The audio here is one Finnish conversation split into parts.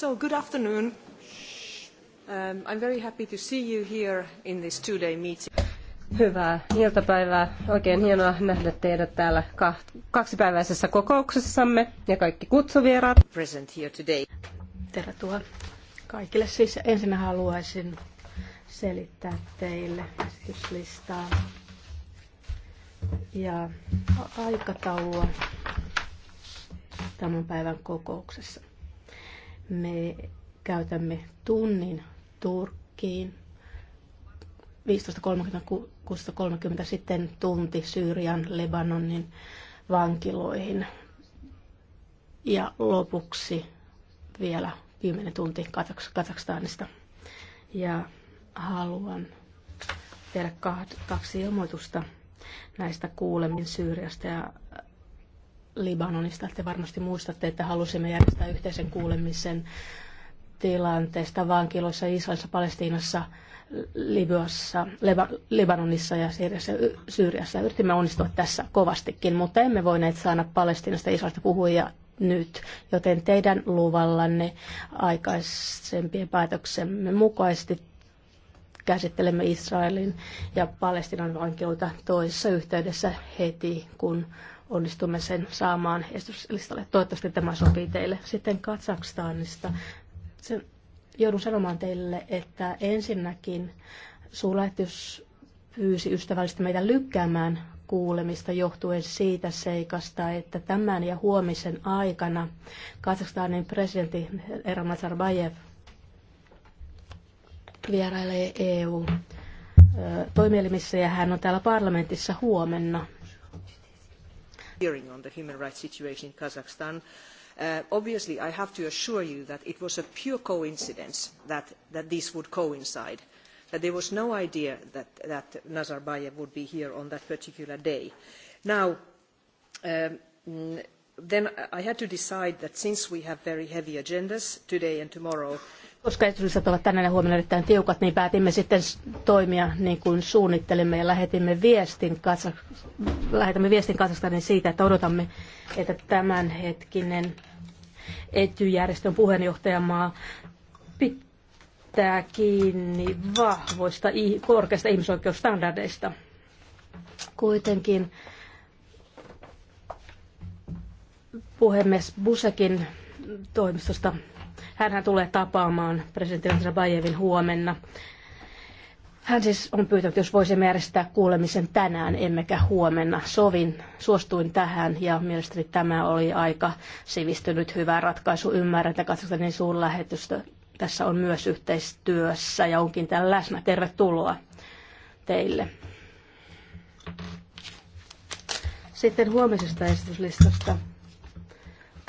So, good afternoon. Um, I'm very happy to see you here in this two-day meeting. Hyvää iltapäivää. Oikein hienoa nähdä teidät täällä kaksipäiväisessä kokouksessamme ja kaikki kutsuvieraat. Present here today. Tervetuloa kaikille. Siis ensin haluaisin selittää teille esityslistaa ja aikataulua tämän päivän kokouksessa. Me käytämme tunnin Turkkiin, 15.30 sitten tunti Syyrian, Lebanonin vankiloihin ja lopuksi vielä 10 tunti Kazakstanista. Ja haluan tehdä kaksi ilmoitusta näistä kuulemin Syyriasta ja Libanonista. Te varmasti muistatte, että halusimme järjestää yhteisen kuulemisen tilanteesta vankiloissa Israelissa, Palestiinassa, Libyassa, Leba, Libanonissa ja Syyriassa, Syyriassa. Yritimme onnistua tässä kovastikin, mutta emme voineet saada Palestiinasta ja Israelista puhujia nyt, joten teidän luvallanne aikaisempien päätöksemme mukaisesti käsittelemme Israelin ja Palestinan vankeutta toisessa yhteydessä heti, kun onnistumme sen saamaan esityslistalle. Toivottavasti tämä sopii teille. Sitten Kazakstanista. Sen joudun sanomaan teille, että ensinnäkin suulähetys pyysi ystävällisesti meitä lykkäämään kuulemista johtuen siitä seikasta, että tämän ja huomisen aikana Kazakstanin presidentti Era Nazarbayev vierailee EU-toimielimissä ja hän on täällä parlamentissa huomenna hearing on the human rights situation in Kazakhstan. Uh, obviously, I have to assure you that it was a pure coincidence that, that would coincide, that there was no idea that, that Nazarbayev would be here on that particular day. Now, um, then I had to decide that since we have very heavy agendas today and tomorrow, koska esitykset ovat tänään ja huomenna erittäin tiukat, niin päätimme sitten toimia niin kuin suunnittelimme ja lähetimme viestin, Kasa, lähetämme viestin Kasakstanin siitä, että odotamme, että tämänhetkinen etyjärjestön puheenjohtajamaa pitää kiinni vahvoista korkeista ihmisoikeusstandardeista. Kuitenkin puhemies Busekin toimistosta hän tulee tapaamaan presidentti Nazarbayevin huomenna. Hän siis on pyytänyt, jos voisi järjestää kuulemisen tänään, emmekä huomenna. Sovin, suostuin tähän ja mielestäni tämä oli aika sivistynyt hyvä ratkaisu. Ymmärrän, että katsotaan niin suun lähetystä. Tässä on myös yhteistyössä ja onkin täällä läsnä. Tervetuloa teille. Sitten huomisesta esityslistasta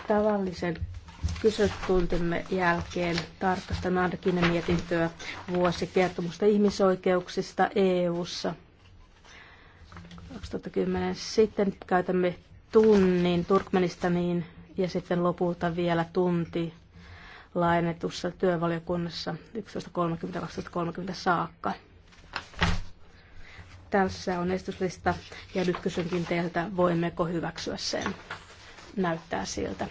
tavallisen kyselytuntimme jälkeen tarkastamme Andrikinen mietintöä vuosikertomusta ihmisoikeuksista EU-ssa. 2010. Sitten käytämme tunnin Turkmenistaniin ja sitten lopulta vielä tunti laajennetussa työvaliokunnassa 11.30-12.30 saakka. Tässä on estyslista ja nyt kysynkin teiltä, voimmeko hyväksyä sen. Näyttää siltä.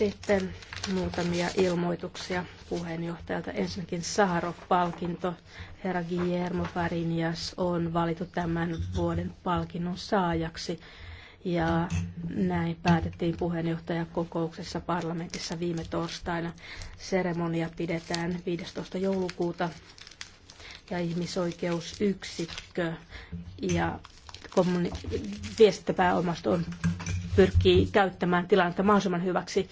Sitten muutamia ilmoituksia puheenjohtajalta. Ensinnäkin Saharov-palkinto. Herra Guillermo Farinias on valittu tämän vuoden palkinnon saajaksi. Ja näin päätettiin puheenjohtajakokouksessa parlamentissa viime torstaina. Seremonia pidetään 15. joulukuuta ja ihmisoikeusyksikkö ja kommuni- viestintäpääomasto on pyrkii käyttämään tilannetta mahdollisimman hyväksi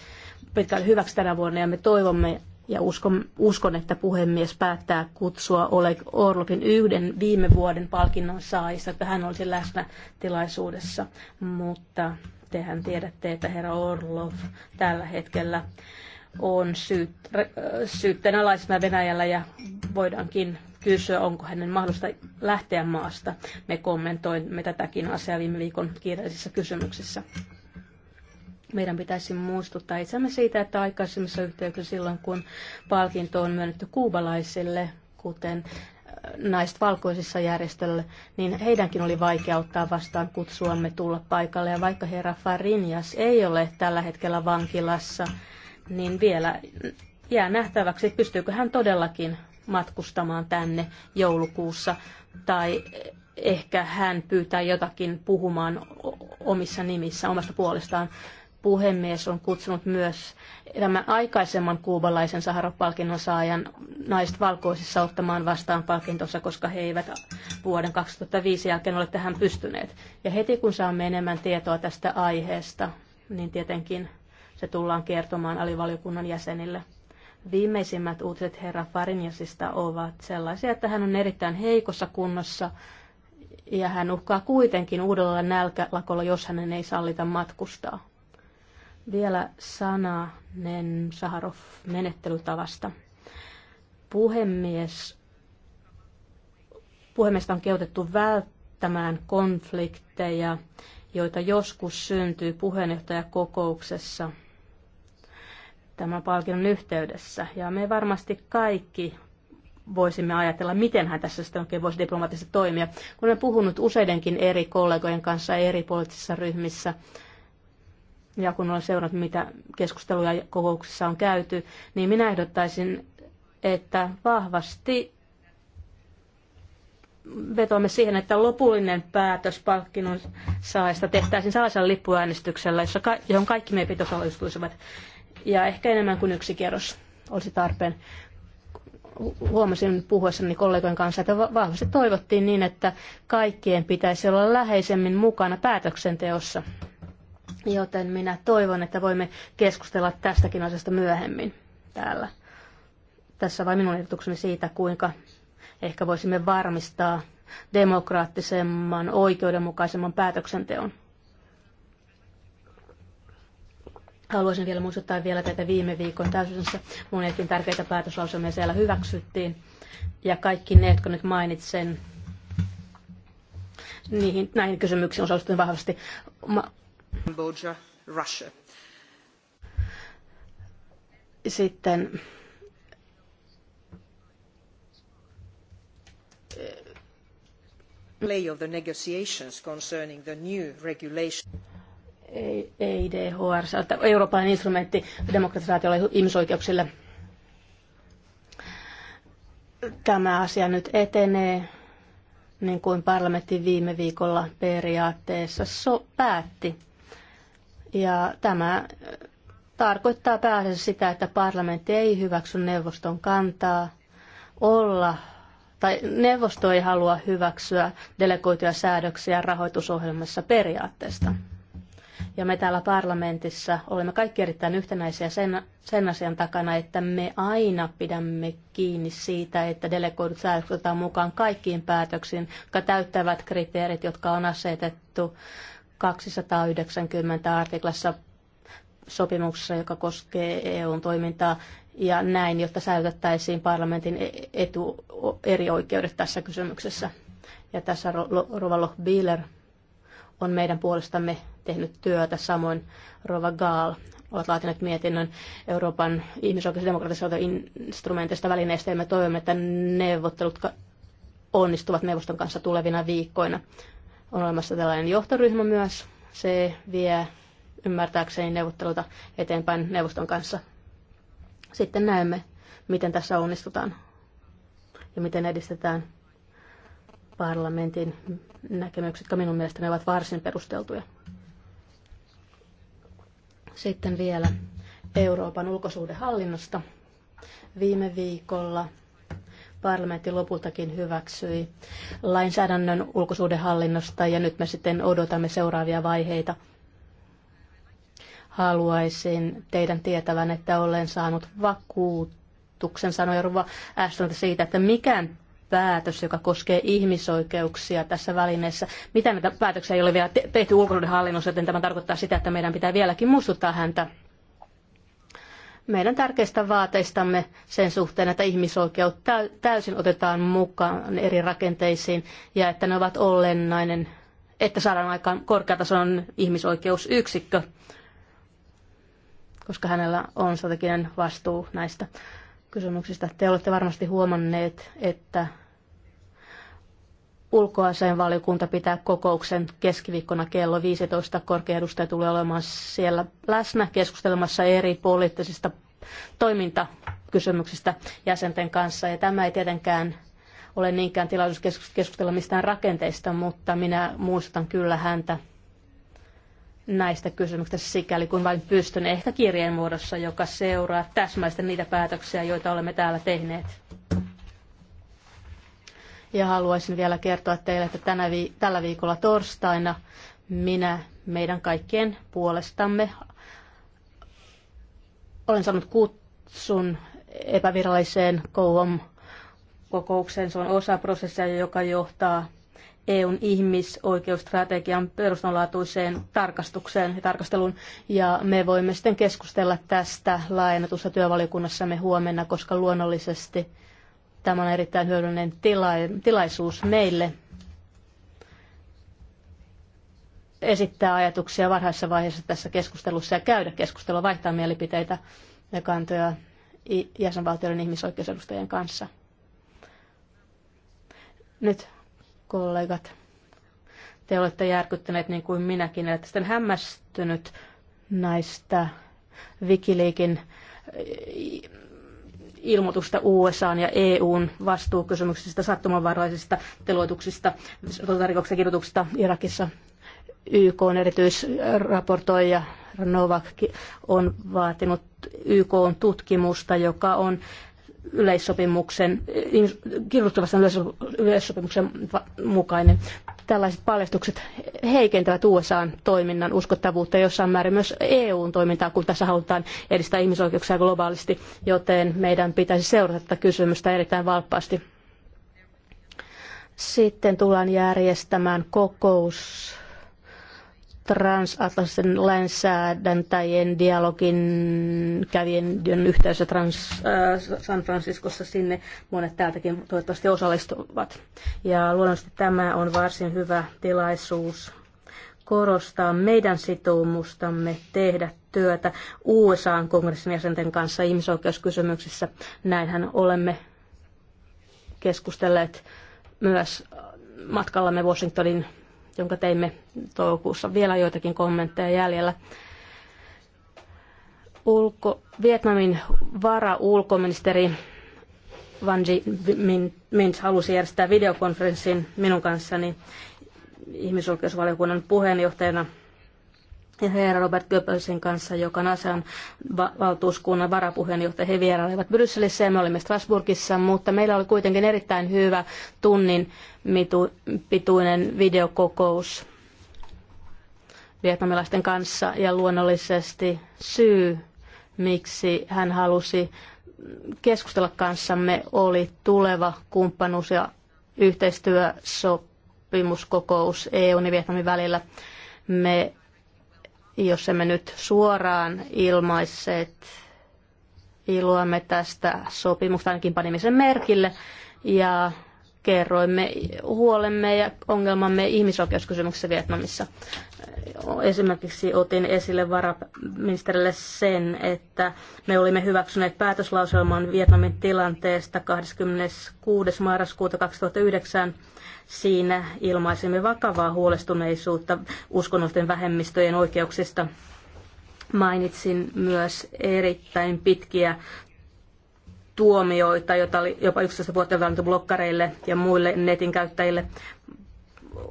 pitkälle hyväksi tänä vuonna ja me toivomme ja uskon, uskon että puhemies päättää kutsua Oleg Orlovin yhden viime vuoden palkinnon saajista, että hän olisi läsnä tilaisuudessa, mutta tehän tiedätte, että herra Orlov tällä hetkellä on syyt, äh, syytteen alaisena Venäjällä ja voidaankin kysyä, onko hänen mahdollista lähteä maasta. Me kommentoimme tätäkin asiaa viime viikon kiireellisissä kysymyksissä meidän pitäisi muistuttaa itseämme siitä, että aikaisemmissa yhteyksissä silloin, kun palkinto on myönnetty kuubalaisille, kuten äh, naiset valkoisissa järjestöllä, niin heidänkin oli vaikea ottaa vastaan kutsuamme tulla paikalle. Ja vaikka herra Farinjas ei ole tällä hetkellä vankilassa, niin vielä jää nähtäväksi, pystyykö hän todellakin matkustamaan tänne joulukuussa tai ehkä hän pyytää jotakin puhumaan omissa nimissä, omasta puolestaan puhemies on kutsunut myös tämän aikaisemman kuubalaisen Saharov-palkinnon saajan naiset valkoisissa ottamaan vastaan palkintonsa, koska he eivät vuoden 2005 jälkeen ole tähän pystyneet. Ja heti kun saamme enemmän tietoa tästä aiheesta, niin tietenkin se tullaan kertomaan alivaliokunnan jäsenille. Viimeisimmät uutiset herra Farinjasista ovat sellaisia, että hän on erittäin heikossa kunnossa ja hän uhkaa kuitenkin uudella nälkälakolla, jos hänen ei sallita matkustaa. Vielä sananen Saharov-menettelytavasta. Puhemies, puhemiestä on keutettu välttämään konflikteja, joita joskus syntyy puheenjohtajakokouksessa tämän palkinnon yhteydessä. Ja me varmasti kaikki voisimme ajatella, miten hän tässä sitten oikein voisi diplomaattisesti toimia. Kun olen puhunut useidenkin eri kollegojen kanssa eri poliittisissa ryhmissä, ja kun olen seurannut, mitä keskusteluja kokouksissa on käyty, niin minä ehdottaisin, että vahvasti vetoamme siihen, että lopullinen päätös palkkinnon saajasta tehtäisiin salaisella lippuäänestyksellä, jossa ka- johon kaikki meidän osallistuisivat. Ja ehkä enemmän kuin yksi kierros olisi tarpeen. Huomasin puhuessani kollegojen kanssa, että vahvasti toivottiin niin, että kaikkien pitäisi olla läheisemmin mukana päätöksenteossa. Joten minä toivon, että voimme keskustella tästäkin asiasta myöhemmin täällä. Tässä vain minun ehdotukseni siitä, kuinka ehkä voisimme varmistaa demokraattisemman, oikeudenmukaisemman päätöksenteon. Haluaisin vielä muistuttaa vielä tätä viime viikon täysyydessä. Monetkin tärkeitä päätöslauselmia siellä hyväksyttiin. Ja kaikki ne, jotka nyt mainitsen, niihin, näihin kysymyksiin osallistuin vahvasti. Sitten eh, play of the negotiations concerning the new regulation. EIDHR, Euroopan instrumentti demokratisaatiolle ihmisoikeuksille. Tämä asia nyt etenee niin kuin parlamentti viime viikolla periaatteessa so- päätti. Ja tämä äh, tarkoittaa pääasiassa sitä, että parlamentti ei hyväksy neuvoston kantaa olla, tai neuvosto ei halua hyväksyä delegoituja säädöksiä rahoitusohjelmassa periaatteesta. Ja me täällä parlamentissa olemme kaikki erittäin yhtenäisiä sen, sen asian takana, että me aina pidämme kiinni siitä, että delegoidut säädökset otetaan mukaan kaikkiin päätöksiin, jotka täyttävät kriteerit, jotka on asetettu 290 artiklassa sopimuksessa, joka koskee EUn toimintaa, ja näin, jotta säilytettäisiin parlamentin e- etu, eri oikeudet tässä kysymyksessä. Ja tässä Rovalo Bieler on meidän puolestamme tehnyt työtä, samoin Rova Gaal ovat laatineet mietinnön Euroopan ihmisoikeus- ja instrumenteista välineistä, ja me toivomme, että neuvottelut onnistuvat neuvoston kanssa tulevina viikkoina. On olemassa tällainen johtoryhmä myös. Se vie ymmärtääkseni neuvotteluta eteenpäin neuvoston kanssa. Sitten näemme, miten tässä onnistutaan ja miten edistetään parlamentin näkemykset, jotka minun mielestäni ovat varsin perusteltuja. Sitten vielä Euroopan ulkosuhdehallinnosta. Viime viikolla parlamentti lopultakin hyväksyi lainsäädännön ulkosuudenhallinnosta ja nyt me sitten odotamme seuraavia vaiheita. Haluaisin teidän tietävän, että olen saanut vakuutuksen, sanoi Ruva Ashton siitä, että mikään päätös, joka koskee ihmisoikeuksia tässä välineessä. Mitä näitä päätöksiä ei ole vielä tehty ulkosuudenhallinnossa, joten tämä tarkoittaa sitä, että meidän pitää vieläkin muistuttaa häntä meidän tärkeistä vaateistamme sen suhteen, että ihmisoikeudet täysin otetaan mukaan eri rakenteisiin ja että ne ovat olennainen, että saadaan aikaan korkeatason ihmisoikeusyksikkö, koska hänellä on strateginen vastuu näistä kysymyksistä. Te olette varmasti huomanneet, että Ulkoasianvaliokunta pitää kokouksen keskiviikkona kello 15. Korkeedustaja tulee olemaan siellä läsnä keskustelemassa eri poliittisista toimintakysymyksistä jäsenten kanssa. Ja tämä ei tietenkään ole niinkään tilaisuus keskustella mistään rakenteista, mutta minä muistutan kyllä häntä näistä kysymyksistä sikäli kuin vain pystyn, ehkä kirjeen muodossa, joka seuraa täsmäistä niitä päätöksiä, joita olemme täällä tehneet. Ja haluaisin vielä kertoa teille, että tänä vi- tällä viikolla torstaina minä meidän kaikkien puolestamme olen saanut kutsun epäviralliseen kouom kokoukseen. Se on osa prosessia, joka johtaa EUn ihmisoikeusstrategian perustanlaatuiseen tarkastukseen ja tarkasteluun. Ja me voimme sitten keskustella tästä laajennetussa työvaliokunnassamme huomenna, koska luonnollisesti Tämä on erittäin hyödyllinen tila, tilaisuus meille esittää ajatuksia varhaisessa vaiheessa tässä keskustelussa ja käydä keskustelua, vaihtaa mielipiteitä ja kantoja jäsenvaltioiden ihmisoikeusedustajien kanssa. Nyt kollegat, te olette järkyttäneet niin kuin minäkin, että sitten hämmästynyt näistä Wikileakin ilmoitusta USAn ja EUn vastuukysymyksistä, sattumanvaraisista teloituksista, sotarikoksista kirjoituksista Irakissa. YK on erityisraportoija Novak on vaatinut YK on tutkimusta, joka on yleissopimuksen, kirjoittavasta yleissopimuksen mukainen. Tällaiset paljastukset heikentävät USAn toiminnan uskottavuutta jossain määrin myös EUn toimintaa, kun tässä halutaan edistää ihmisoikeuksia globaalisti, joten meidän pitäisi seurata tätä kysymystä erittäin valppaasti. Sitten tullaan järjestämään kokous transatlanttisen lainsäädäntäjien dialogin kävien yhteydessä trans, äh, San Franciscossa sinne. Monet täältäkin toivottavasti osallistuvat. Ja luonnollisesti tämä on varsin hyvä tilaisuus korostaa meidän sitoumustamme tehdä työtä USA-kongressin jäsenten kanssa ihmisoikeuskysymyksissä. Näinhän olemme keskustelleet myös matkallamme Washingtonin jonka teimme toukokuussa. Vielä joitakin kommentteja jäljellä. Ulko, Vietnamin vara-ulkoministeri Van Ji Mint halusi järjestää videokonferenssin minun kanssani ihmisoikeusvaliokunnan puheenjohtajana – ja herra Robert Goebbelsin kanssa, joka Nasan va- valtuuskunnan varapuheenjohtaja. He vierailivat Brysselissä ja me olimme Strasbourgissa, mutta meillä oli kuitenkin erittäin hyvä tunnin mitu, pituinen videokokous vietnamilaisten kanssa ja luonnollisesti syy, miksi hän halusi keskustella kanssamme, oli tuleva kumppanuus- ja yhteistyösopimuskokous EUn ja Vietnamin välillä. Me jos emme nyt suoraan ilmaisseet iloamme tästä sopimusta ainakin panimisen merkille ja kerroimme huolemme ja ongelmamme ihmisoikeuskysymyksessä Vietnamissa. Esimerkiksi otin esille varaministerille sen, että me olimme hyväksyneet päätöslauselman Vietnamin tilanteesta 26. marraskuuta 2009. Siinä ilmaisimme vakavaa huolestuneisuutta uskonnollisten vähemmistöjen oikeuksista mainitsin myös erittäin pitkiä tuomioita, joita oli jopa 11 vuotta annettu blokkareille ja muille netin käyttäjille.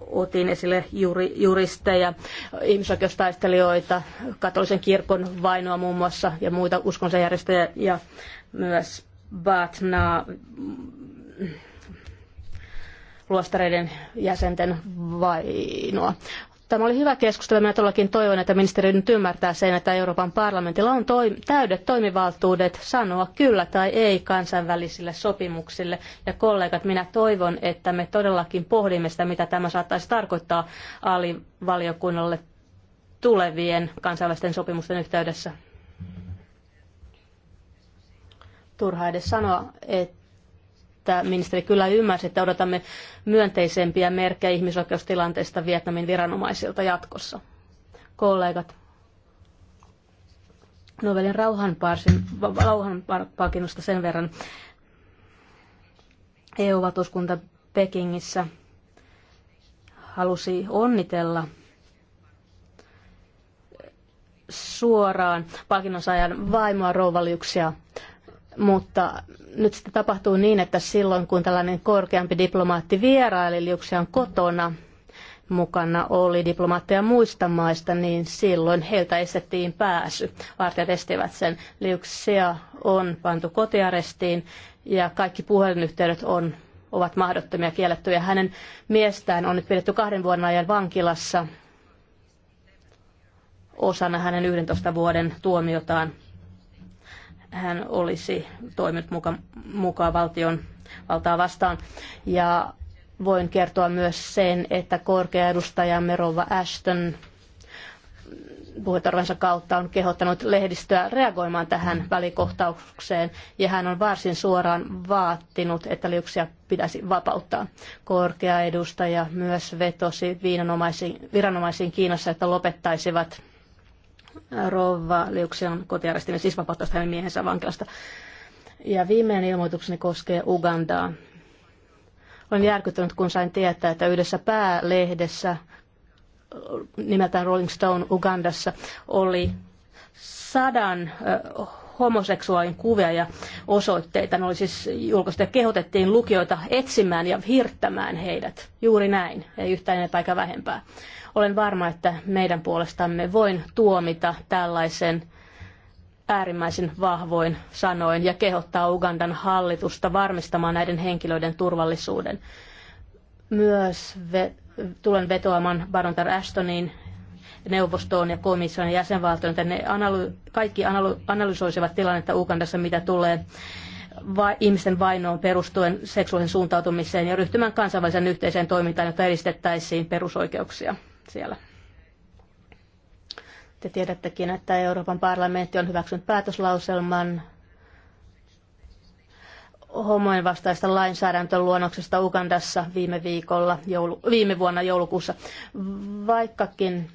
Otin esille juri, juristeja, ihmisoikeustaistelijoita, katolisen kirkon vainoa muun muassa ja muita uskonsa ja myös Batnaa mm, luostareiden jäsenten vainoa. Tämä oli hyvä keskustelu. Minä todellakin toivon, että ministeri nyt ymmärtää sen, että Euroopan parlamentilla on toi, täydet toimivaltuudet sanoa kyllä tai ei kansainvälisille sopimuksille. Ja kollegat, minä toivon, että me todellakin pohdimme sitä, mitä tämä saattaisi tarkoittaa alivaliokunnalle tulevien kansainvälisten sopimusten yhteydessä. Turha edes sanoa, että että ministeri kyllä ymmärsi, että odotamme myönteisempiä merkkejä ihmisoikeustilanteesta Vietnamin viranomaisilta jatkossa. Kollegat, Nobelin rauhanpalkinnosta sen verran. EU-valtuuskunta Pekingissä halusi onnitella suoraan palkinnonsaajan vaimoa Rouva mutta nyt sitten tapahtuu niin, että silloin kun tällainen korkeampi diplomaatti vieraili Liuksian kotona, mukana oli diplomaatteja muista maista, niin silloin heiltä estettiin pääsy. Vartijat estivät sen. Liuksia on pantu kotiarestiin ja kaikki puhelinyhteydet on, ovat mahdottomia kiellettyjä. Hänen miestään on nyt pidetty kahden vuoden ajan vankilassa osana hänen 11 vuoden tuomiotaan hän olisi toiminut muka, mukaan valtion valtaa vastaan. Ja voin kertoa myös sen, että korkea edustaja Merova Ashton puhetarvansa kautta on kehottanut lehdistöä reagoimaan tähän mm. välikohtaukseen ja hän on varsin suoraan vaatinut, että liuksia pitäisi vapauttaa. Korkea edustaja myös vetosi viranomaisiin Kiinassa, että lopettaisivat Rova Liuksian kotiarestinen, siis vapauttaisi hänen miehensä vankilasta. Ja viimeinen ilmoitukseni koskee Ugandaa. Olen järkyttynyt, kun sain tietää, että yhdessä päälehdessä nimeltään Rolling Stone Ugandassa oli sadan homoseksuaalin kuvia ja osoitteita. Ne oli siis julkaista ja kehotettiin lukijoita etsimään ja hirttämään heidät. Juuri näin, ei yhtään enempää eikä vähempää. Olen varma, että meidän puolestamme voin tuomita tällaisen äärimmäisen vahvoin sanoin ja kehottaa Ugandan hallitusta varmistamaan näiden henkilöiden turvallisuuden. Myös ve- tulen vetoamaan Barontar Ashtoniin, neuvostoon ja komission ja jäsenvaltioon, että ne analy- kaikki analy- analysoisivat tilannetta Ugandassa, mitä tulee va- ihmisten vainoon perustuen seksuaalisen suuntautumiseen ja ryhtymään kansainväliseen yhteiseen toimintaan, jotta edistettäisiin perusoikeuksia siellä. Te tiedättekin, että Euroopan parlamentti on hyväksynyt päätöslauselman homojen vastaista lainsäädäntöluonnoksesta Ugandassa viime, viikolla, joulu, viime vuonna joulukuussa. Vaikkakin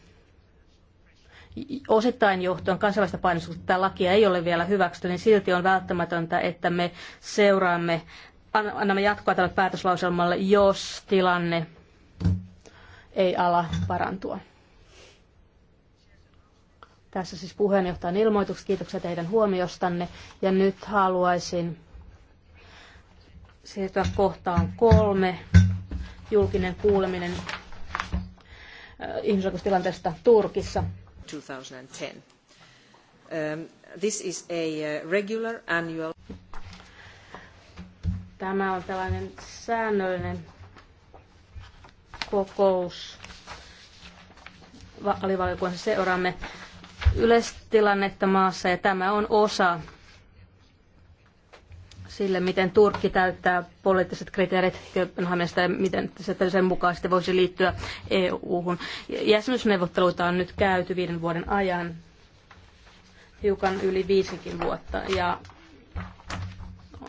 osittain johtuen kansainvälistä painostusta tämä laki ei ole vielä hyväksytty, niin silti on välttämätöntä, että me seuraamme, annamme jatkoa tälle päätöslauselmalle, jos tilanne ei ala parantua. Tässä siis puheenjohtajan ilmoitukset. Kiitoksia teidän huomiostanne. Ja nyt haluaisin siirtyä kohtaan kolme. Julkinen kuuleminen äh, ihmisoikeustilanteesta Turkissa. 2010. Um, this is a uh, regular annual. Tämä on tällainen säännöllinen kokous alivaliokunnassa seuraamme yleistilannetta maassa ja tämä on osa sille, miten Turkki täyttää poliittiset kriteerit Kööpenhaminasta ja miten se sen mukaan sitten voisi liittyä EU-hun. Jäsenyysneuvotteluita on nyt käyty viiden vuoden ajan, hiukan yli viisikin vuotta, ja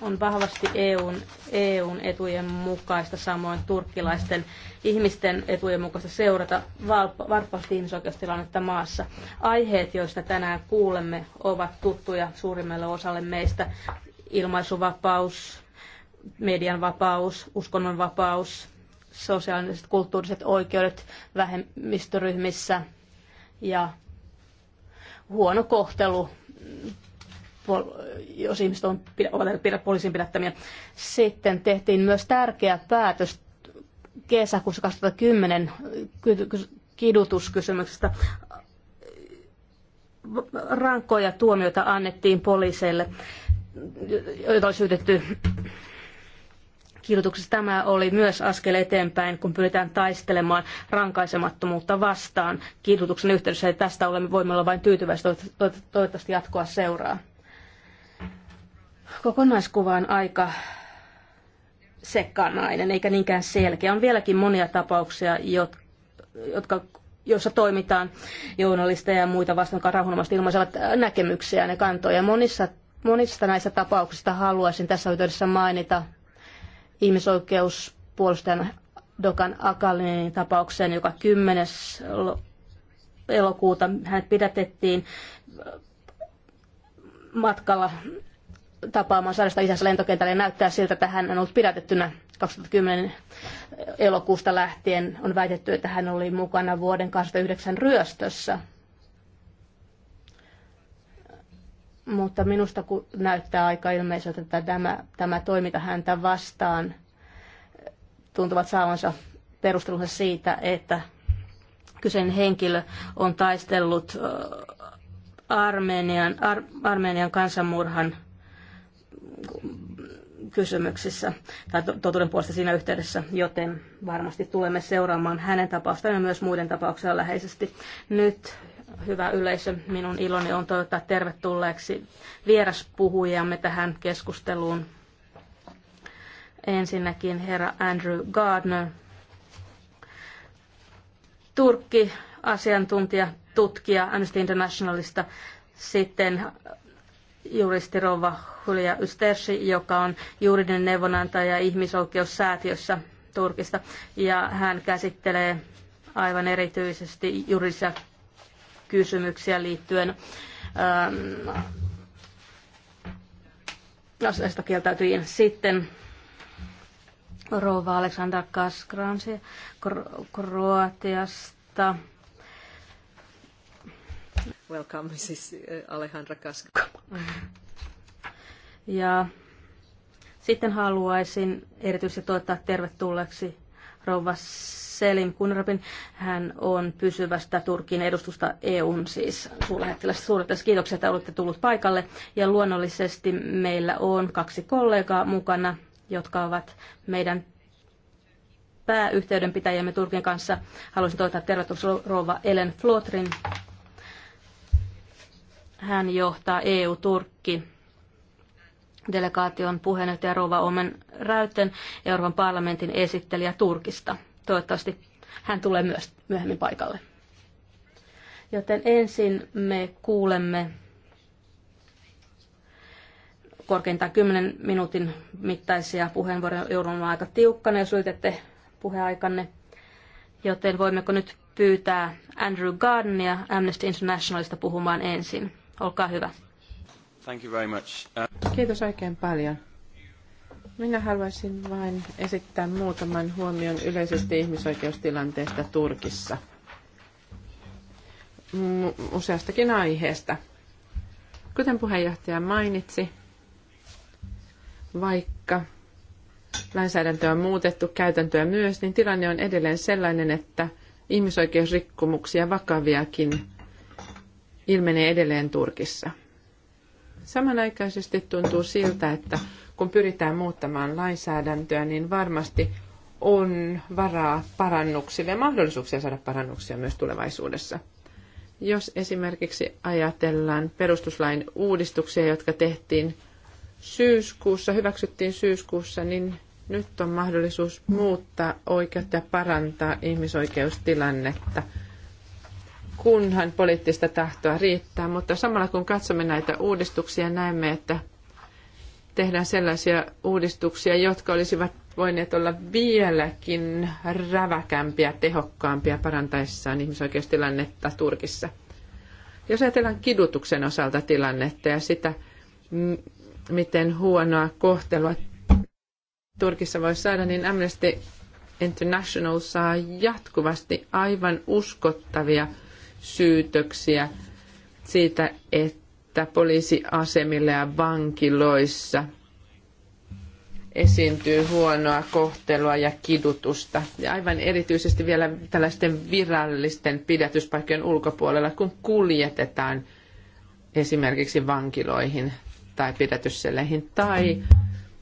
on vahvasti EUn, EUn etujen mukaista, samoin turkkilaisten ihmisten etujen mukaista seurata varpaasti ihmisoikeustilannetta maassa. Aiheet, joista tänään kuulemme, ovat tuttuja suurimmalle osalle meistä. Ilmaisuvapaus, median vapaus, uskonnonvapaus, sosiaaliset kulttuuriset oikeudet vähemmistöryhmissä ja huono kohtelu jos ihmiset on, ovat poliisin pidättämiä. Sitten tehtiin myös tärkeä päätös kesäkuussa 2010 kidutuskysymyksestä. Rankkoja tuomioita annettiin poliiseille, joita oli syytetty kidutuksessa. Tämä oli myös askel eteenpäin, kun pyritään taistelemaan rankaisemattomuutta vastaan kidutuksen yhteydessä. Ja tästä olemme voimalla vain tyytyväisiä. Toivottavasti jatkoa seuraa kokonaiskuva on aika sekanainen eikä niinkään selkeä. On vieläkin monia tapauksia, jotka jossa toimitaan journalisteja ja muita vastaan, jotka rauhanomaisesti ilmaisevat äh, näkemyksiään ja kantoja. Monissa, monista näistä tapauksista haluaisin tässä yhteydessä mainita ihmisoikeuspuolustajan Dokan Akalinin tapauksen, joka 10. elokuuta hänet pidätettiin äh, matkalla tapaamaan sairasta isänsä lentokentällä ja näyttää siltä, että hän on ollut pidätettynä 2010 elokuusta lähtien. On väitetty, että hän oli mukana vuoden 2009 ryöstössä. Mutta minusta kun näyttää aika ilmeiseltä, että tämä, tämä toiminta häntä vastaan tuntuvat saavansa perustelunsa siitä, että kyseinen henkilö on taistellut Armenian, Ar- Armenian kansanmurhan kysymyksissä tai totuuden puolesta siinä yhteydessä, joten varmasti tulemme seuraamaan hänen tapaustaan ja myös muiden tapauksia läheisesti. Nyt hyvä yleisö, minun iloni on toivottaa tervetulleeksi vieraspuhujamme tähän keskusteluun. Ensinnäkin herra Andrew Gardner, Turkki-asiantuntija, tutkija Amnesty Internationalista, sitten Rova Hülya Ystersi, joka on juridinen neuvonantaja ihmisoikeussäätiössä Turkista. Ja hän käsittelee aivan erityisesti juridisia kysymyksiä liittyen ähm, asiasta kieltäytyjiin. Sitten rova Aleksandra Kaskransi Kroatiasta Welcome, Mrs. Eh, Alejandra Kasko. Ja sitten haluaisin erityisesti toivottaa tervetulleeksi rouva Selim Kunrabin. Hän on pysyvästä Turkin edustusta EUn siis suurlähettiläs. Suuret kiitokset, että olette tullut paikalle. Ja luonnollisesti meillä on kaksi kollegaa mukana, jotka ovat meidän pääyhteydenpitäjämme Turkin kanssa. Haluaisin toivottaa tervetulleeksi rouva Ellen Flotrin hän johtaa EU-Turkki delegaation puheenjohtaja Rova Omen Räyten Euroopan parlamentin esittelijä Turkista. Toivottavasti hän tulee myös myöhemmin paikalle. Joten ensin me kuulemme korkeintaan 10 minuutin mittaisia puheenvuoroja. on aika tiukkana, jos yritätte puheaikanne. Joten voimmeko nyt pyytää Andrew Gardenia Amnesty Internationalista puhumaan ensin. Olkaa hyvä. Thank you very much. Uh, Kiitos oikein paljon. Minä haluaisin vain esittää muutaman huomion yleisesti ihmisoikeustilanteesta Turkissa. Useastakin aiheesta. Kuten puheenjohtaja mainitsi, vaikka lainsäädäntöä on muutettu, käytäntöä myös, niin tilanne on edelleen sellainen, että ihmisoikeusrikkomuksia vakaviakin ilmenee edelleen Turkissa. Samanaikaisesti tuntuu siltä, että kun pyritään muuttamaan lainsäädäntöä, niin varmasti on varaa parannuksille ja mahdollisuuksia saada parannuksia myös tulevaisuudessa. Jos esimerkiksi ajatellaan perustuslain uudistuksia, jotka tehtiin syyskuussa, hyväksyttiin syyskuussa, niin nyt on mahdollisuus muuttaa oikeutta ja parantaa ihmisoikeustilannetta – kunhan poliittista tahtoa riittää. Mutta samalla kun katsomme näitä uudistuksia, näemme, että tehdään sellaisia uudistuksia, jotka olisivat voineet olla vieläkin räväkämpiä, tehokkaampia parantaessaan ihmisoikeustilannetta Turkissa. Jos ajatellaan kidutuksen osalta tilannetta ja sitä, miten huonoa kohtelua Turkissa voi saada, niin Amnesty International saa jatkuvasti aivan uskottavia syytöksiä siitä, että poliisiasemilla ja vankiloissa esiintyy huonoa kohtelua ja kidutusta. Ja aivan erityisesti vielä tällaisten virallisten pidätyspaikkojen ulkopuolella, kun kuljetetaan esimerkiksi vankiloihin tai pidätysselleihin tai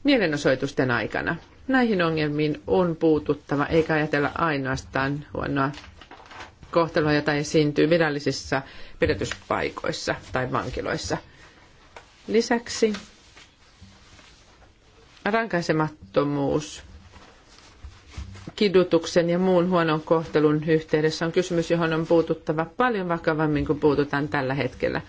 mielenosoitusten aikana. Näihin ongelmiin on puututtava, eikä ajatella ainoastaan huonoa kohtelua, jota esiintyy virallisissa pidätyspaikoissa tai vankiloissa. Lisäksi rankaisemattomuus kidutuksen ja muun huonon kohtelun yhteydessä on kysymys, johon on puututtava paljon vakavammin kuin puututaan tällä hetkellä.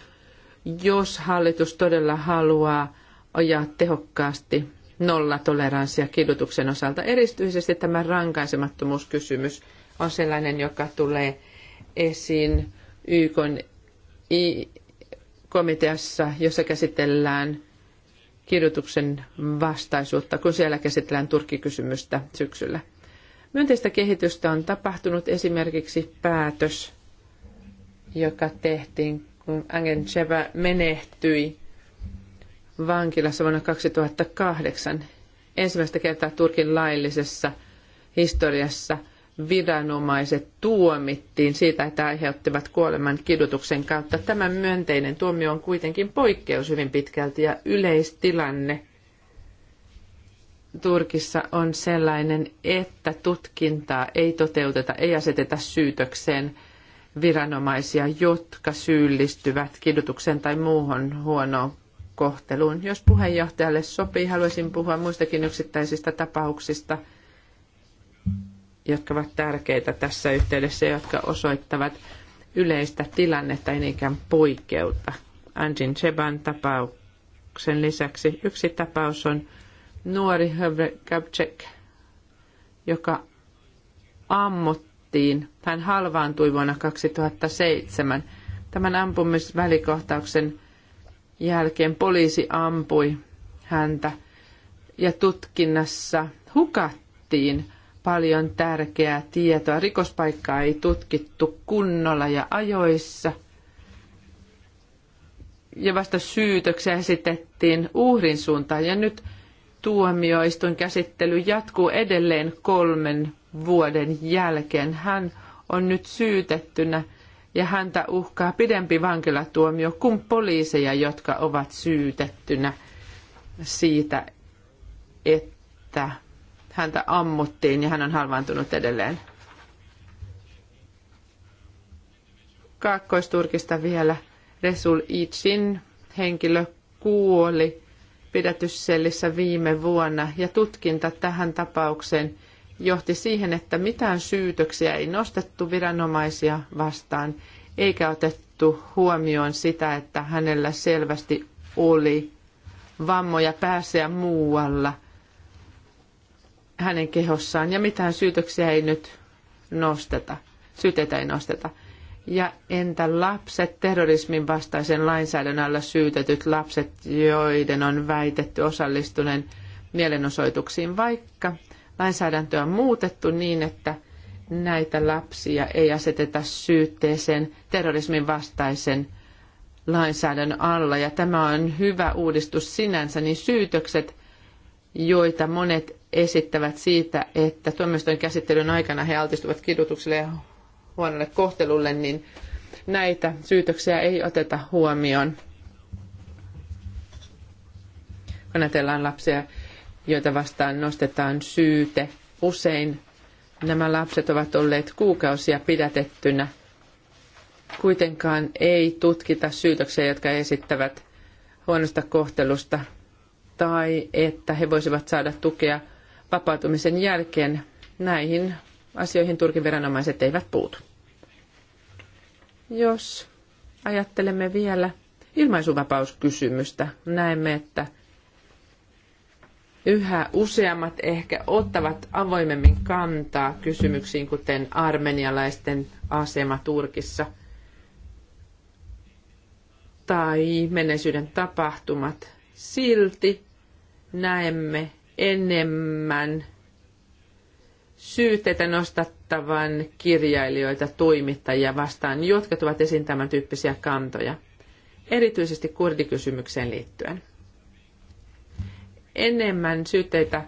Jos hallitus todella haluaa ajaa tehokkaasti nollatoleranssia kidutuksen osalta, erityisesti tämä rankaisemattomuuskysymys on sellainen, joka tulee esiin YK komiteassa, jossa käsitellään kidutuksen vastaisuutta, kun siellä käsitellään kysymystä syksyllä. Myönteistä kehitystä on tapahtunut esimerkiksi päätös, joka tehtiin, kun Angen Cheva menehtyi vankilassa vuonna 2008. Ensimmäistä kertaa Turkin laillisessa historiassa – viranomaiset tuomittiin siitä, että aiheuttivat kuoleman kidutuksen kautta. Tämä myönteinen tuomio on kuitenkin poikkeus hyvin pitkälti ja yleistilanne Turkissa on sellainen, että tutkintaa ei toteuteta, ei aseteta syytökseen viranomaisia, jotka syyllistyvät kidutukseen tai muuhun huonoon kohteluun. Jos puheenjohtajalle sopii, haluaisin puhua muistakin yksittäisistä tapauksista – jotka ovat tärkeitä tässä yhteydessä, jotka osoittavat yleistä tilannetta, ei niinkään poikkeuta. Anjin Cheban tapauksen lisäksi yksi tapaus on nuori Hövre Kapcek, joka ammuttiin. Hän halvaantui vuonna 2007. Tämän ampumisvälikohtauksen jälkeen poliisi ampui häntä ja tutkinnassa hukattiin paljon tärkeää tietoa. Rikospaikkaa ei tutkittu kunnolla ja ajoissa. Ja vasta syytöksiä esitettiin uhrin suuntaan. Ja nyt tuomioistuin käsittely jatkuu edelleen kolmen vuoden jälkeen. Hän on nyt syytettynä ja häntä uhkaa pidempi vankilatuomio kuin poliiseja, jotka ovat syytettynä siitä, että häntä ammuttiin ja hän on halvaantunut edelleen. Kaakkoisturkista vielä Resul Itsin henkilö kuoli pidätyssellissä viime vuonna ja tutkinta tähän tapaukseen johti siihen, että mitään syytöksiä ei nostettu viranomaisia vastaan eikä otettu huomioon sitä, että hänellä selvästi oli vammoja pääseä muualla hänen kehossaan ja mitään syytöksiä ei nyt nosteta, syytetä ei nosteta. Ja entä lapset, terrorismin vastaisen lainsäädännön alla syytetyt lapset, joiden on väitetty osallistuneen mielenosoituksiin, vaikka lainsäädäntöä on muutettu niin, että näitä lapsia ei aseteta syytteeseen terrorismin vastaisen lainsäädännön alla. Ja tämä on hyvä uudistus sinänsä, niin syytökset, joita monet esittävät siitä, että tuomioistuin käsittelyn aikana he altistuvat kidutukselle ja huonolle kohtelulle, niin näitä syytöksiä ei oteta huomioon. Kun ajatellaan lapsia, joita vastaan nostetaan syyte, usein nämä lapset ovat olleet kuukausia pidätettynä. Kuitenkaan ei tutkita syytöksiä, jotka esittävät huonosta kohtelusta tai että he voisivat saada tukea vapautumisen jälkeen näihin asioihin Turkin viranomaiset eivät puutu. Jos ajattelemme vielä ilmaisuvapauskysymystä, näemme, että yhä useammat ehkä ottavat avoimemmin kantaa kysymyksiin, kuten armenialaisten asema Turkissa tai menneisyyden tapahtumat. Silti näemme enemmän syytteitä nostattavan kirjailijoita, toimittajia vastaan, jotka tuovat esiin tämän tyyppisiä kantoja, erityisesti kurdikysymykseen liittyen. Enemmän syytteitä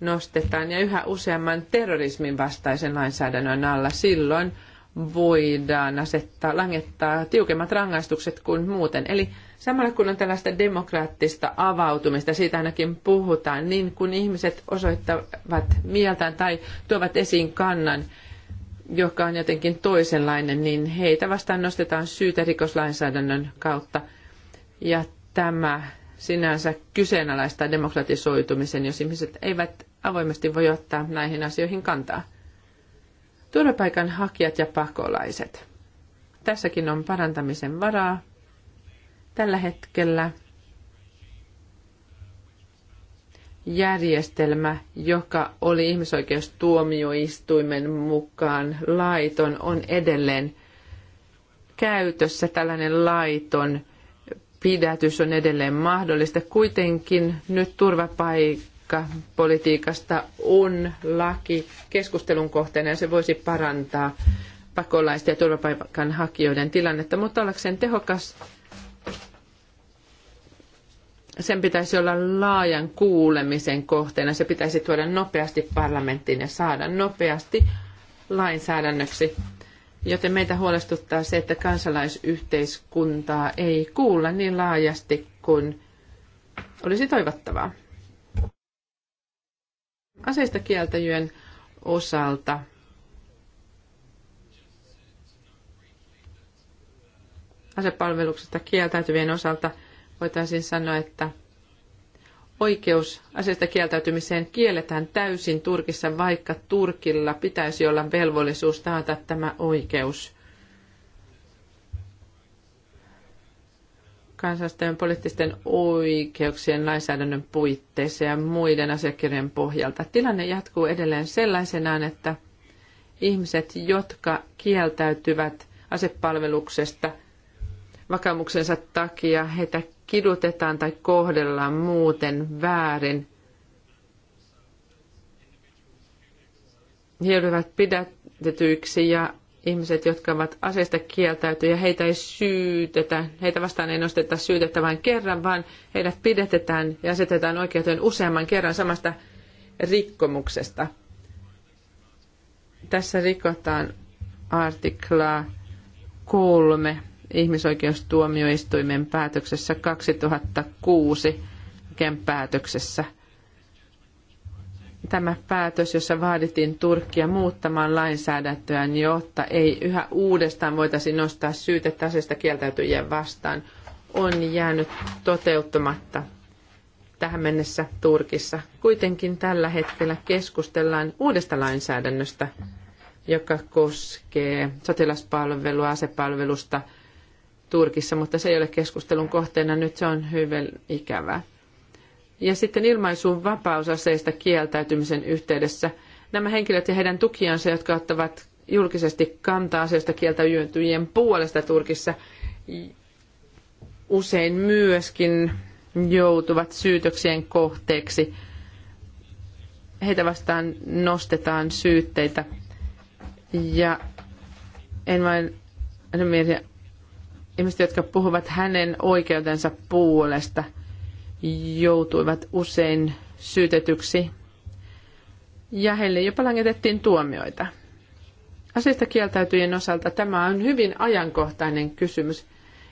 nostetaan ja yhä useamman terrorismin vastaisen lainsäädännön alla silloin voidaan asettaa, langettaa tiukemmat rangaistukset kuin muuten. Eli Samalla kun on tällaista demokraattista avautumista, siitä ainakin puhutaan, niin kun ihmiset osoittavat mieltään tai tuovat esiin kannan, joka on jotenkin toisenlainen, niin heitä vastaan nostetaan syytä rikoslainsäädännön kautta. Ja tämä sinänsä kyseenalaistaa demokratisoitumisen, jos ihmiset eivät avoimesti voi ottaa näihin asioihin kantaa. Turvapaikan hakijat ja pakolaiset. Tässäkin on parantamisen varaa. Tällä hetkellä järjestelmä, joka oli ihmisoikeustuomioistuimen mukaan laiton, on edelleen käytössä. Tällainen laiton pidätys on edelleen mahdollista. Kuitenkin nyt turvapaikkapolitiikasta on laki keskustelun kohteena ja se voisi parantaa pakolaisten ja turvapaikanhakijoiden tilannetta, mutta ollakseen tehokas sen pitäisi olla laajan kuulemisen kohteena. Se pitäisi tuoda nopeasti parlamenttiin ja saada nopeasti lainsäädännöksi. Joten meitä huolestuttaa se, että kansalaisyhteiskuntaa ei kuulla niin laajasti kuin olisi toivottavaa. Aseista kieltäjien osalta asepalveluksesta kieltäytyvien osalta – voitaisiin sanoa, että oikeus aseista kieltäytymiseen kielletään täysin Turkissa, vaikka Turkilla pitäisi olla velvollisuus taata tämä oikeus. kansallisten poliittisten oikeuksien lainsäädännön puitteissa ja muiden asiakirjojen pohjalta. Tilanne jatkuu edelleen sellaisenaan, että ihmiset, jotka kieltäytyvät asepalveluksesta vakaumuksensa takia, heitä kidutetaan tai kohdellaan muuten väärin. He olivat pidätetyiksi ja ihmiset, jotka ovat aseista kieltäytyjä, heitä ei syytetä, heitä vastaan ei nosteta syytettä vain kerran, vaan heidät pidetetään ja asetetaan oikeuteen useamman kerran samasta rikkomuksesta. Tässä rikotaan artiklaa kolme ihmisoikeustuomioistuimen päätöksessä 2006 päätöksessä. Tämä päätös, jossa vaadittiin Turkkia muuttamaan lainsäädäntöä, jotta ei yhä uudestaan voitaisiin nostaa syytettä aseista kieltäytyjien vastaan, on jäänyt toteuttamatta tähän mennessä Turkissa. Kuitenkin tällä hetkellä keskustellaan uudesta lainsäädännöstä, joka koskee sotilaspalvelua, asepalvelusta – Turkissa, mutta se ei ole keskustelun kohteena. Nyt se on hyvin ikävää. Ja sitten ilmaisuun vapaus kieltäytymisen yhteydessä. Nämä henkilöt ja heidän tukiansa, jotka ottavat julkisesti kantaa aseista kieltäytyjien puolesta Turkissa, usein myöskin joutuvat syytöksien kohteeksi. Heitä vastaan nostetaan syytteitä. Ja en vain ihmiset, jotka puhuvat hänen oikeutensa puolesta, joutuivat usein syytetyksi ja heille jopa langetettiin tuomioita. Aseista kieltäytyjen osalta tämä on hyvin ajankohtainen kysymys.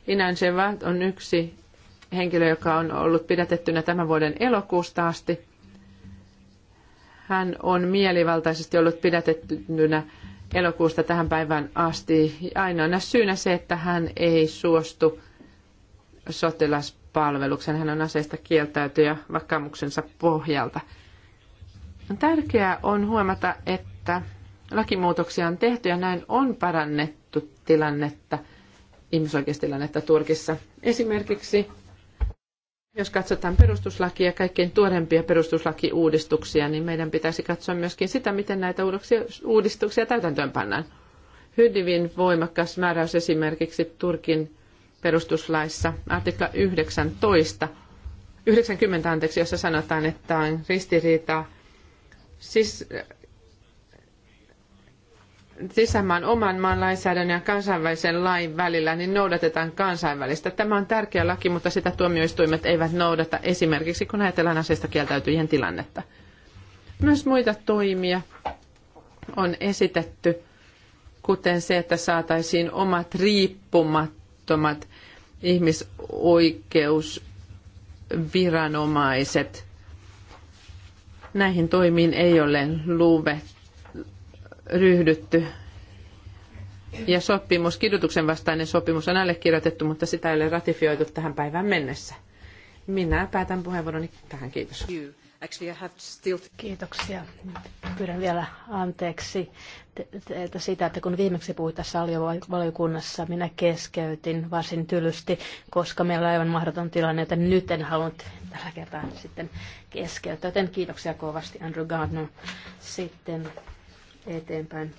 Inan Shevat on yksi henkilö, joka on ollut pidätettynä tämän vuoden elokuusta asti. Hän on mielivaltaisesti ollut pidätettynä elokuusta tähän päivään asti. Ainoana syynä se, että hän ei suostu sotilaspalveluksen. Hän on aseista kieltäytyjä vakamuksensa pohjalta. Tärkeää on huomata, että lakimuutoksia on tehty ja näin on parannettu tilannetta, ihmisoikeustilannetta Turkissa. Esimerkiksi jos katsotaan perustuslakia ja kaikkein tuorempia perustuslakiuudistuksia, niin meidän pitäisi katsoa myöskin sitä, miten näitä uudistuksia täytäntöön pannaan. Hyvin voimakas määräys esimerkiksi Turkin perustuslaissa, artikla 19, 90 anteeksi, jossa sanotaan, että on ristiriita siis sisämaan oman maan lainsäädännön ja kansainvälisen lain välillä, niin noudatetaan kansainvälistä. Tämä on tärkeä laki, mutta sitä tuomioistuimet eivät noudata esimerkiksi, kun ajatellaan aseista kieltäytyjien tilannetta. Myös muita toimia on esitetty, kuten se, että saataisiin omat riippumattomat ihmisoikeusviranomaiset. Näihin toimiin ei ole luvettu ryhdytty. Ja sopimus, kidutuksen vastainen sopimus on allekirjoitettu, mutta sitä ei ole ratifioitu tähän päivään mennessä. Minä päätän puheenvuoroni tähän. Kiitos. Kiitoksia. Pyydän vielä anteeksi teiltä sitä, että kun viimeksi puhuin tässä valiokunnassa, minä keskeytin varsin tylysti, koska meillä on aivan mahdoton tilanne, että nyt en halunnut tällä kertaa sitten keskeyttää. Joten kiitoksia kovasti Andrew Gardner. Sitten eteenpäin.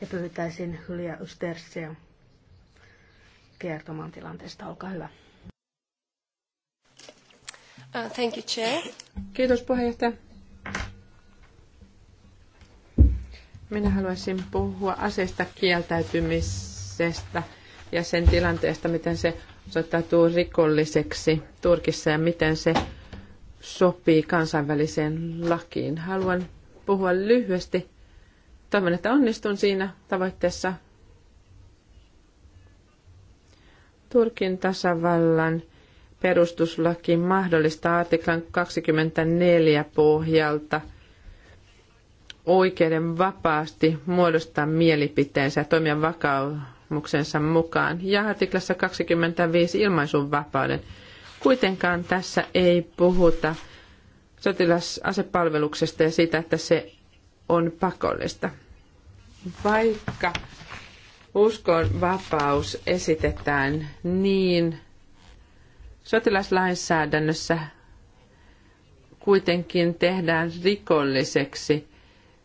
Ja pyytäisin Hylia ustersia kertomaan tilanteesta. Olkaa hyvä. Uh, thank you, Chair. Kiitos puheenjohtaja. Minä haluaisin puhua aseista kieltäytymisestä ja sen tilanteesta, miten se osoittautuu rikolliseksi Turkissa ja miten se sopii kansainväliseen lakiin. Haluan puhua lyhyesti. Toivon, että onnistun siinä tavoitteessa. Turkin tasavallan perustuslaki mahdollistaa artiklan 24 pohjalta oikeuden vapaasti muodostaa mielipiteensä ja toimia vakaumuksensa mukaan. Ja artiklassa 25 ilmaisun vapauden. Kuitenkaan tässä ei puhuta sotilasasepalveluksesta ja siitä, että se on pakollista. Vaikka uskonvapaus esitetään niin sotilaslainsäädännössä kuitenkin tehdään rikolliseksi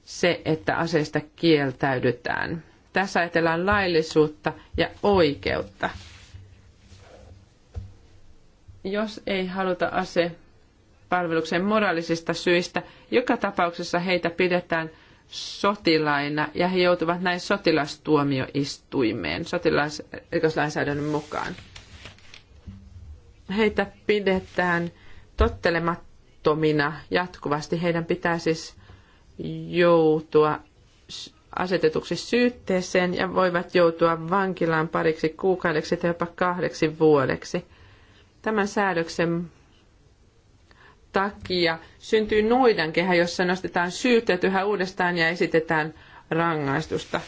se, että aseista kieltäydytään. Tässä ajatellaan laillisuutta ja oikeutta. Jos ei haluta ase palveluksen moraalisista syistä. Joka tapauksessa heitä pidetään sotilaina ja he joutuvat näin sotilastuomioistuimeen sotilasrikoslainsäädännön mukaan. Heitä pidetään tottelemattomina jatkuvasti. Heidän pitää siis joutua asetetuksi syytteeseen ja voivat joutua vankilaan pariksi kuukaudeksi tai jopa kahdeksi vuodeksi. Tämän säädöksen takia syntyy noidankehä, jossa nostetaan syytteet yhä uudestaan ja esitetään rangaistusta.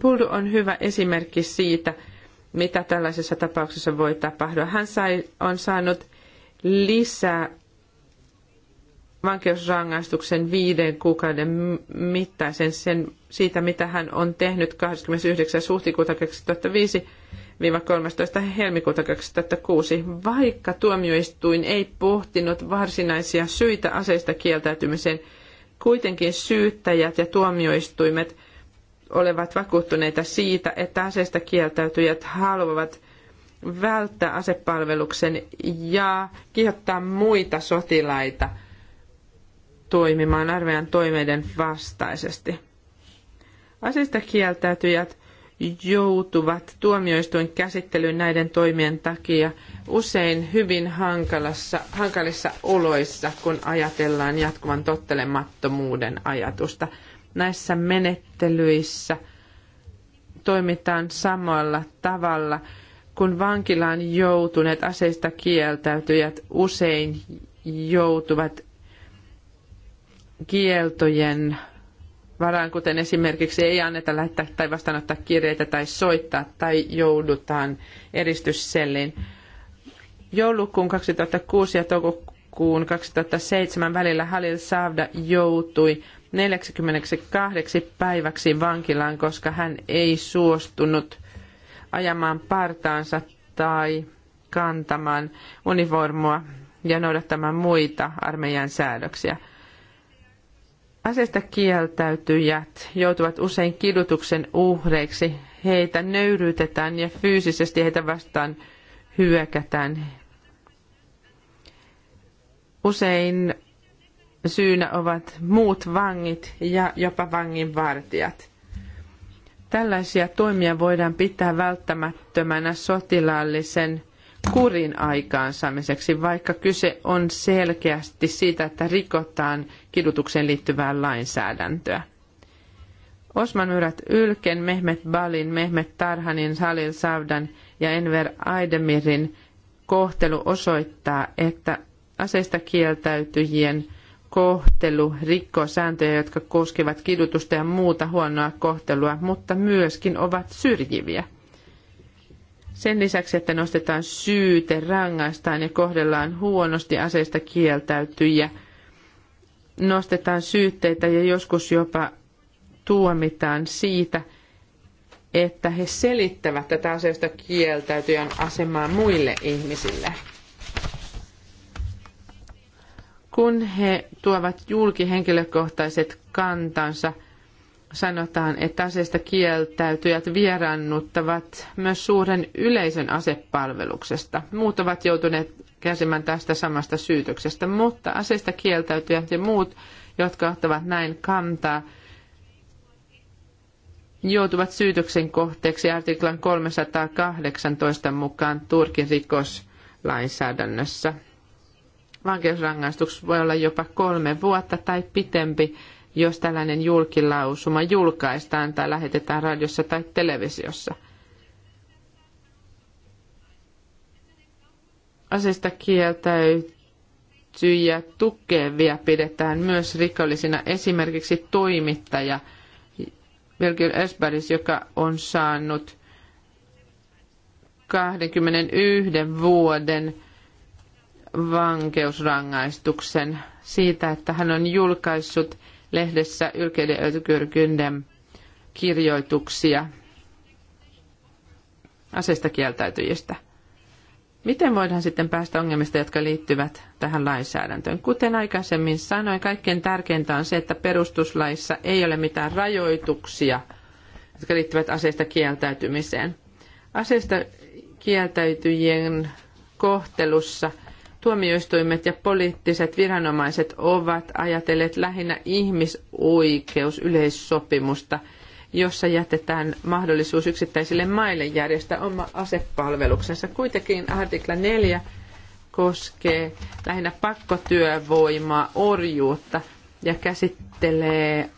Buldu on hyvä esimerkki siitä, mitä tällaisessa tapauksessa voi tapahtua. Hän sai, on saanut lisää vankeusrangaistuksen viiden kuukauden mittaisen sen, siitä, mitä hän on tehnyt 29. huhtikuuta 2005 13. helmikuuta 2006, vaikka tuomioistuin ei pohtinut varsinaisia syitä aseista kieltäytymiseen, kuitenkin syyttäjät ja tuomioistuimet olevat vakuuttuneita siitä, että aseista kieltäytyjät haluavat välttää asepalveluksen ja kiihottaa muita sotilaita toimimaan armeijan toimeiden vastaisesti. Aseista kieltäytyjät joutuvat tuomioistuin käsittelyyn näiden toimien takia usein hyvin hankalassa, hankalissa oloissa, kun ajatellaan jatkuvan tottelemattomuuden ajatusta. Näissä menettelyissä toimitaan samalla tavalla, kun vankilaan joutuneet aseista kieltäytyjät usein joutuvat kieltojen varaan, kuten esimerkiksi ei anneta lähettää tai vastaanottaa kirjeitä tai soittaa tai joudutaan eristysselliin. Joulukuun 2006 ja toukokuun 2007 välillä Halil Saavda joutui 48 päiväksi vankilaan, koska hän ei suostunut ajamaan partaansa tai kantamaan univormua ja noudattamaan muita armeijan säädöksiä. Aseista kieltäytyjät joutuvat usein kidutuksen uhreiksi. Heitä nöyryytetään ja fyysisesti heitä vastaan hyökätään. Usein syynä ovat muut vangit ja jopa vanginvartijat. Tällaisia toimia voidaan pitää välttämättömänä sotilaallisen kurin aikaansaamiseksi, vaikka kyse on selkeästi siitä, että rikotaan kidutukseen liittyvää lainsäädäntöä. Osman Myrat Ylken, Mehmet Balin, Mehmet Tarhanin, Halil Savdan ja Enver Aidemirin kohtelu osoittaa, että aseista kieltäytyjien kohtelu rikkoo sääntöjä, jotka koskevat kidutusta ja muuta huonoa kohtelua, mutta myöskin ovat syrjiviä. Sen lisäksi, että nostetaan syyte, rangaistaan ja kohdellaan huonosti aseista kieltäytyjiä, nostetaan syytteitä ja joskus jopa tuomitaan siitä, että he selittävät tätä aseista kieltäytyjän asemaa muille ihmisille. Kun he tuovat julki henkilökohtaiset kantansa – sanotaan, että aseista kieltäytyjät vierannuttavat myös suuren yleisön asepalveluksesta. Muut ovat joutuneet kärsimään tästä samasta syytöksestä, mutta aseista kieltäytyjät ja muut, jotka ottavat näin kantaa, joutuvat syytöksen kohteeksi artiklan 318 mukaan Turkin rikoslainsäädännössä. Vankeusrangaistus voi olla jopa kolme vuotta tai pitempi jos tällainen julkilausuma julkaistaan tai lähetetään radiossa tai televisiossa. Aseista kieltäytyjä tukevia pidetään myös rikollisina, esimerkiksi toimittaja Virgil Esbergis, joka on saanut 21 vuoden vankeusrangaistuksen siitä, että hän on julkaissut lehdessä Ylkeiden Ötykyrkynden kirjoituksia aseista kieltäytyjistä. Miten voidaan sitten päästä ongelmista, jotka liittyvät tähän lainsäädäntöön? Kuten aikaisemmin sanoin, kaikkein tärkeintä on se, että perustuslaissa ei ole mitään rajoituksia, jotka liittyvät aseista kieltäytymiseen. Aseista kieltäytyjien kohtelussa – tuomioistuimet ja poliittiset viranomaiset ovat ajatelleet lähinnä ihmisoikeusyleissopimusta, jossa jätetään mahdollisuus yksittäisille maille järjestää oma asepalveluksensa. Kuitenkin artikla 4 koskee lähinnä pakkotyövoimaa, orjuutta ja käsittelee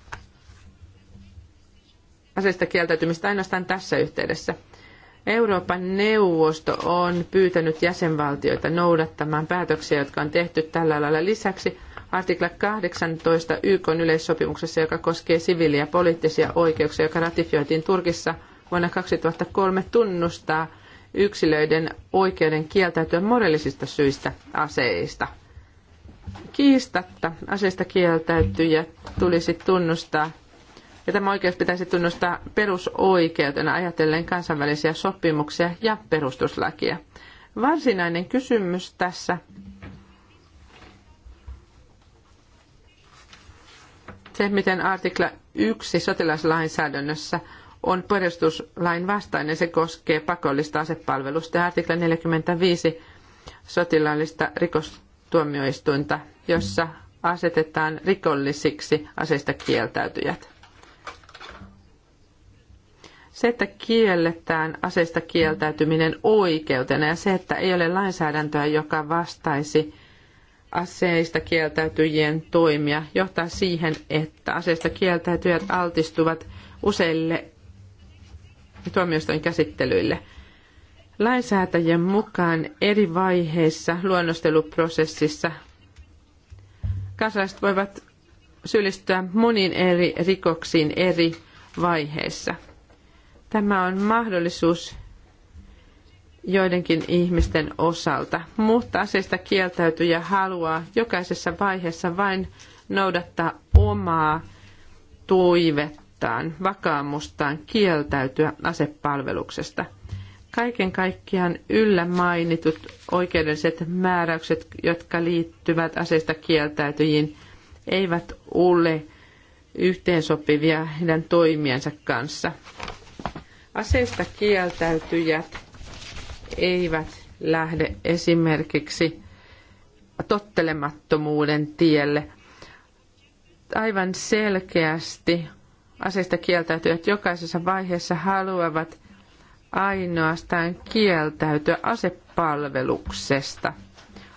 aseista kieltäytymistä ainoastaan tässä yhteydessä – Euroopan neuvosto on pyytänyt jäsenvaltioita noudattamaan päätöksiä, jotka on tehty tällä lailla lisäksi. Artikla 18 YK yleissopimuksessa, joka koskee siviili- ja poliittisia oikeuksia, joka ratifioitiin Turkissa vuonna 2003, tunnustaa yksilöiden oikeuden kieltäytyä moraalisista syistä aseista. Kiistatta aseista kieltäytyjä tulisi tunnustaa ja tämä oikeus pitäisi tunnustaa perusoikeutena ajatellen kansainvälisiä sopimuksia ja perustuslakia. Varsinainen kysymys tässä se, miten artikla 1 sotilaslainsäädännössä on perustuslain vastainen. Se koskee pakollista asepalvelusta ja artikla 45 sotilaallista rikostuomioistuinta, jossa asetetaan rikollisiksi aseista kieltäytyjät. Se, että kielletään aseista kieltäytyminen oikeutena ja se, että ei ole lainsäädäntöä, joka vastaisi aseista kieltäytyjien toimia, johtaa siihen, että aseista kieltäytyjät altistuvat useille tuomioistuin käsittelyille. Lainsäätäjien mukaan eri vaiheissa luonnosteluprosessissa kansalaiset voivat syyllistyä moniin eri rikoksiin eri vaiheissa. Tämä on mahdollisuus joidenkin ihmisten osalta, mutta aseista kieltäytyjä haluaa jokaisessa vaiheessa vain noudattaa omaa toivettaan, vakaamustaan kieltäytyä asepalveluksesta. Kaiken kaikkiaan yllä mainitut oikeudelliset määräykset, jotka liittyvät aseista kieltäytyjiin, eivät ole yhteensopivia heidän toimiensa kanssa. Aseista kieltäytyjät eivät lähde esimerkiksi tottelemattomuuden tielle. Aivan selkeästi aseista kieltäytyjät jokaisessa vaiheessa haluavat ainoastaan kieltäytyä asepalveluksesta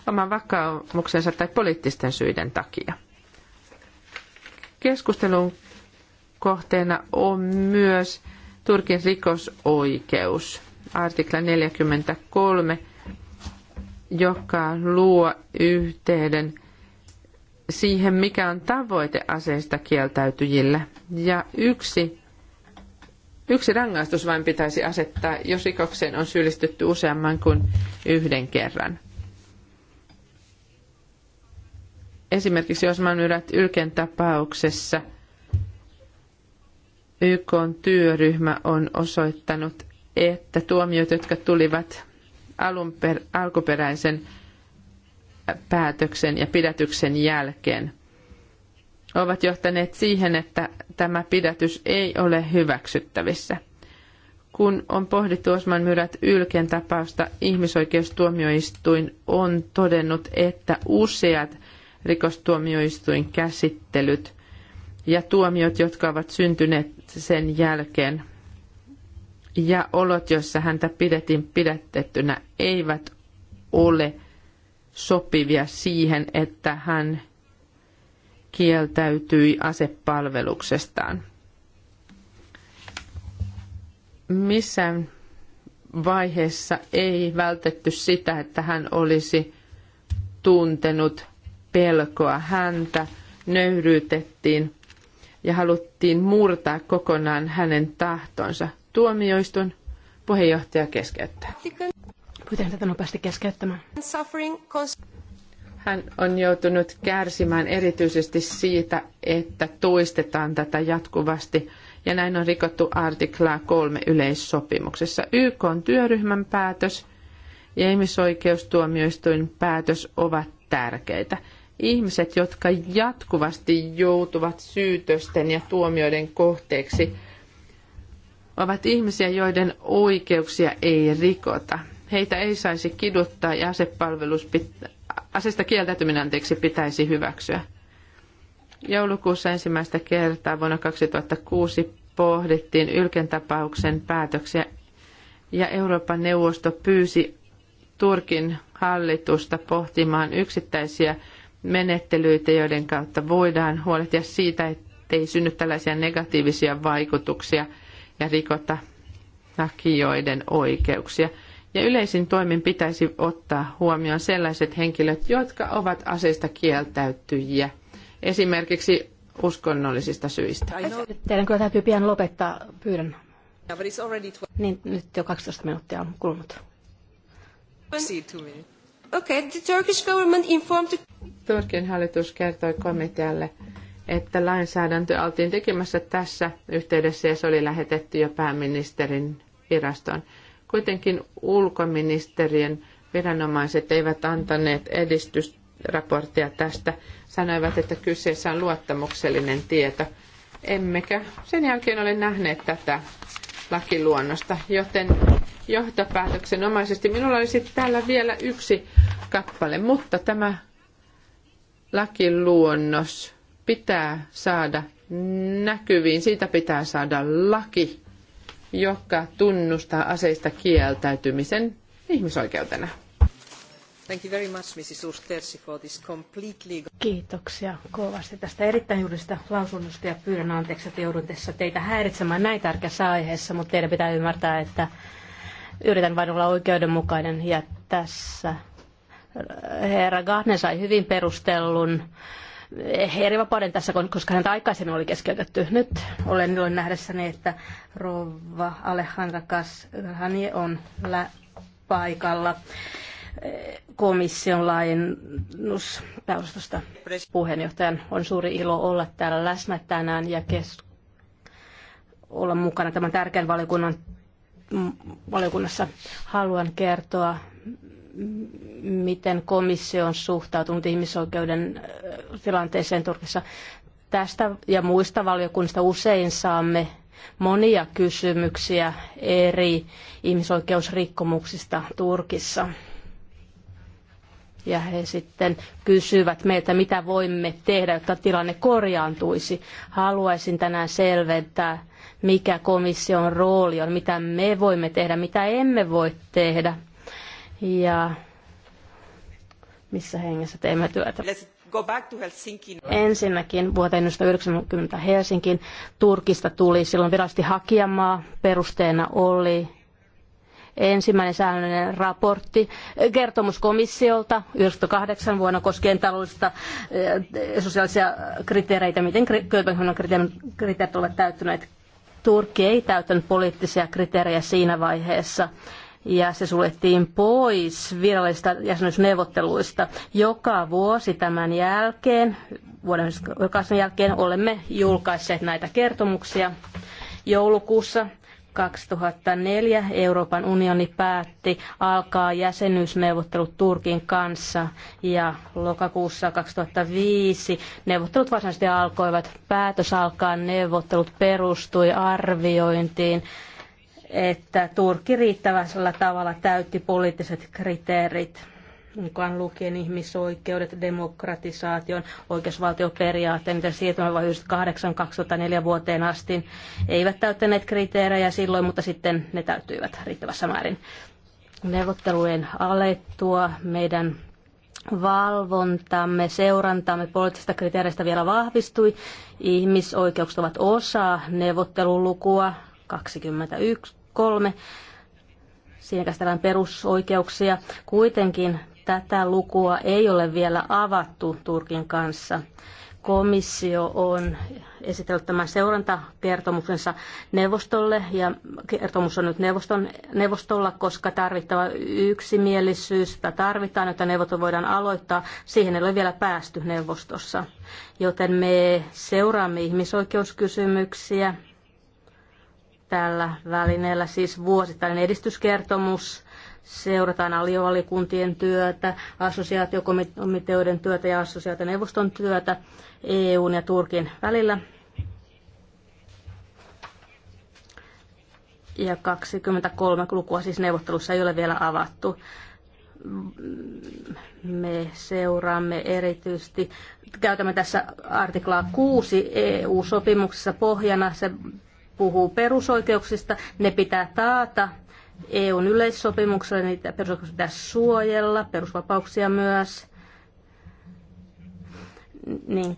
oman vakaumuksensa tai poliittisten syiden takia. Keskustelun kohteena on myös Turkin rikosoikeus, artikla 43, joka luo yhteyden siihen, mikä on tavoite aseista kieltäytyjillä. Ja yksi, yksi rangaistus vain pitäisi asettaa, jos rikokseen on syyllistytty useamman kuin yhden kerran. Esimerkiksi Osman Yrät Ylken tapauksessa – YK työryhmä on osoittanut, että tuomiot, jotka tulivat alun per, alkuperäisen päätöksen ja pidätyksen jälkeen, ovat johtaneet siihen, että tämä pidätys ei ole hyväksyttävissä. Kun on pohdittu Osman Myrät Ylken tapausta, ihmisoikeustuomioistuin on todennut, että useat rikostuomioistuin käsittelyt ja tuomiot, jotka ovat syntyneet sen jälkeen. Ja olot, joissa häntä pidettiin pidätettynä, eivät ole sopivia siihen, että hän kieltäytyi asepalveluksestaan. Missään vaiheessa ei vältetty sitä, että hän olisi tuntenut pelkoa häntä, nöyryytettiin ja haluttiin murtaa kokonaan hänen tahtonsa. tuomioistun puheenjohtaja keskeyttää. Kuten tätä nopeasti keskeyttämään. Hän on joutunut kärsimään erityisesti siitä, että toistetaan tätä jatkuvasti, ja näin on rikottu artiklaa kolme yleissopimuksessa. YK on työryhmän päätös ja ihmisoikeustuomioistuin päätös ovat tärkeitä ihmiset, jotka jatkuvasti joutuvat syytösten ja tuomioiden kohteeksi, ovat ihmisiä, joiden oikeuksia ei rikota. Heitä ei saisi kiduttaa ja asepalvelus pit- asesta kieltäytyminen anteeksi pitäisi hyväksyä. Joulukuussa ensimmäistä kertaa vuonna 2006 pohdittiin Ylken tapauksen päätöksiä ja Euroopan neuvosto pyysi Turkin hallitusta pohtimaan yksittäisiä menettelyitä, joiden kautta voidaan huolehtia siitä, ettei synny tällaisia negatiivisia vaikutuksia ja rikota hakijoiden oikeuksia. Ja yleisin toimin pitäisi ottaa huomioon sellaiset henkilöt, jotka ovat aseista kieltäytyjiä, esimerkiksi uskonnollisista syistä. Teidän kyllä täytyy pian lopettaa, pyydän. Niin, nyt jo 12 minuuttia on kulunut. Okay, the Turkish government informed the... Turkin hallitus kertoi komitealle, että lainsäädäntö oltiin tekemässä tässä yhteydessä ja se oli lähetetty jo pääministerin virastoon. Kuitenkin ulkoministeriön viranomaiset eivät antaneet edistysraporttia tästä. Sanoivat, että kyseessä on luottamuksellinen tieto. Emmekä sen jälkeen ole nähneet tätä lakiluonnosta, joten johtopäätöksenomaisesti. Minulla olisi täällä vielä yksi kappale, mutta tämä lakiluonnos pitää saada näkyviin. Siitä pitää saada laki, joka tunnustaa aseista kieltäytymisen ihmisoikeutena. Thank you very much, Mrs. for this completely... Kiitoksia kovasti tästä erittäin juurista lausunnosta ja pyydän anteeksi, että joudun tässä teitä häiritsemään näin tärkeässä aiheessa, mutta teidän pitää ymmärtää, että Yritän vain olla oikeudenmukainen ja tässä herra Gahne sai hyvin perustellun eri vapauden tässä, koska häntä aikaisemmin oli keskeytetty. Nyt olen iloinen nähdessäni, että rouva Alejandra Kasrani on paikalla komission laajennuspääosastosta. Puheenjohtajan on suuri ilo olla täällä läsnä tänään ja kes- olla mukana tämän tärkeän valiokunnan valiokunnassa haluan kertoa, miten komissio on suhtautunut ihmisoikeuden tilanteeseen Turkissa. Tästä ja muista valiokunnista usein saamme monia kysymyksiä eri ihmisoikeusrikkomuksista Turkissa. Ja he sitten kysyvät meiltä, mitä voimme tehdä, jotta tilanne korjaantuisi. Haluaisin tänään selventää mikä komission rooli on, mitä me voimme tehdä, mitä emme voi tehdä ja missä hengessä teemme työtä. Ensinnäkin vuoteen 1990 Helsinkiin Turkista tuli silloin virallisesti hakijamaa. Perusteena oli ensimmäinen säännöllinen raportti eh, kertomuskomissiolta 98 vuonna koskien taloudellista eh, sosiaalisia kriteereitä, miten Kööpenhaminan kriteerit ovat täyttyneet Turkki ei täyttänyt poliittisia kriteerejä siinä vaiheessa ja se suljettiin pois virallisista jäsenyysneuvotteluista. Joka vuosi tämän jälkeen, vuoden jälkeen olemme julkaisseet näitä kertomuksia joulukuussa 2004 Euroopan unioni päätti alkaa jäsenyysneuvottelut Turkin kanssa ja lokakuussa 2005 neuvottelut varsinaisesti alkoivat. Päätös alkaa neuvottelut perustui arviointiin että Turkki riittävällä tavalla täytti poliittiset kriteerit mukaan lukien ihmisoikeudet, demokratisaation, oikeusvaltioperiaatteen, mitä siirtymävaiheesta 8-2004 vuoteen asti eivät täyttäneet kriteerejä silloin, mutta sitten ne täyttyivät riittävässä määrin. Neuvottelujen alettua meidän valvontamme, seurantamme poliittisista kriteereistä vielä vahvistui. Ihmisoikeukset ovat osa neuvottelulukua 21.3. Siinä käsitellään perusoikeuksia. Kuitenkin tätä lukua ei ole vielä avattu Turkin kanssa. Komissio on esitellyt tämän seurantakertomuksensa neuvostolle ja kertomus on nyt neuvoston, neuvostolla, koska tarvittava yksimielisyys sitä tarvitaan, jotta neuvosto voidaan aloittaa. Siihen ei ole vielä päästy neuvostossa, joten me seuraamme ihmisoikeuskysymyksiä tällä välineellä, siis vuosittainen edistyskertomus, seurataan aliovalikuntien työtä, assosiaatiokomiteoiden työtä ja assosiaationeuvoston työtä EUn ja Turkin välillä. Ja 23 lukua siis neuvottelussa ei ole vielä avattu. Me seuraamme erityisesti, käytämme tässä artiklaa 6 EU-sopimuksessa pohjana. Se puhuu perusoikeuksista, ne pitää taata EUn yleissopimuksella, niitä perusoikeuksia pitää suojella, perusvapauksia myös, niin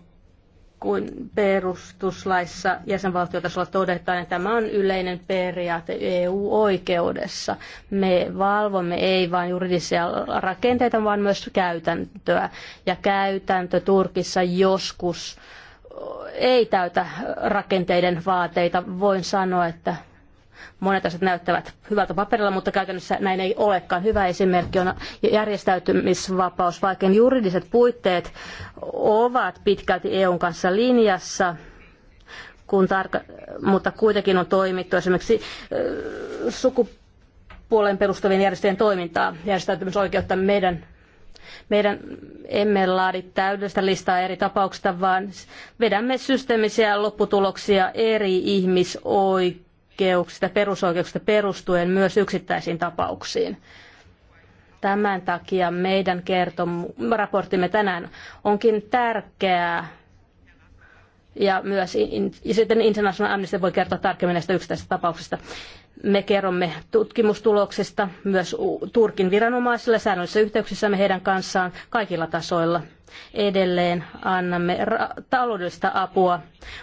kuin perustuslaissa jäsenvaltiotasolla todetaan, että tämä on yleinen periaate EU-oikeudessa. Me valvomme ei vain juridisia rakenteita, vaan myös käytäntöä. Ja käytäntö Turkissa joskus ei täytä rakenteiden vaateita. Voin sanoa, että monet asiat näyttävät hyvältä paperilla, mutta käytännössä näin ei olekaan. Hyvä esimerkki on järjestäytymisvapaus, vaikka juridiset puitteet ovat pitkälti EUn kanssa linjassa, kun mutta kuitenkin on toimittu esimerkiksi sukupuolen perustavien järjestöjen toimintaa, järjestäytymisoikeutta meidän meidän emme laadi täydellistä listaa eri tapauksista, vaan vedämme systeemisiä lopputuloksia eri ihmisoikeuksista, perusoikeuksista perustuen myös yksittäisiin tapauksiin. Tämän takia meidän kertom- raporttimme tänään onkin tärkeää ja myös in, ja sitten International Amnesty voi kertoa tarkemmin näistä yksittäisistä tapauksista. Me kerromme tutkimustuloksista myös Turkin viranomaisille säännöllisissä yhteyksissämme heidän kanssaan kaikilla tasoilla. Edelleen annamme taloudellista apua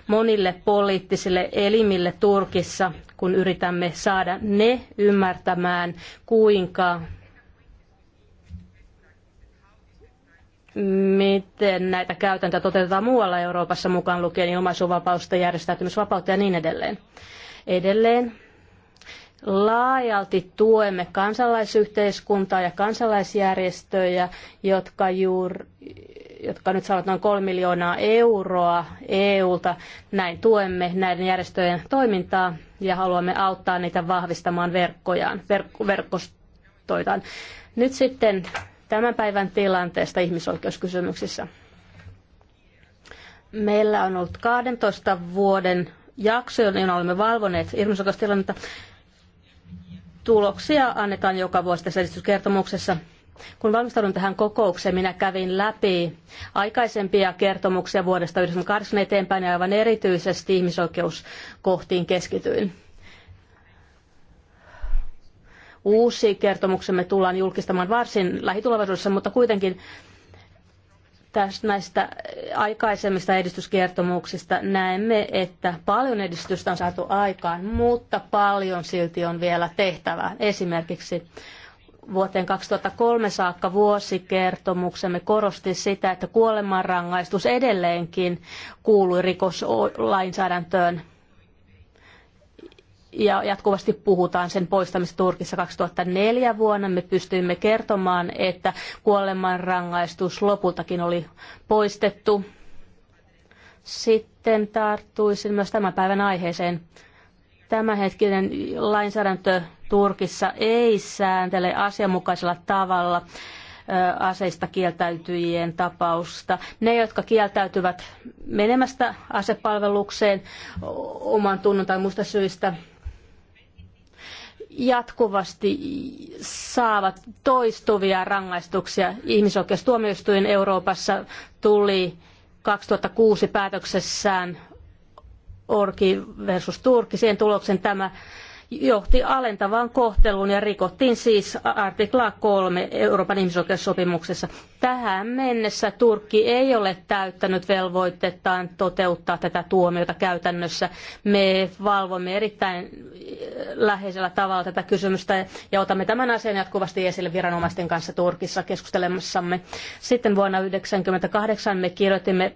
monille poliittisille elimille Turkissa, kun yritämme saada ne ymmärtämään, kuinka miten näitä käytäntöjä toteutetaan muualla Euroopassa mukaan lukien ilmaisuvapausta, järjestäytymisvapautta ja niin edelleen. Edelleen laajalti tuemme kansalaisyhteiskuntaa ja kansalaisjärjestöjä, jotka, juur, jotka nyt saavat noin 3 miljoonaa euroa EUlta. Näin tuemme näiden järjestöjen toimintaa ja haluamme auttaa niitä vahvistamaan verkkojaan, verk- verkostoitaan. Nyt sitten tämän päivän tilanteesta ihmisoikeuskysymyksissä. Meillä on ollut 12 vuoden jakso, jolloin olemme valvoneet ihmisoikeustilannetta Tuloksia annetaan joka vuosi tässä edistyskertomuksessa. Kun valmistaudun tähän kokoukseen, minä kävin läpi aikaisempia kertomuksia vuodesta 1998 eteenpäin ja aivan erityisesti ihmisoikeuskohtiin keskityin. Uusi kertomuksemme tullaan julkistamaan varsin lähitulevaisuudessa, mutta kuitenkin Tästä näistä aikaisemmista edistyskertomuksista näemme, että paljon edistystä on saatu aikaan, mutta paljon silti on vielä tehtävää. Esimerkiksi vuoteen 2003 saakka vuosikertomuksemme korosti sitä, että kuolemanrangaistus edelleenkin kuului rikoslainsäädäntöön ja jatkuvasti puhutaan sen poistamista Turkissa 2004 vuonna. Me pystyimme kertomaan, että kuolemanrangaistus lopultakin oli poistettu. Sitten tarttuisin myös tämän päivän aiheeseen. Tämänhetkinen lainsäädäntö Turkissa ei sääntele asianmukaisella tavalla aseista kieltäytyjien tapausta. Ne, jotka kieltäytyvät menemästä asepalvelukseen oman tunnon tai muista syistä, jatkuvasti saavat toistuvia rangaistuksia. Ihmisoikeustuomioistuin Euroopassa tuli 2006 päätöksessään Orki versus Turkki. Siihen tuloksen tämä johti alentavaan kohteluun ja rikottiin siis artiklaa 3 Euroopan ihmisoikeussopimuksessa. Tähän mennessä Turkki ei ole täyttänyt velvoitettaan toteuttaa tätä tuomiota käytännössä. Me valvomme erittäin äh, läheisellä tavalla tätä kysymystä ja otamme tämän asian jatkuvasti esille viranomaisten kanssa Turkissa keskustelemassamme. Sitten vuonna 1998 me kirjoitimme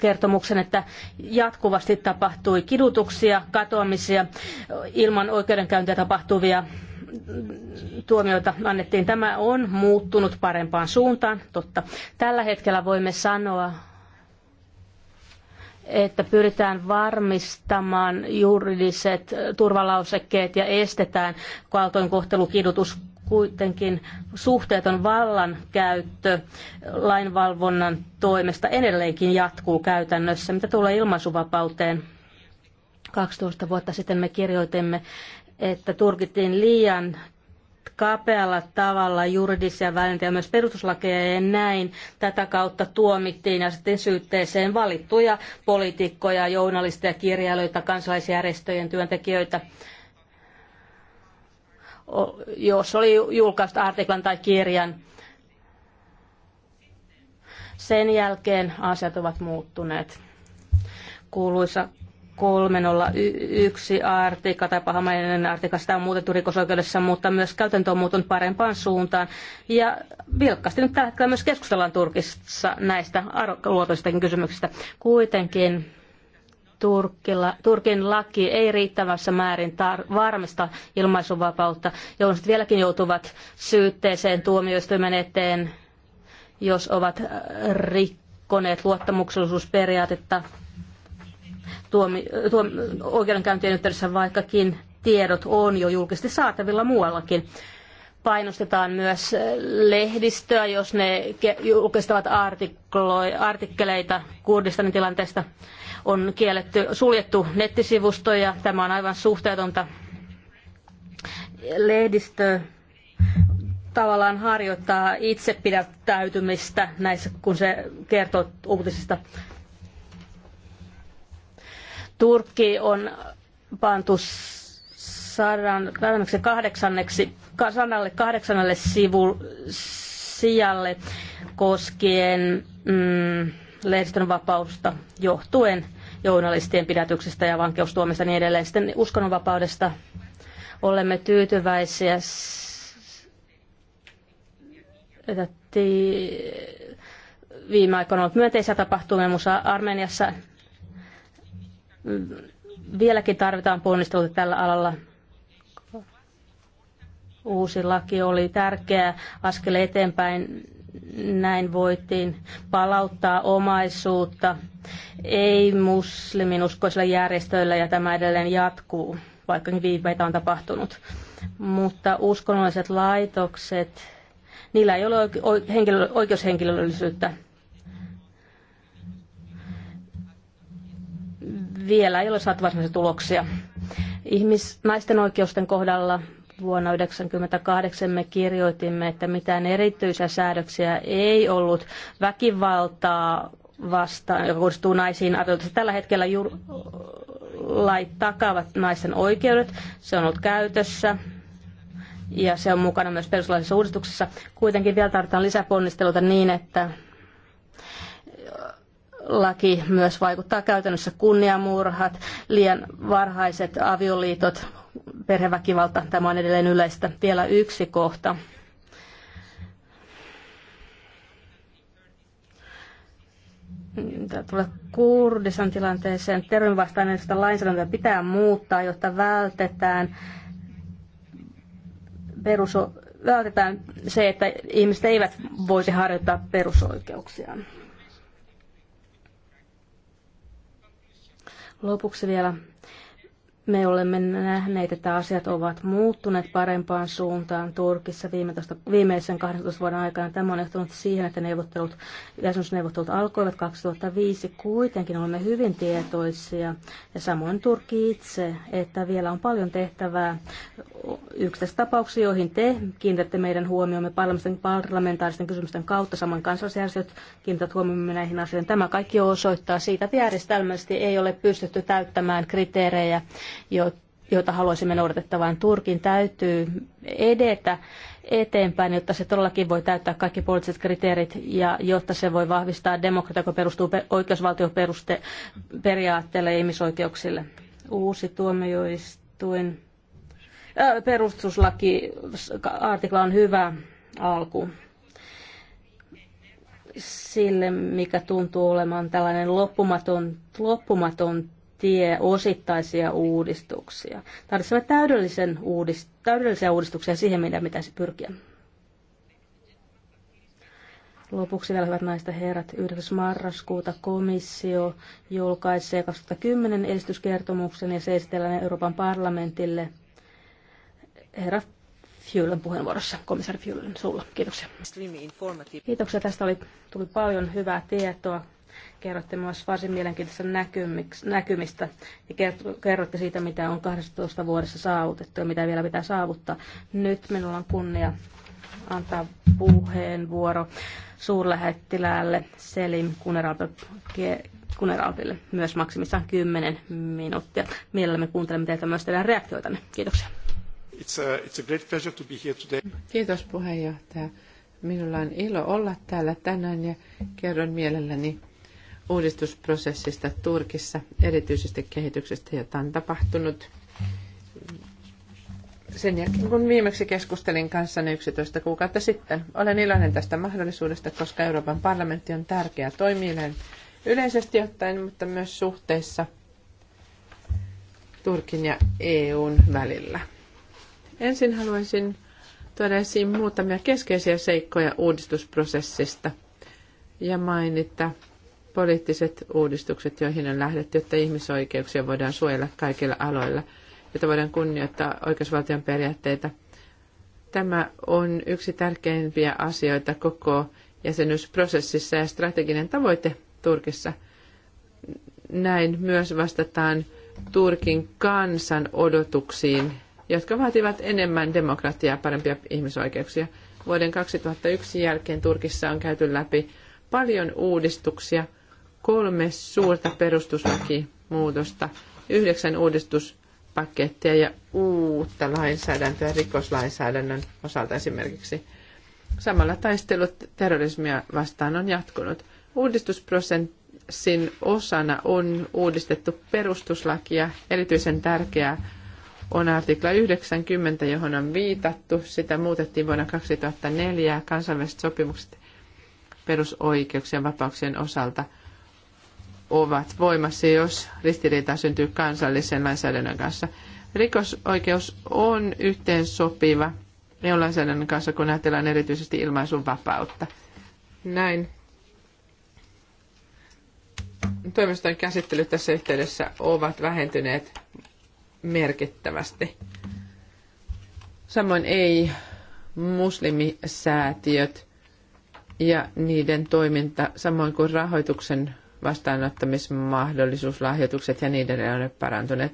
kertomuksen, että jatkuvasti tapahtui kidutuksia, katoamisia, ilman oikeudenkäyntiä tapahtuvia tuomioita annettiin. Tämä on muuttunut parempaan suuntaan, totta. Tällä hetkellä voimme sanoa, että pyritään varmistamaan juridiset turvalausekkeet ja estetään kaltoinkohtelu, kidutus, kuitenkin suhteeton vallankäyttö lainvalvonnan toimesta edelleenkin jatkuu käytännössä. Mitä tulee ilmaisuvapauteen, 12 vuotta sitten me kirjoitimme, että turkittiin liian kapealla tavalla juridisia välineitä ja myös perustuslakeja ja näin. Tätä kautta tuomittiin ja sitten syytteeseen valittuja poliitikkoja, journalisteja, kirjailijoita, kansalaisjärjestöjen työntekijöitä. Jos oli julkaistu artiklan tai kirjan, sen jälkeen asiat ovat muuttuneet. Kuuluisa 301 artikka tai pahamainen artikka, sitä on muutettu rikosoikeudessa, mutta myös käytäntöönmuuton parempaan suuntaan. Ja vilkkaasti nyt tällä hetkellä myös keskustellaan Turkissa näistä arkaluotoisistakin kysymyksistä. Kuitenkin Turkilla, Turkin laki ei riittävässä määrin tar- varmista ilmaisuvapautta, jolloin vieläkin joutuvat syytteeseen tuomioistuimen eteen, jos ovat rikkoneet luottamuksellisuusperiaatetta tuomi, tuomi, oikeudenkäyntien yhteydessä, vaikkakin tiedot on jo julkisesti saatavilla muuallakin. Painostetaan myös lehdistöä, jos ne julkistavat artikkeleita Kurdistanin tilanteesta. On kielletty, suljettu nettisivustoja. Tämä on aivan suhteetonta. Lehdistö tavallaan harjoittaa itsepidättäytymistä näissä, kun se kertoo uutisista Turkki on pantu sadan, kahdeksanneksi, sanalle kahdeksannelle sijalle koskien mm, lehdistön vapausta johtuen journalistien pidätyksestä ja vankeustuomista ja niin edelleen. Sitten uskonnonvapaudesta olemme tyytyväisiä, että viime aikoina on ollut myönteisiä tapahtumia, mutta Armeniassa Vieläkin tarvitaan ponnistelua tällä alalla. Uusi laki oli tärkeä askel eteenpäin. Näin voitiin palauttaa omaisuutta ei-muslimin uskoisilla järjestöillä ja tämä edelleen jatkuu, vaikka viiveitä on tapahtunut. Mutta uskonnolliset laitokset niillä ei ole oikeushenkilöllisyyttä. vielä ei ole saatu varsinaisia tuloksia. Ihmis, naisten oikeusten kohdalla vuonna 1998 me kirjoitimme, että mitään erityisiä säädöksiä ei ollut väkivaltaa vastaan, joka kohdistuu naisiin. Tällä hetkellä jur- lait takaavat naisten oikeudet. Se on ollut käytössä ja se on mukana myös perustuslaillisessa uudistuksessa. Kuitenkin vielä tarvitaan lisäponnisteluita niin, että laki myös vaikuttaa käytännössä kunniamurhat, liian varhaiset avioliitot, perheväkivalta, tämä on edelleen yleistä. Vielä yksi kohta. tulee Kurdisan tilanteeseen, terveydenvastaista lainsäädäntöä pitää muuttaa, jotta vältetään, perusoikeuksia vältetään se, että ihmiset eivät voisi harjoittaa perusoikeuksiaan. Lopuksi vielä me olemme nähneet, että asiat ovat muuttuneet parempaan suuntaan Turkissa viimeisen 12 vuoden aikana. Tämä on johtunut siihen, että neuvottelut, jäsenyysneuvottelut alkoivat 2005. Kuitenkin olemme hyvin tietoisia, ja samoin Turkki itse, että vielä on paljon tehtävää tässä tapauksissa, joihin te kiinnitätte meidän huomiomme parlamentaaristen kysymysten kautta. Samoin kansalaisjärjestöt kiinnittävät huomiomme näihin asioihin. Tämä kaikki osoittaa siitä, että järjestelmällisesti ei ole pystytty täyttämään kriteerejä joita haluaisimme noudatettavan. Turkin täytyy edetä eteenpäin, jotta se todellakin voi täyttää kaikki poliittiset kriteerit ja jotta se voi vahvistaa demokratia, joka perustuu oikeusvaltioperiaatteelle ja ihmisoikeuksille. Uusi tuomioistuin. Äh, perustuslaki artikla on hyvä alku sille, mikä tuntuu olemaan tällainen loppumaton, loppumaton tie osittaisia uudistuksia. Tarvitsemme täydellisen uudist- täydellisiä uudistuksia siihen, mitä pitäisi pyrkiä. Lopuksi vielä hyvät naiset ja herrat, 9. marraskuuta komissio julkaisee 2010 esityskertomuksen ja se esitellään Euroopan parlamentille. Herra Fjullen puheenvuorossa, komissaari Fjullen sulla. Kiitoksia. Kiitoksia, tästä oli, tuli paljon hyvää tietoa kerrotte myös varsin mielenkiintoista näkymistä ja kerrotte siitä, mitä on 12 vuodessa saavutettu ja mitä vielä pitää saavuttaa. Nyt minulla on kunnia antaa puheenvuoro suurlähettiläälle Selim Kuneraltille myös maksimissaan 10 minuuttia. Mielellämme kuuntelemme teitä myös teidän reaktioitanne. Kiitoksia. It's a, it's a great pleasure to be here today. Kiitos puheenjohtaja. Minulla on ilo olla täällä tänään ja kerron mielelläni uudistusprosessista Turkissa, erityisesti kehityksestä, jota on tapahtunut. Sen jälkeen, kun viimeksi keskustelin kanssanne 11 kuukautta sitten, olen iloinen tästä mahdollisuudesta, koska Euroopan parlamentti on tärkeä toimijan yleisesti ottaen, mutta myös suhteissa Turkin ja EUn välillä. Ensin haluaisin tuoda esiin muutamia keskeisiä seikkoja uudistusprosessista ja mainita poliittiset uudistukset, joihin on lähdetty, että ihmisoikeuksia voidaan suojella kaikilla aloilla, jotta voidaan kunnioittaa oikeusvaltion periaatteita. Tämä on yksi tärkeimpiä asioita koko jäsenyysprosessissa ja strateginen tavoite Turkissa. Näin myös vastataan Turkin kansan odotuksiin, jotka vaativat enemmän demokratiaa ja parempia ihmisoikeuksia. Vuoden 2001 jälkeen Turkissa on käyty läpi paljon uudistuksia – kolme suurta perustuslakimuutosta, yhdeksän uudistuspakettia ja uutta lainsäädäntöä rikoslainsäädännön osalta esimerkiksi. Samalla taistelut terrorismia vastaan on jatkunut. Uudistusprosessin osana on uudistettu perustuslakia. Erityisen tärkeää on artikla 90, johon on viitattu. Sitä muutettiin vuonna 2004 kansainväliset sopimukset perusoikeuksien vapauksien osalta – ovat voimassa, jos ristiriita syntyy kansallisen lainsäädännön kanssa. Rikosoikeus on yhteensopiva EU-lainsäädännön kanssa, kun ajatellaan erityisesti ilmaisun vapautta. Näin. Toimistojen käsittelyt tässä yhteydessä ovat vähentyneet merkittävästi. Samoin ei muslimisäätiöt ja niiden toiminta, samoin kuin rahoituksen vastaanottamismahdollisuus, lahjoitukset ja niiden edelleen ole parantuneet.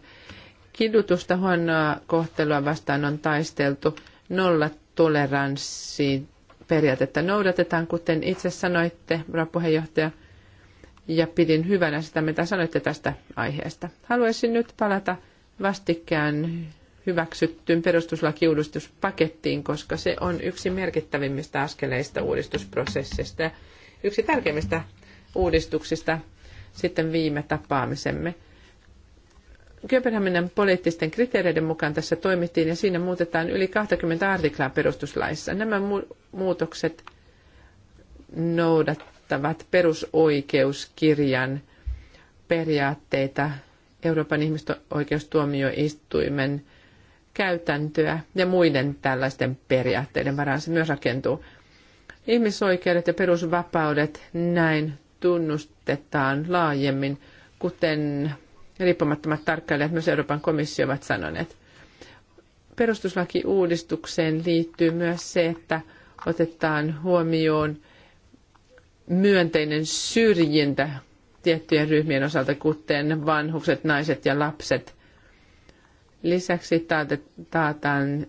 Kidutusta, huonoa kohtelua vastaan on taisteltu. Nolla toleranssi periaatetta noudatetaan, kuten itse sanoitte, rapuheenjohtaja, ja pidin hyvänä sitä, mitä sanoitte tästä aiheesta. Haluaisin nyt palata vastikään hyväksyttyyn perustuslakiuudistuspakettiin, koska se on yksi merkittävimmistä askeleista uudistusprosessista ja yksi tärkeimmistä uudistuksista sitten viime tapaamisemme. Kööpenhaminan poliittisten kriteereiden mukaan tässä toimittiin ja siinä muutetaan yli 20 artiklaa perustuslaissa. Nämä muutokset noudattavat perusoikeuskirjan periaatteita, Euroopan ihmisoikeustuomioistuimen käytäntöä ja muiden tällaisten periaatteiden varaan se myös rakentuu. Ihmisoikeudet ja perusvapaudet näin tunnustetaan laajemmin, kuten riippumattomat tarkkailijat, myös Euroopan komissio ovat sanoneet. Perustuslakiuudistukseen liittyy myös se, että otetaan huomioon myönteinen syrjintä tiettyjen ryhmien osalta, kuten vanhukset, naiset ja lapset. Lisäksi taataan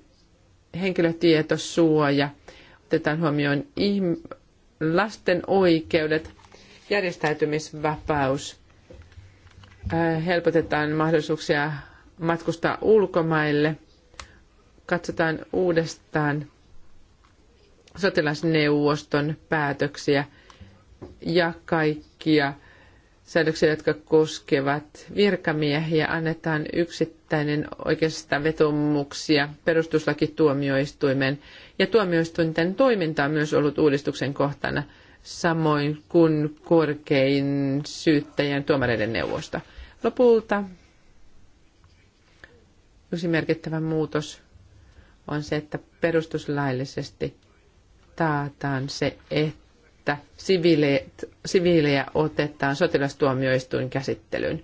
henkilötietosuoja, otetaan huomioon lasten oikeudet järjestäytymisvapaus. Äh, helpotetaan mahdollisuuksia matkustaa ulkomaille. Katsotaan uudestaan sotilasneuvoston päätöksiä ja kaikkia säädöksiä, jotka koskevat virkamiehiä. Annetaan yksittäinen oikeastaan vetomuksia perustuslakituomioistuimeen. ja tuomioistuinten toiminta on myös ollut uudistuksen kohtana – samoin kuin korkein syyttäjän tuomareiden neuvosto. Lopulta yksi merkittävä muutos on se, että perustuslaillisesti taataan se, että siviilejä otetaan sotilastuomioistuin käsittelyyn.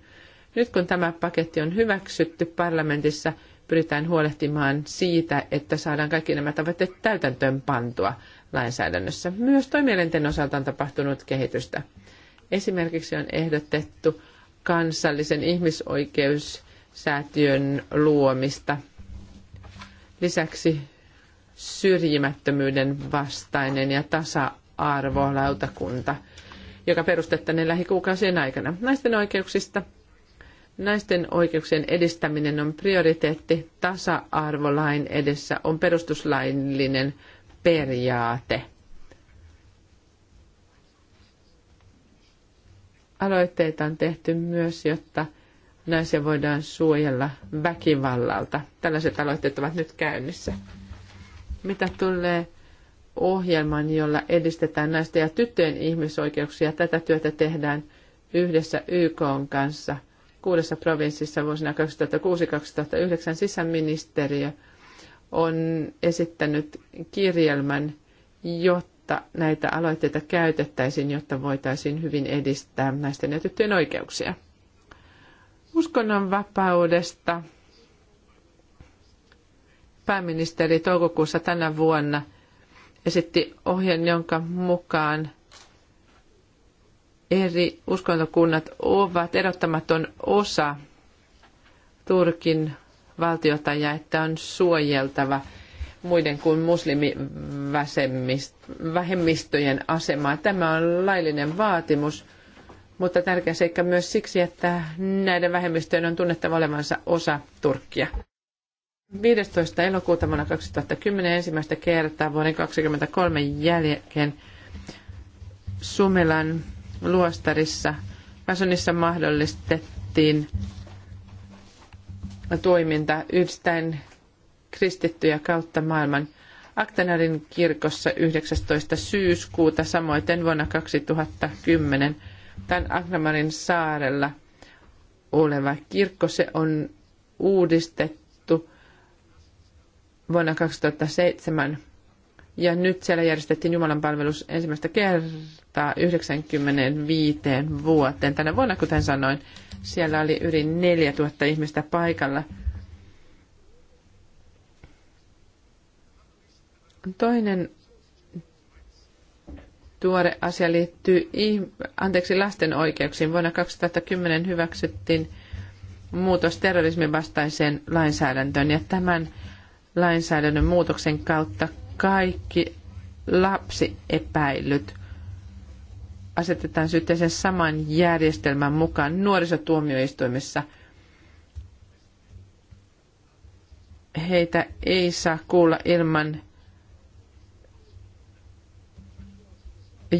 Nyt kun tämä paketti on hyväksytty parlamentissa, pyritään huolehtimaan siitä, että saadaan kaikki nämä tavoitteet täytäntöön pantua – lainsäädännössä. Myös toimielinten osalta on tapahtunut kehitystä. Esimerkiksi on ehdotettu kansallisen ihmisoikeussäätiön luomista. Lisäksi syrjimättömyyden vastainen ja tasa-arvolautakunta, joka perustettaneen lähikuukausien aikana. Naisten oikeuksista Naisten oikeuksien edistäminen on prioriteetti. Tasa-arvolain edessä on perustuslaillinen periaate. Aloitteita on tehty myös, jotta naisia voidaan suojella väkivallalta. Tällaiset aloitteet ovat nyt käynnissä. Mitä tulee ohjelman, jolla edistetään naisten ja tyttöjen ihmisoikeuksia, tätä työtä tehdään yhdessä YK kanssa – kuudessa provinssissa vuosina 2006-2009 sisäministeriö – on esittänyt kirjelmän, jotta näitä aloitteita käytettäisiin, jotta voitaisiin hyvin edistää naisten ja tyttöjen oikeuksia. Uskonnon vapaudesta pääministeri toukokuussa tänä vuonna esitti ohjeen, jonka mukaan eri uskontokunnat ovat erottamaton osa Turkin valtiota ja että on suojeltava muiden kuin muslimivähemmistöjen asemaa. Tämä on laillinen vaatimus, mutta tärkeä seikka myös siksi, että näiden vähemmistöjen on tunnettava olevansa osa Turkkia. 15. elokuuta vuonna 2010 ensimmäistä kertaa vuoden 2023 jälkeen Sumelan luostarissa Kasonissa mahdollistettiin toiminta yhdistäen kristittyjä kautta maailman. Aktenarin kirkossa 19. syyskuuta, samoin vuonna 2010, tämän Aknamarin saarella oleva kirkko, se on uudistettu vuonna 2007 ja nyt siellä järjestettiin Jumalan palvelus ensimmäistä kertaa 95 vuoteen. Tänä vuonna, kuten sanoin, siellä oli yli 4000 ihmistä paikalla. Toinen tuore asia liittyy anteeksi, lasten oikeuksiin. Vuonna 2010 hyväksyttiin muutos terrorismin vastaiseen lainsäädäntöön ja tämän lainsäädännön muutoksen kautta kaikki lapsiepäilyt asetetaan syytteeseen saman järjestelmän mukaan nuorisotuomioistuimessa. Heitä ei saa kuulla ilman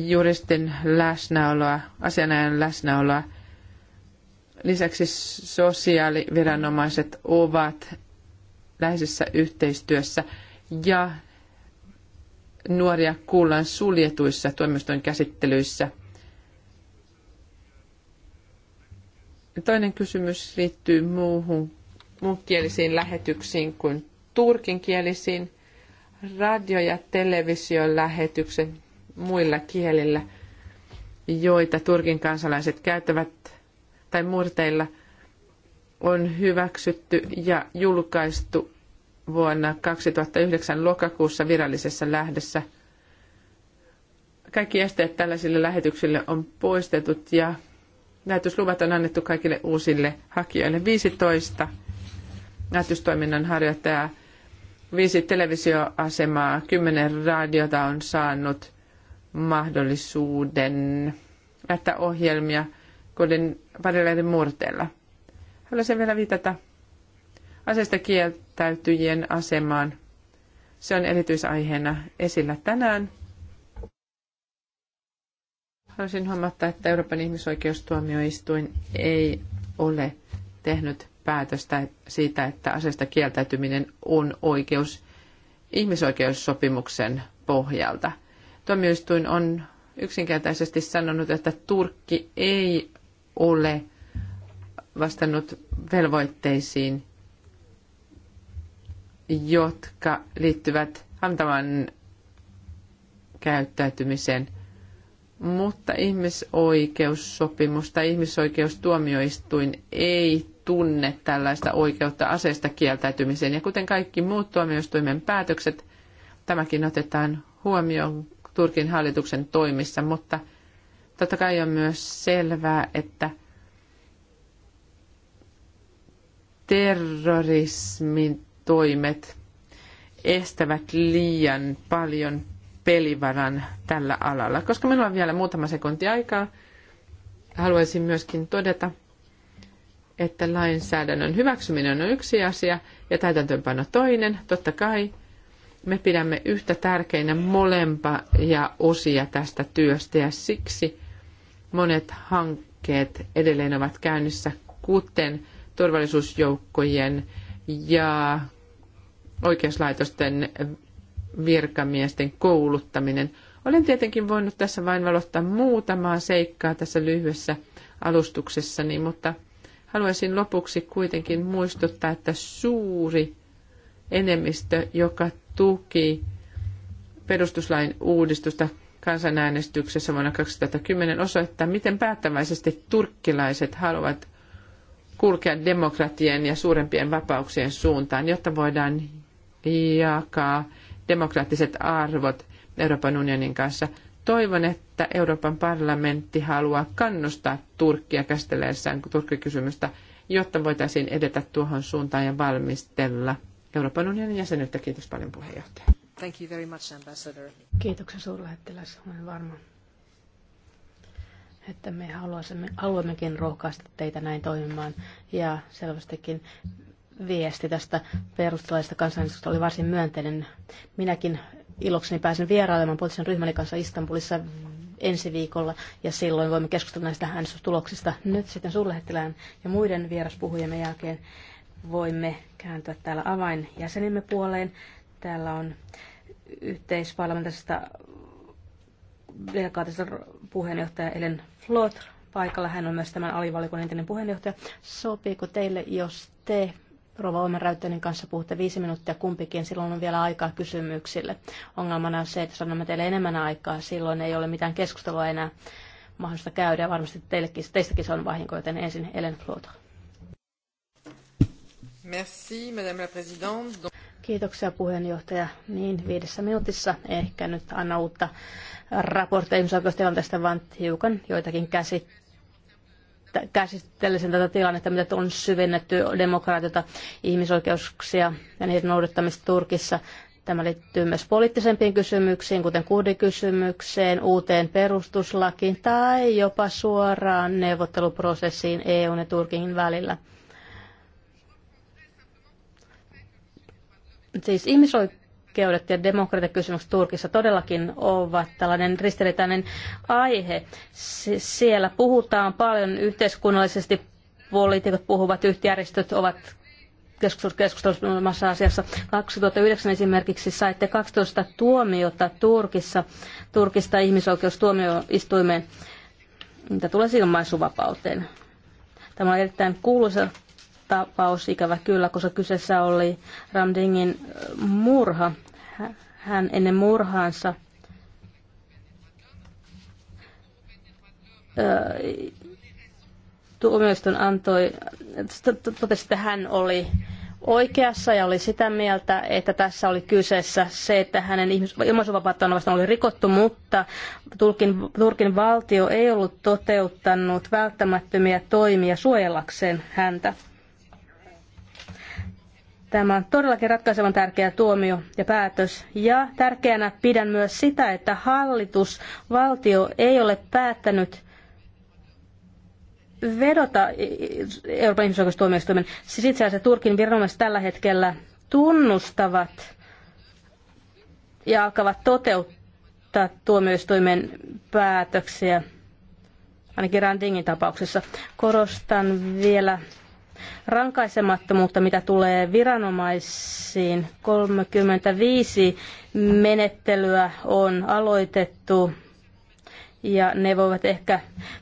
juristin läsnäoloa, asianajan läsnäoloa. Lisäksi sosiaaliviranomaiset ovat läheisessä yhteistyössä ja nuoria kuullaan suljetuissa tuomiston käsittelyissä. Toinen kysymys liittyy muuhun, muunkielisiin lähetyksiin kuin turkinkielisiin. Radio- ja televisiolähetykset muilla kielillä, joita Turkin kansalaiset käyttävät tai murteilla on hyväksytty ja julkaistu vuonna 2009 lokakuussa virallisessa lähdössä. Kaikki esteet tällaisille lähetyksille on poistetut ja lähetysluvat on annettu kaikille uusille hakijoille. 15 lähetystoiminnan harjoittajaa, viisi televisioasemaa, kymmenen radiota on saanut mahdollisuuden lähettää ohjelmia kodin parilleiden murteella. Haluaisin vielä viitata aseista kieltäytyjien asemaan. Se on erityisaiheena esillä tänään. Haluaisin huomata, että Euroopan ihmisoikeustuomioistuin ei ole tehnyt päätöstä siitä, että aseista kieltäytyminen on oikeus ihmisoikeussopimuksen pohjalta. Tuomioistuin on yksinkertaisesti sanonut, että Turkki ei ole vastannut velvoitteisiin, jotka liittyvät antavan käyttäytymiseen. Mutta ihmisoikeussopimus tai ihmisoikeustuomioistuin ei tunne tällaista oikeutta aseista kieltäytymiseen. Ja kuten kaikki muut tuomioistuimen päätökset, tämäkin otetaan huomioon Turkin hallituksen toimissa, mutta totta kai on myös selvää, että terrorismin toimet estävät liian paljon pelivaran tällä alalla. Koska minulla on vielä muutama sekunti aikaa, haluaisin myöskin todeta, että lainsäädännön hyväksyminen on yksi asia ja täytäntöönpano toinen, totta kai. Me pidämme yhtä tärkeinä molempia osia tästä työstä ja siksi monet hankkeet edelleen ovat käynnissä, kuten turvallisuusjoukkojen ja oikeuslaitosten virkamiesten kouluttaminen. Olen tietenkin voinut tässä vain valottaa muutamaa seikkaa tässä lyhyessä alustuksessani, mutta haluaisin lopuksi kuitenkin muistuttaa, että suuri enemmistö, joka tuki perustuslain uudistusta kansanäänestyksessä vuonna 2010 osoittaa, miten päättäväisesti turkkilaiset haluavat kulkea demokratian ja suurempien vapauksien suuntaan, jotta voidaan jakaa demokraattiset arvot Euroopan unionin kanssa. Toivon, että Euroopan parlamentti haluaa kannustaa Turkkia käsitellessään Turkki-kysymystä, jotta voitaisiin edetä tuohon suuntaan ja valmistella Euroopan unionin jäsenyyttä. Kiitos paljon puheenjohtaja. Thank you very much, Ambassador. Kiitoksia suurlähettiläs. Olen varma, että me haluamme, haluammekin rohkaista teitä näin toimimaan. Ja selvästikin viesti tästä perustuslaista kansanäänestyksestä oli varsin myönteinen. Minäkin ilokseni pääsen vierailemaan poliittisen ryhmäni kanssa Istanbulissa ensi viikolla ja silloin voimme keskustella näistä äänestystuloksista. Nyt sitten suurlähettilään ja muiden vieraspuhujemme jälkeen voimme kääntyä täällä avainjäsenimme puoleen. Täällä on yhteisparlamentaisesta delegaatista puheenjohtaja Ellen Flotr paikalla. Hän on myös tämän alivalikon entinen puheenjohtaja. Sopiiko teille, jos te Rova Omenräyttäinen kanssa puhutte viisi minuuttia kumpikin, silloin on vielä aikaa kysymyksille. Ongelmana on se, että sanomme teille enemmän aikaa, silloin ei ole mitään keskustelua enää mahdollista käydä, ja varmasti teillekin, teistäkin se on vahinko, joten ensin Ellen Flota. Merci, Madame la Présidente. Kiitoksia puheenjohtaja. Niin, viidessä minuutissa ehkä nyt anna uutta raportteja ihmisoikeustilanteesta, vaan hiukan joitakin käsit käsittelisin tätä tilannetta, mitä on syvennetty demokraatiota, ihmisoikeuksia ja niiden noudattamista Turkissa. Tämä liittyy myös poliittisempiin kysymyksiin, kuten kurdikysymykseen, uuteen perustuslakiin tai jopa suoraan neuvotteluprosessiin EUn ja Turkin välillä. Siis ihmisoikeuksia oikeudet ja demokratiakysymykset Turkissa todellakin ovat tällainen ristiriitainen aihe. Siellä puhutaan paljon yhteiskunnallisesti, poliitikot puhuvat, yhtiäristöt ovat keskustelussa asiassa. 2009 esimerkiksi saitte 12 tuomiota Turkissa, Turkista ihmisoikeustuomioistuimeen, mitä tulee ilmaisuvapauteen. Tämä on erittäin kuuluisa tapaus ikävä kyllä, koska kyseessä oli Ramdingin äh, murha. Hän ennen murhaansa äh, tuomioistuin antoi, totesi, että hän oli oikeassa ja oli sitä mieltä, että tässä oli kyseessä se, että hänen ilmaisuvapauttaan vastaan oli rikottu, mutta Turkin, Turkin valtio ei ollut toteuttanut välttämättömiä toimia suojellakseen häntä. Tämä on todellakin ratkaisevan tärkeä tuomio ja päätös. Ja tärkeänä pidän myös sitä, että hallitus, valtio ei ole päättänyt vedota Euroopan ihmisoikeustuomioistuimen. Siis itse asiassa Turkin viranomaiset tällä hetkellä tunnustavat ja alkavat toteuttaa tuomioistuimen päätöksiä, ainakin Randingin tapauksessa. Korostan vielä rankaisemattomuutta, mitä tulee viranomaisiin. 35 menettelyä on aloitettu ja ne voivat ehkä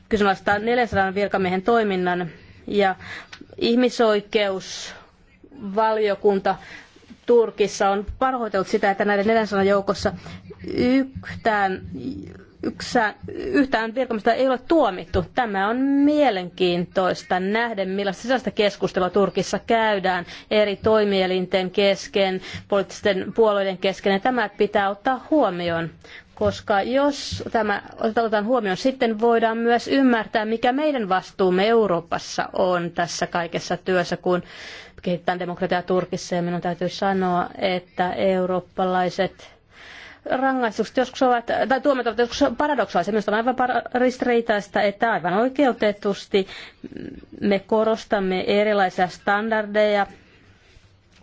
kyseenalaistaa 400 virkamiehen toiminnan ja ihmisoikeusvaliokunta Turkissa on parhoitellut sitä, että näiden 400 joukossa yhtään yhtään virkamista ei ole tuomittu. Tämä on mielenkiintoista nähdä, millaista sisäistä keskustelua Turkissa käydään eri toimielinten kesken, poliittisten puolueiden kesken. Ja tämä pitää ottaa huomioon, koska jos tämä otetaan huomioon, sitten voidaan myös ymmärtää, mikä meidän vastuumme Euroopassa on tässä kaikessa työssä, kun kehitetään demokratiaa Turkissa. Ja minun täytyy sanoa, että eurooppalaiset rangaistukset joskus ovat, tai tuomiot ovat joskus paradoksaalisia. Minusta on aivan ristiriitaista, että aivan oikeutetusti me korostamme erilaisia standardeja,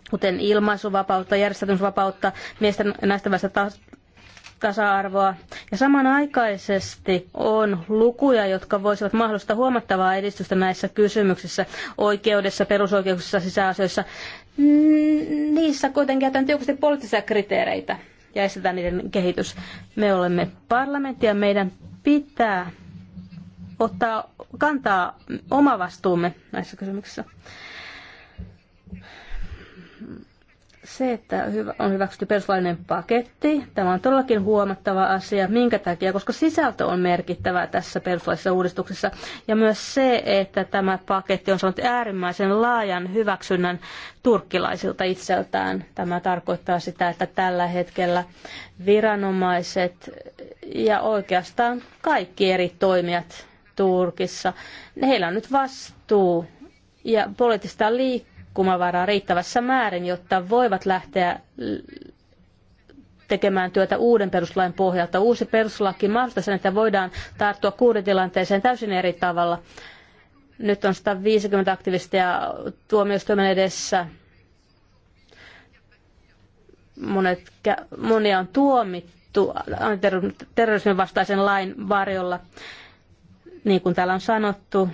kuten ilmaisuvapautta, järjestäytymisvapautta, miesten ja naisten välistä tasa-arvoa. Ja samanaikaisesti on lukuja, jotka voisivat mahdollistaa huomattavaa edistystä näissä kysymyksissä, oikeudessa, perusoikeuksissa, sisäasioissa. Niissä kuitenkin käytetään tiukasti poliittisia kriteereitä ja estetää niiden kehitys. Me olemme parlamentti ja meidän pitää ottaa kantaa oma vastuumme näissä kysymyksissä. Se, että on hyväksytty perustuslainen paketti, tämä on todellakin huomattava asia. Minkä takia? Koska sisältö on merkittävä tässä perustuslaisessa uudistuksessa. Ja myös se, että tämä paketti on saanut äärimmäisen laajan hyväksynnän turkkilaisilta itseltään. Tämä tarkoittaa sitä, että tällä hetkellä viranomaiset ja oikeastaan kaikki eri toimijat Turkissa, heillä on nyt vastuu ja poliittista liikkeellä liikkumavaraa riittävässä määrin, jotta voivat lähteä tekemään työtä uuden peruslain pohjalta. Uusi peruslaki mahdollistaa sen, että voidaan tarttua kuuritilanteeseen täysin eri tavalla. Nyt on 150 aktivistia tuomioistuimen edessä. Monet, monia on tuomittu terrorismin vastaisen lain varjolla. Niin kuin täällä on sanottu,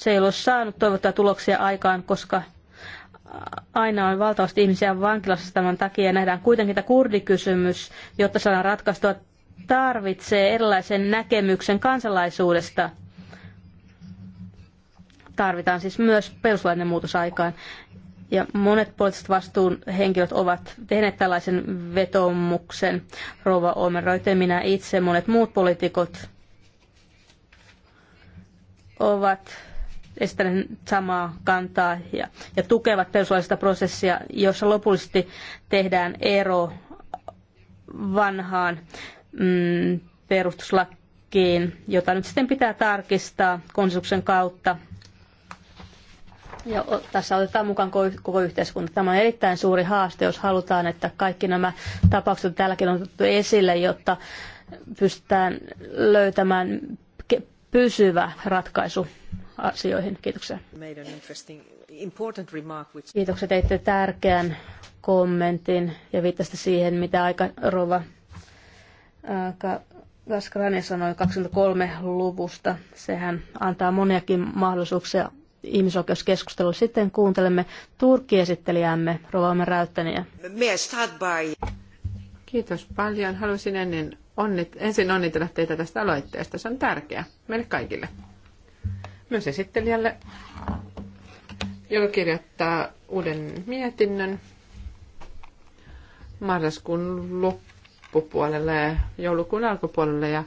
se ei ole saanut toivottaa tuloksia aikaan, koska aina on valtavasti ihmisiä vankilassa tämän takia ja nähdään kuitenkin tämä kurdikysymys, jotta saadaan ratkaistua, tarvitsee erilaisen näkemyksen kansalaisuudesta. Tarvitaan siis myös peruslainen muutos aikaan. Ja monet poliittiset vastuunhenkilöt ovat tehneet tällaisen vetomuksen. Rouva Omeroite, minä itse, monet muut poliitikot ovat esittäneet samaa kantaa ja, ja tukevat perustuslaillista prosessia, jossa lopullisesti tehdään ero vanhaan mm, perustuslakiin, jota nyt sitten pitää tarkistaa konsensuksen kautta. Ja tässä otetaan mukaan koko yhteiskunta. Tämä on erittäin suuri haaste, jos halutaan, että kaikki nämä tapaukset joita täälläkin on otettu esille, jotta pystytään löytämään pysyvä ratkaisu asioihin. Kiitoksia. Kiitoksia teitte tärkeän kommentin ja viittasitte siihen, mitä aika rova Gaskrane sanoi 23-luvusta. Sehän antaa moniakin mahdollisuuksia ihmisoikeuskeskustelulle. Sitten kuuntelemme Turkki-esittelijämme Rovaamme Räyttäniä. Kiitos paljon. Haluaisin ennen onnit, ensin onnitella teitä tästä aloitteesta. Se on tärkeä meille kaikille myös esittelijälle, joka kirjoittaa uuden mietinnön marraskuun loppupuolelle ja joulukuun alkupuolelle. Ja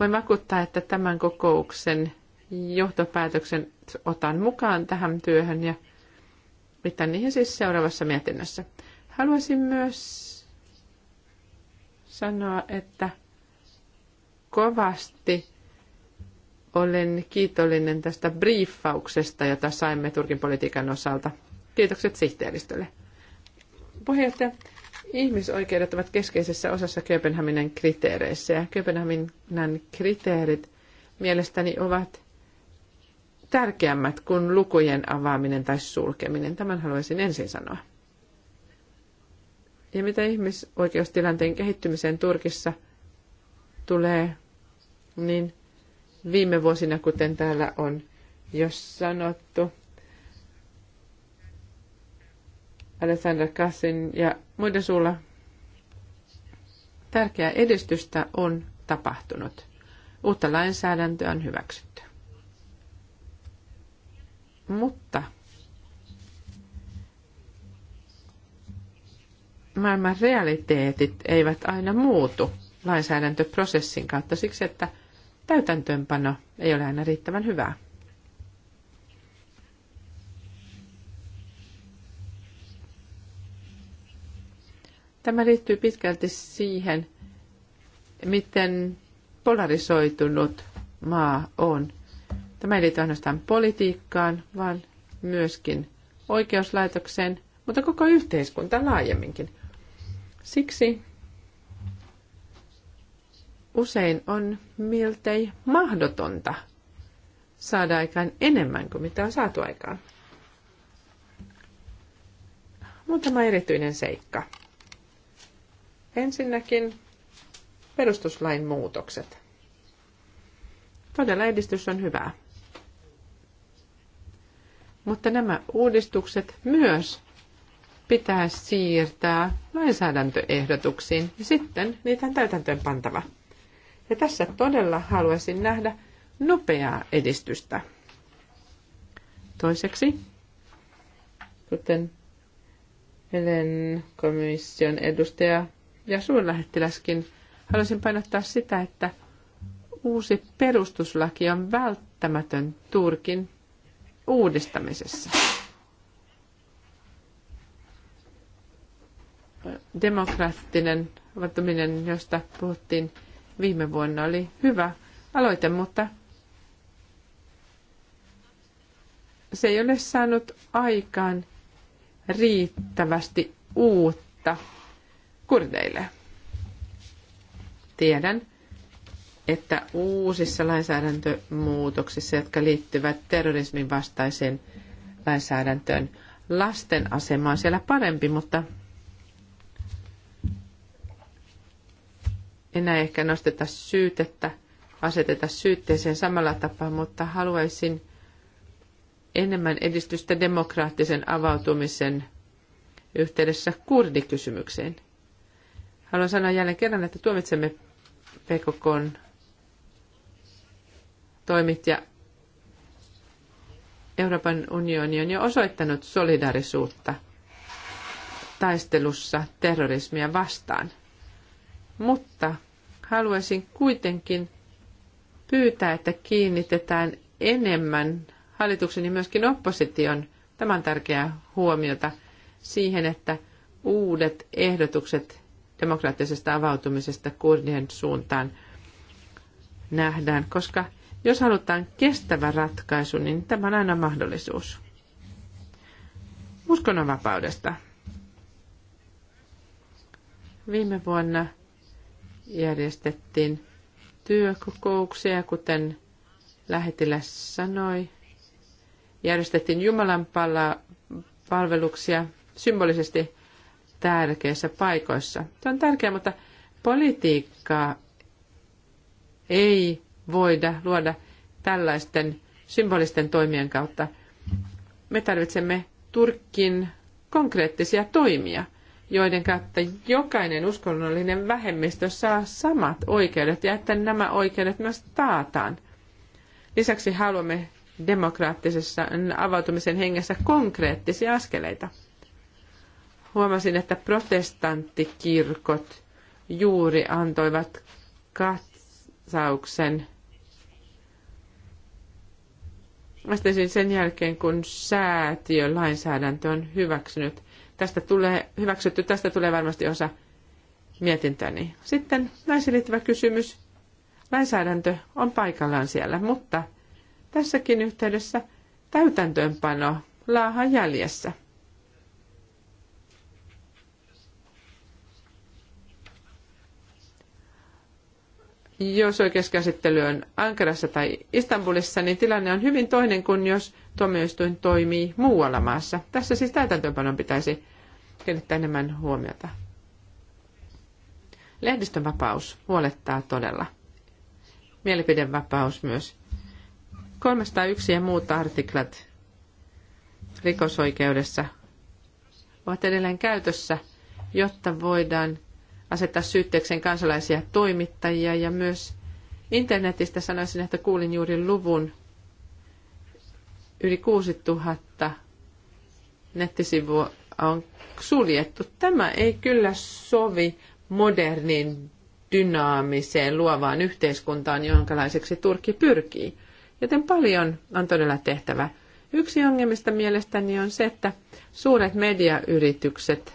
voin vakuuttaa, että tämän kokouksen johtopäätöksen otan mukaan tähän työhön ja mitä niihin siis seuraavassa mietinnössä. Haluaisin myös sanoa, että kovasti olen kiitollinen tästä briefauksesta, jota saimme Turkin politiikan osalta. Kiitokset sihteeristölle. Puheenjohtaja, ihmisoikeudet ovat keskeisessä osassa Kööpenhaminan kriteereissä ja Kööpenhaminan kriteerit mielestäni ovat tärkeämmät kuin lukujen avaaminen tai sulkeminen. Tämän haluaisin ensin sanoa. Ja mitä ihmisoikeustilanteen kehittymiseen Turkissa tulee, niin viime vuosina, kuten täällä on jo sanottu, Alessandra Kassin ja muiden suulla tärkeää edistystä on tapahtunut. Uutta lainsäädäntöä on hyväksytty. Mutta maailman realiteetit eivät aina muutu lainsäädäntöprosessin kautta siksi, että – täytäntöönpano ei ole aina riittävän hyvää. Tämä liittyy pitkälti siihen, miten polarisoitunut maa on. Tämä ei liity ainoastaan politiikkaan, vaan myöskin oikeuslaitokseen, mutta koko yhteiskunta laajemminkin. Siksi usein on miltei mahdotonta saada aikaan enemmän kuin mitä on saatu aikaan. Muutama erityinen seikka. Ensinnäkin perustuslain muutokset. Todella edistys on hyvää. Mutta nämä uudistukset myös pitää siirtää lainsäädäntöehdotuksiin ja sitten niitä on täytäntöön pantava. Ja tässä todella haluaisin nähdä nopeaa edistystä. Toiseksi, kuten Helen komission edustaja ja suurlähettiläskin, haluaisin painottaa sitä, että uusi perustuslaki on välttämätön Turkin uudistamisessa. Demokraattinen vatuminen, josta puhuttiin viime vuonna oli hyvä aloite, mutta se ei ole saanut aikaan riittävästi uutta kurdeille. Tiedän, että uusissa lainsäädäntömuutoksissa, jotka liittyvät terrorismin vastaiseen lainsäädäntöön, lasten asema on siellä parempi, mutta enää ehkä nosteta syytettä, aseteta syytteeseen samalla tapaa, mutta haluaisin enemmän edistystä demokraattisen avautumisen yhteydessä kurdikysymykseen. Haluan sanoa jälleen kerran, että tuomitsemme PKK toimit ja Euroopan unioni on jo osoittanut solidarisuutta taistelussa terrorismia vastaan – mutta haluaisin kuitenkin pyytää, että kiinnitetään enemmän hallituksen ja myöskin opposition, tämän tärkeää huomiota, siihen, että uudet ehdotukset demokraattisesta avautumisesta kurdien suuntaan nähdään, koska jos halutaan kestävä ratkaisu, niin tämä on aina mahdollisuus. Uskonnonvapaudesta. Viime vuonna järjestettiin työkokouksia, kuten lähetiläs sanoi. Järjestettiin Jumalan palveluksia symbolisesti tärkeissä paikoissa. Tämä on tärkeää, mutta politiikkaa ei voida luoda tällaisten symbolisten toimien kautta. Me tarvitsemme Turkin konkreettisia toimia joiden kautta jokainen uskonnollinen vähemmistö saa samat oikeudet ja että nämä oikeudet myös taataan. Lisäksi haluamme demokraattisessa avautumisen hengessä konkreettisia askeleita. Huomasin, että protestanttikirkot juuri antoivat katsauksen vastasin sen jälkeen, kun säätiölainsäädäntö on hyväksynyt – tästä tulee hyväksytty, tästä tulee varmasti osa mietintöni. Sitten naisiin liittyvä kysymys. Lainsäädäntö on paikallaan siellä, mutta tässäkin yhteydessä täytäntöönpano laahan jäljessä – jos oikeuskäsittely on Ankarassa tai Istanbulissa, niin tilanne on hyvin toinen kuin jos tuomioistuin toimii muualla maassa. Tässä siis täytäntöönpanon pitäisi kiinnittää enemmän huomiota. Lehdistön vapaus huolettaa todella. Mielipidevapaus myös. 301 ja muut artiklat rikosoikeudessa ovat edelleen käytössä, jotta voidaan asettaa syytteekseen kansalaisia toimittajia ja myös internetistä sanoisin, että kuulin juuri luvun yli 6000 nettisivua on suljettu. Tämä ei kyllä sovi modernin dynaamiseen luovaan yhteiskuntaan, jonkalaiseksi Turkki pyrkii. Joten paljon on todella tehtävä. Yksi ongelmista mielestäni on se, että suuret mediayritykset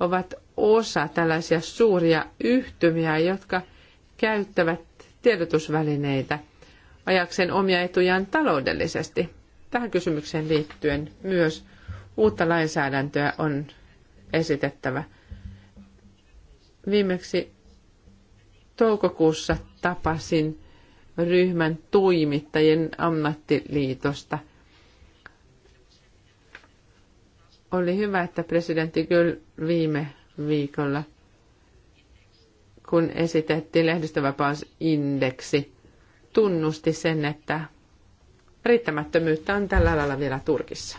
ovat osa tällaisia suuria yhtymiä, jotka käyttävät tiedotusvälineitä ajakseen omia etujaan taloudellisesti. Tähän kysymykseen liittyen myös uutta lainsäädäntöä on esitettävä. Viimeksi toukokuussa tapasin ryhmän toimittajien ammattiliitosta. Oli hyvä, että presidentti Göl viime viikolla, kun esitettiin lehdistövapausindeksi, tunnusti sen, että riittämättömyyttä on tällä lailla vielä Turkissa.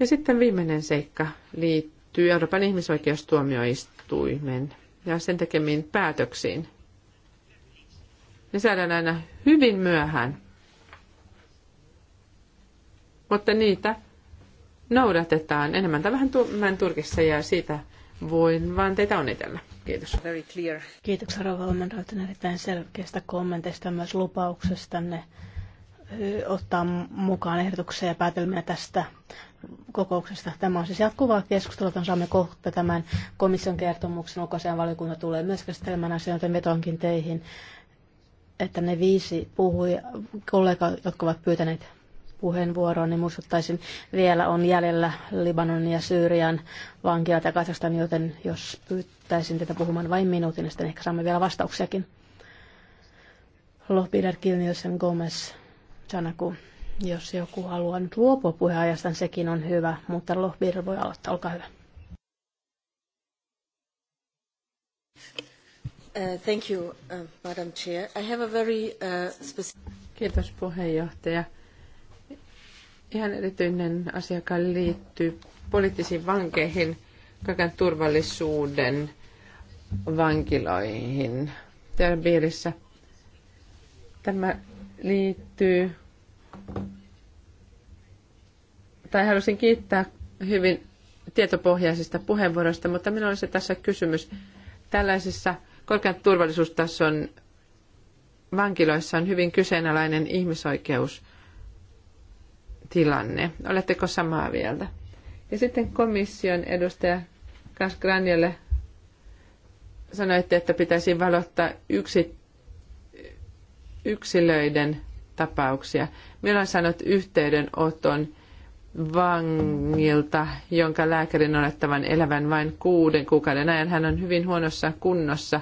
Ja sitten viimeinen seikka liittyy Euroopan ihmisoikeustuomioistuimen ja sen tekemiin päätöksiin. Ne saadaan aina hyvin myöhään, mutta niitä noudatetaan enemmän tai vähemmän Turkissa ja siitä voin vaan teitä onnitella. Kiitos. Very clear. Kiitoksia Rauha Omenrauten erittäin selkeästä kommenteista ja myös lupauksestanne ottaa mukaan ehdotuksia ja päätelmiä tästä kokouksesta. Tämä on siis jatkuvaa keskustelua, että saamme kohta tämän komission kertomuksen. Ulkoisen valiokunta tulee myös käsittelemään asiaa, joten vetoankin teihin, että ne viisi puhui kollega, jotka ovat pyytäneet puheenvuoroon, niin muistuttaisin, vielä on jäljellä Libanonin ja Syyrian vankilat ja Kazakstan, joten jos pyytäisin tätä puhumaan vain minuutin, niin sitten ehkä saamme vielä vastauksiakin. Lopider Kilnielsen Gomez, Janaku. Jos joku haluaa nyt luopua niin sekin on hyvä, mutta Lohbir voi aloittaa, olkaa hyvä. Uh, thank you, uh, Madam Chair. I have a very uh, specific... Kiitos puheenjohtaja ihan erityinen asia, joka liittyy poliittisiin vankeihin, kaiken turvallisuuden vankiloihin Terbiirissä. Tämä liittyy, tai halusin kiittää hyvin tietopohjaisista puheenvuoroista, mutta minulla olisi tässä kysymys. Tällaisissa korkean turvallisuustason vankiloissa on hyvin kyseenalainen ihmisoikeus tilanne. Oletteko samaa mieltä? Ja sitten komission edustaja Kasgranjalle sanoitte, että pitäisi valottaa yksi, yksilöiden tapauksia. Milloin sanot yhteydenoton vangilta, jonka lääkärin olettavan elävän vain kuuden kuukauden ajan. Hän on hyvin huonossa kunnossa.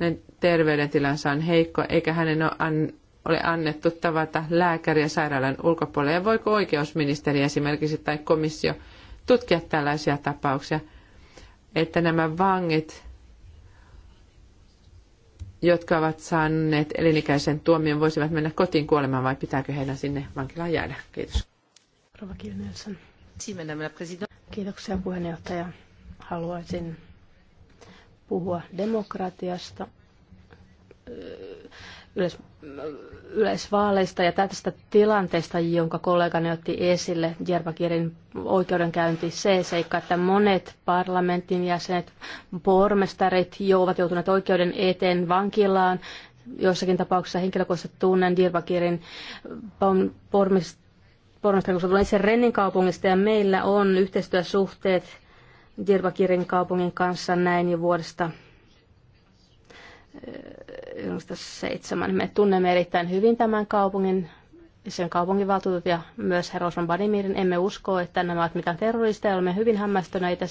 Hänen terveydentilansa on heikko, eikä hänen ole ole annettu tavata lääkäriä sairaalan ulkopuolella. Ja voiko oikeusministeri esimerkiksi tai komissio tutkia tällaisia tapauksia, että nämä vangit, jotka ovat saaneet elinikäisen tuomion, voisivat mennä kotiin kuolemaan vai pitääkö heidän sinne vankilaan jäädä? Kiitos. Rova Kiitoksia puheenjohtaja. Haluaisin puhua demokratiasta yleis- yleisvaaleista ja tästä tilanteesta, jonka kollegani otti esille Jervakirin oikeudenkäynti, se seikka, että monet parlamentin jäsenet, pormestarit jo ovat joutuneet oikeuden eteen vankilaan. Joissakin tapauksissa henkilökohtaisesti tunnen Jervakirin ähm, pormestarin, koska tulen itse Rennin kaupungista ja meillä on yhteistyösuhteet Dirbakirin kaupungin kanssa näin jo vuodesta seitsemän. Me tunnemme erittäin hyvin tämän kaupungin, sen kaupunginvaltuutut ja myös herra Osman Badimirin. Emme usko, että nämä ovat mitään terroristeja. Olemme hyvin hämmästyneitä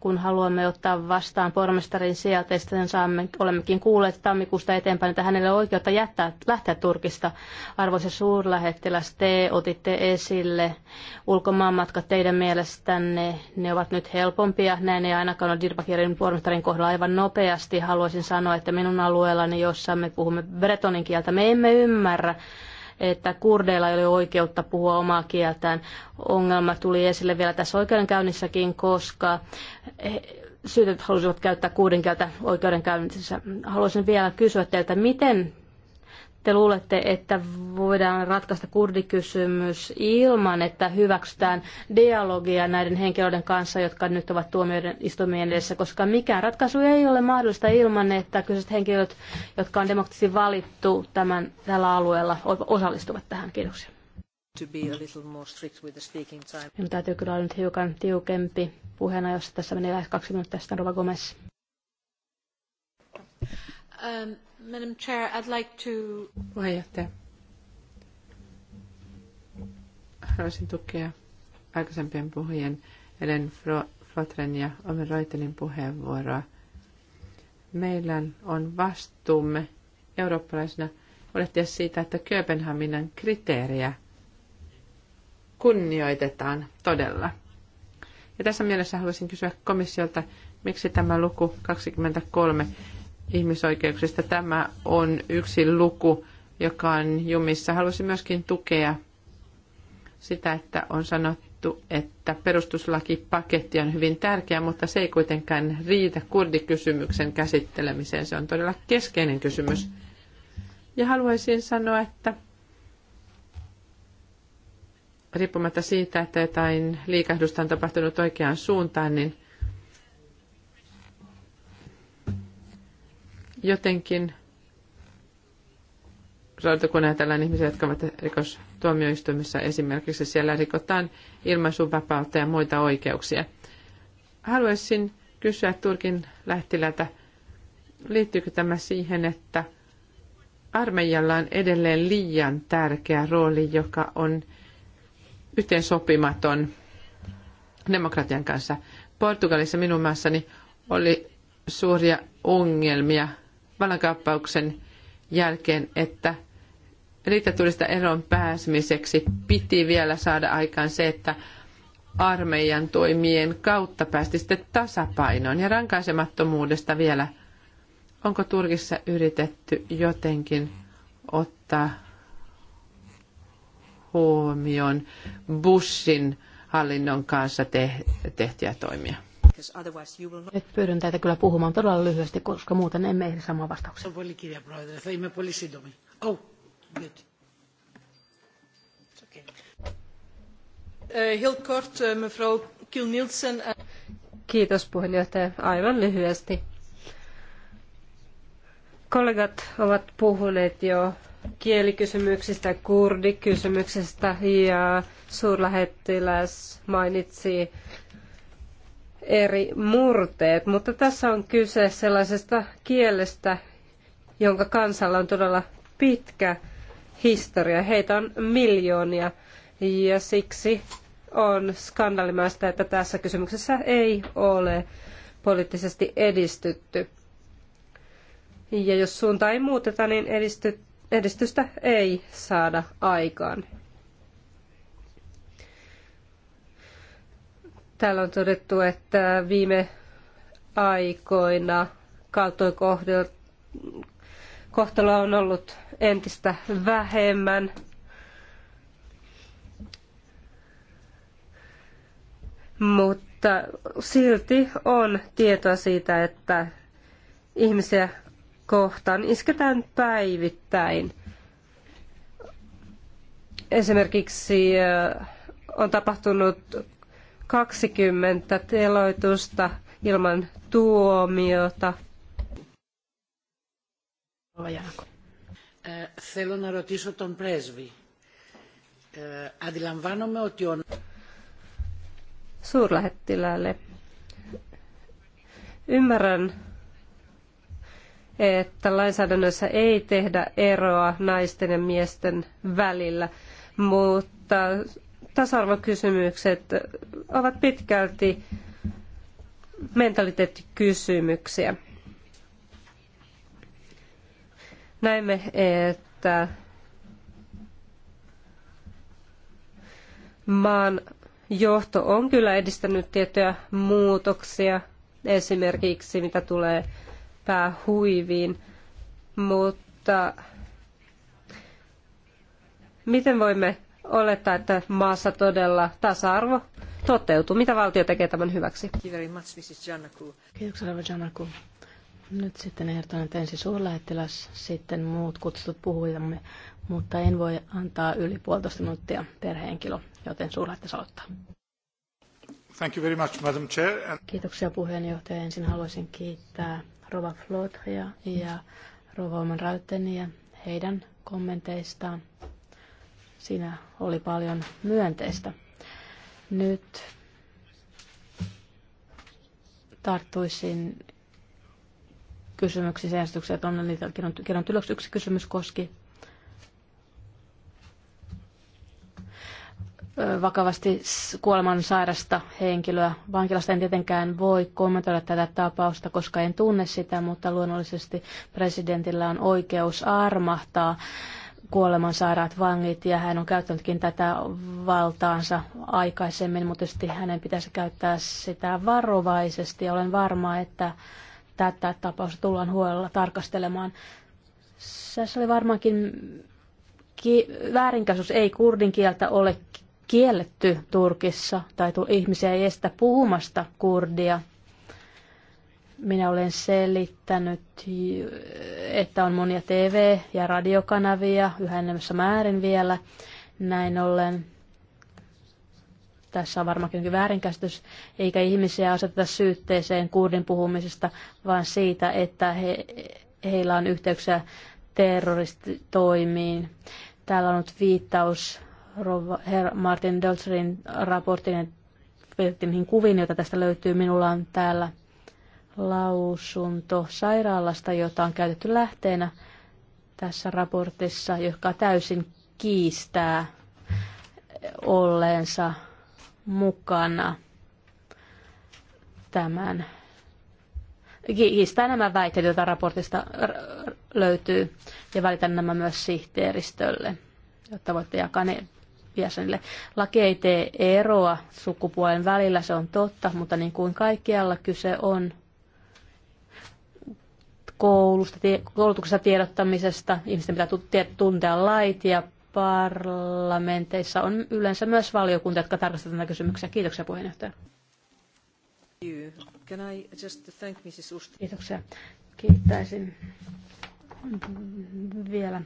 kun haluamme ottaa vastaan pormestarin sieltä, sen saamme, olemmekin kuulleet tammikuusta eteenpäin, että hänelle on oikeutta jättää, lähteä Turkista. Arvoisa suurlähettiläs, te otitte esille ulkomaanmatkat teidän mielestänne, ne ovat nyt helpompia, näin ei ainakaan ole Dirbakirin pormestarin kohdalla aivan nopeasti. Haluaisin sanoa, että minun alueellani, jossa me puhumme bretonin kieltä, me emme ymmärrä että kurdeilla ei ole oikeutta puhua omaa kieltään. Ongelma tuli esille vielä tässä oikeudenkäynnissäkin, koska syytet halusivat käyttää kuuden kieltä oikeudenkäynnissä. Haluaisin vielä kysyä teiltä, miten te luulette, että voidaan ratkaista kurdikysymys ilman, että hyväksytään dialogia näiden henkilöiden kanssa, jotka nyt ovat tuomioiden istumien edessä, koska mikään ratkaisu ei ole mahdollista ilman, että kyseiset henkilöt, jotka on demokraattisesti valittu tämän, tällä alueella, osallistuvat tähän. Kiitoksia. To Minun täytyy kyllä olla nyt hiukan tiukempi puheena, jos tässä menee lähes kaksi minuuttia, sitten Rova Gomez. Um. Madam Chair, I'd like to... Puheenjohtaja. Haluaisin tukea aikaisempien puhujien Ellen Flotren ja Omen Reutenin puheenvuoroa. Meillä on vastuumme eurooppalaisena huolehtia siitä, että Kööpenhaminan kriteeriä kunnioitetaan todella. Ja tässä mielessä haluaisin kysyä komissiolta, miksi tämä luku 23 ihmisoikeuksista. Tämä on yksi luku, joka on jumissa. Haluaisin myöskin tukea sitä, että on sanottu, että perustuslakipaketti on hyvin tärkeä, mutta se ei kuitenkaan riitä kurdikysymyksen käsittelemiseen. Se on todella keskeinen kysymys. Ja haluaisin sanoa, että riippumatta siitä, että jotain liikahdusta on tapahtunut oikeaan suuntaan, niin jotenkin kun ajatellaan ihmisiä, jotka ovat rikostuomioistuimissa esimerkiksi, siellä rikotaan ilmaisuvapautta ja muita oikeuksia. Haluaisin kysyä Turkin lähtilältä, liittyykö tämä siihen, että armeijalla on edelleen liian tärkeä rooli, joka on sopimaton demokratian kanssa. Portugalissa minun maassani oli suuria ongelmia vallankaappauksen jälkeen, että diktatuurista eroon pääsemiseksi piti vielä saada aikaan se, että armeijan toimien kautta päästi sitten tasapainoon ja rankaisemattomuudesta vielä. Onko Turkissa yritetty jotenkin ottaa huomioon Bushin hallinnon kanssa tehtyjä toimia? Nyt pyydän teitä kyllä puhumaan todella lyhyesti, koska muuten emme ehdi samaa vastauksia. Heel kort, mevrouw Kiel-Nielsen. Kiitos puheenjohtaja. Aivan lyhyesti. Kollegat ovat puhuneet jo kielikysymyksistä, kurdikysymyksistä ja suurlähettiläs mainitsi eri murteet, mutta tässä on kyse sellaisesta kielestä, jonka kansalla on todella pitkä historia. Heitä on miljoonia ja siksi on skandalimaista, että tässä kysymyksessä ei ole poliittisesti edistytty. Ja jos suunta ei muuteta, niin edistystä ei saada aikaan. Täällä on todettu, että viime aikoina kohtalo on ollut entistä vähemmän. Mutta silti on tietoa siitä, että ihmisiä kohtaan isketään päivittäin. Esimerkiksi on tapahtunut 20 teloitusta ilman tuomiota. Θέλω να ρωτήσω τον πρέσβη. Αντιλαμβάνομαι ότι ο... Suurlähettiläälle. Ymmärrän, että lainsäädännössä ei tehdä eroa naisten ja miesten välillä, mutta tasa-arvokysymykset ovat pitkälti mentaliteettikysymyksiä. Näemme, että maan johto on kyllä edistänyt tiettyjä muutoksia, esimerkiksi mitä tulee päähuiviin, mutta miten voimme olettaa, että maassa todella tasa-arvo toteutuu. Mitä valtio tekee tämän hyväksi? Kiitoksia, Janaku. Nyt sitten ehdotan, että ensin suurlähettiläs, sitten muut kutsutut puhujamme, mutta en voi antaa yli puolitoista minuuttia per henkilö, joten suurlähettiläs aloittaa. Thank you very much, Madam Chair. Kiitoksia puheenjohtaja. Ensin haluaisin kiittää Rova Flotria ja Rova Oman ja heidän kommenteistaan Siinä oli paljon myönteistä. Nyt tarttuisin kysymyksiin säästyksiä, että on niitä kerron ylös. Yksi kysymys koski vakavasti kuoleman sairasta henkilöä. Vankilasta en tietenkään voi kommentoida tätä tapausta, koska en tunne sitä, mutta luonnollisesti presidentillä on oikeus armahtaa kuolemansairaat vangit ja hän on käyttänytkin tätä valtaansa aikaisemmin, mutta tietysti hänen pitäisi käyttää sitä varovaisesti ja olen varma, että tätä tapausta tullaan huolella tarkastelemaan. Tässä oli varmaankin ki- väärinkäsitys, ei kurdin kieltä ole kielletty Turkissa tai ihmisiä ei estä puhumasta kurdia minä olen selittänyt, että on monia TV- ja radiokanavia yhä enemmässä määrin vielä. Näin ollen tässä on varmaankin väärinkäsitys, eikä ihmisiä aseteta syytteeseen kurdin puhumisesta, vaan siitä, että he, heillä on yhteyksiä terroristitoimiin. Täällä on nyt viittaus Herr Martin Dölzerin raportin ja kuviin, joita tästä löytyy. Minulla on täällä lausunto sairaalasta, jota on käytetty lähteenä tässä raportissa, joka täysin kiistää olleensa mukana tämän kiistää nämä väitteet, joita raportista löytyy, ja välitän nämä myös sihteeristölle, jotta voitte jakaa ne jäsenille. Laki ei tee eroa sukupuolen välillä, se on totta, mutta niin kuin kaikkialla kyse on koulusta, koulutuksesta tiedottamisesta. Ihmisten pitää tuntea lait ja parlamenteissa on yleensä myös valiokunta, jotka tarkastavat näitä kysymyksiä. Kiitoksia puheenjohtaja. Kiitoksia. Kiittäisin vielä.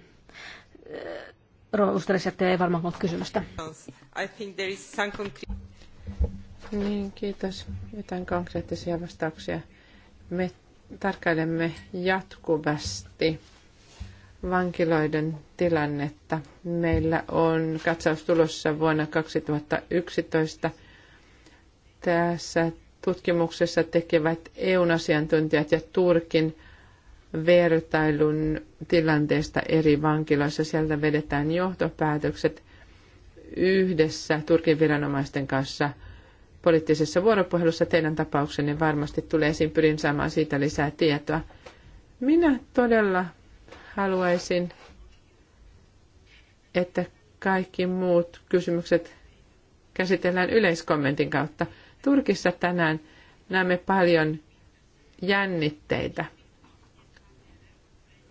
Rova Usteris jättää ei varmaan ollut kysymystä. Niin, kiitos. Jotain konkreettisia vastauksia. Me tarkkailemme jatkuvasti vankiloiden tilannetta. Meillä on katsaus tulossa vuonna 2011. Tässä tutkimuksessa tekevät eu asiantuntijat ja Turkin vertailun tilanteesta eri vankiloissa. Sieltä vedetään johtopäätökset yhdessä Turkin viranomaisten kanssa – poliittisessa vuoropuhelussa teidän tapauksenne varmasti tulee esiin. Pyrin saamaan siitä lisää tietoa. Minä todella haluaisin, että kaikki muut kysymykset käsitellään yleiskommentin kautta. Turkissa tänään näemme paljon jännitteitä.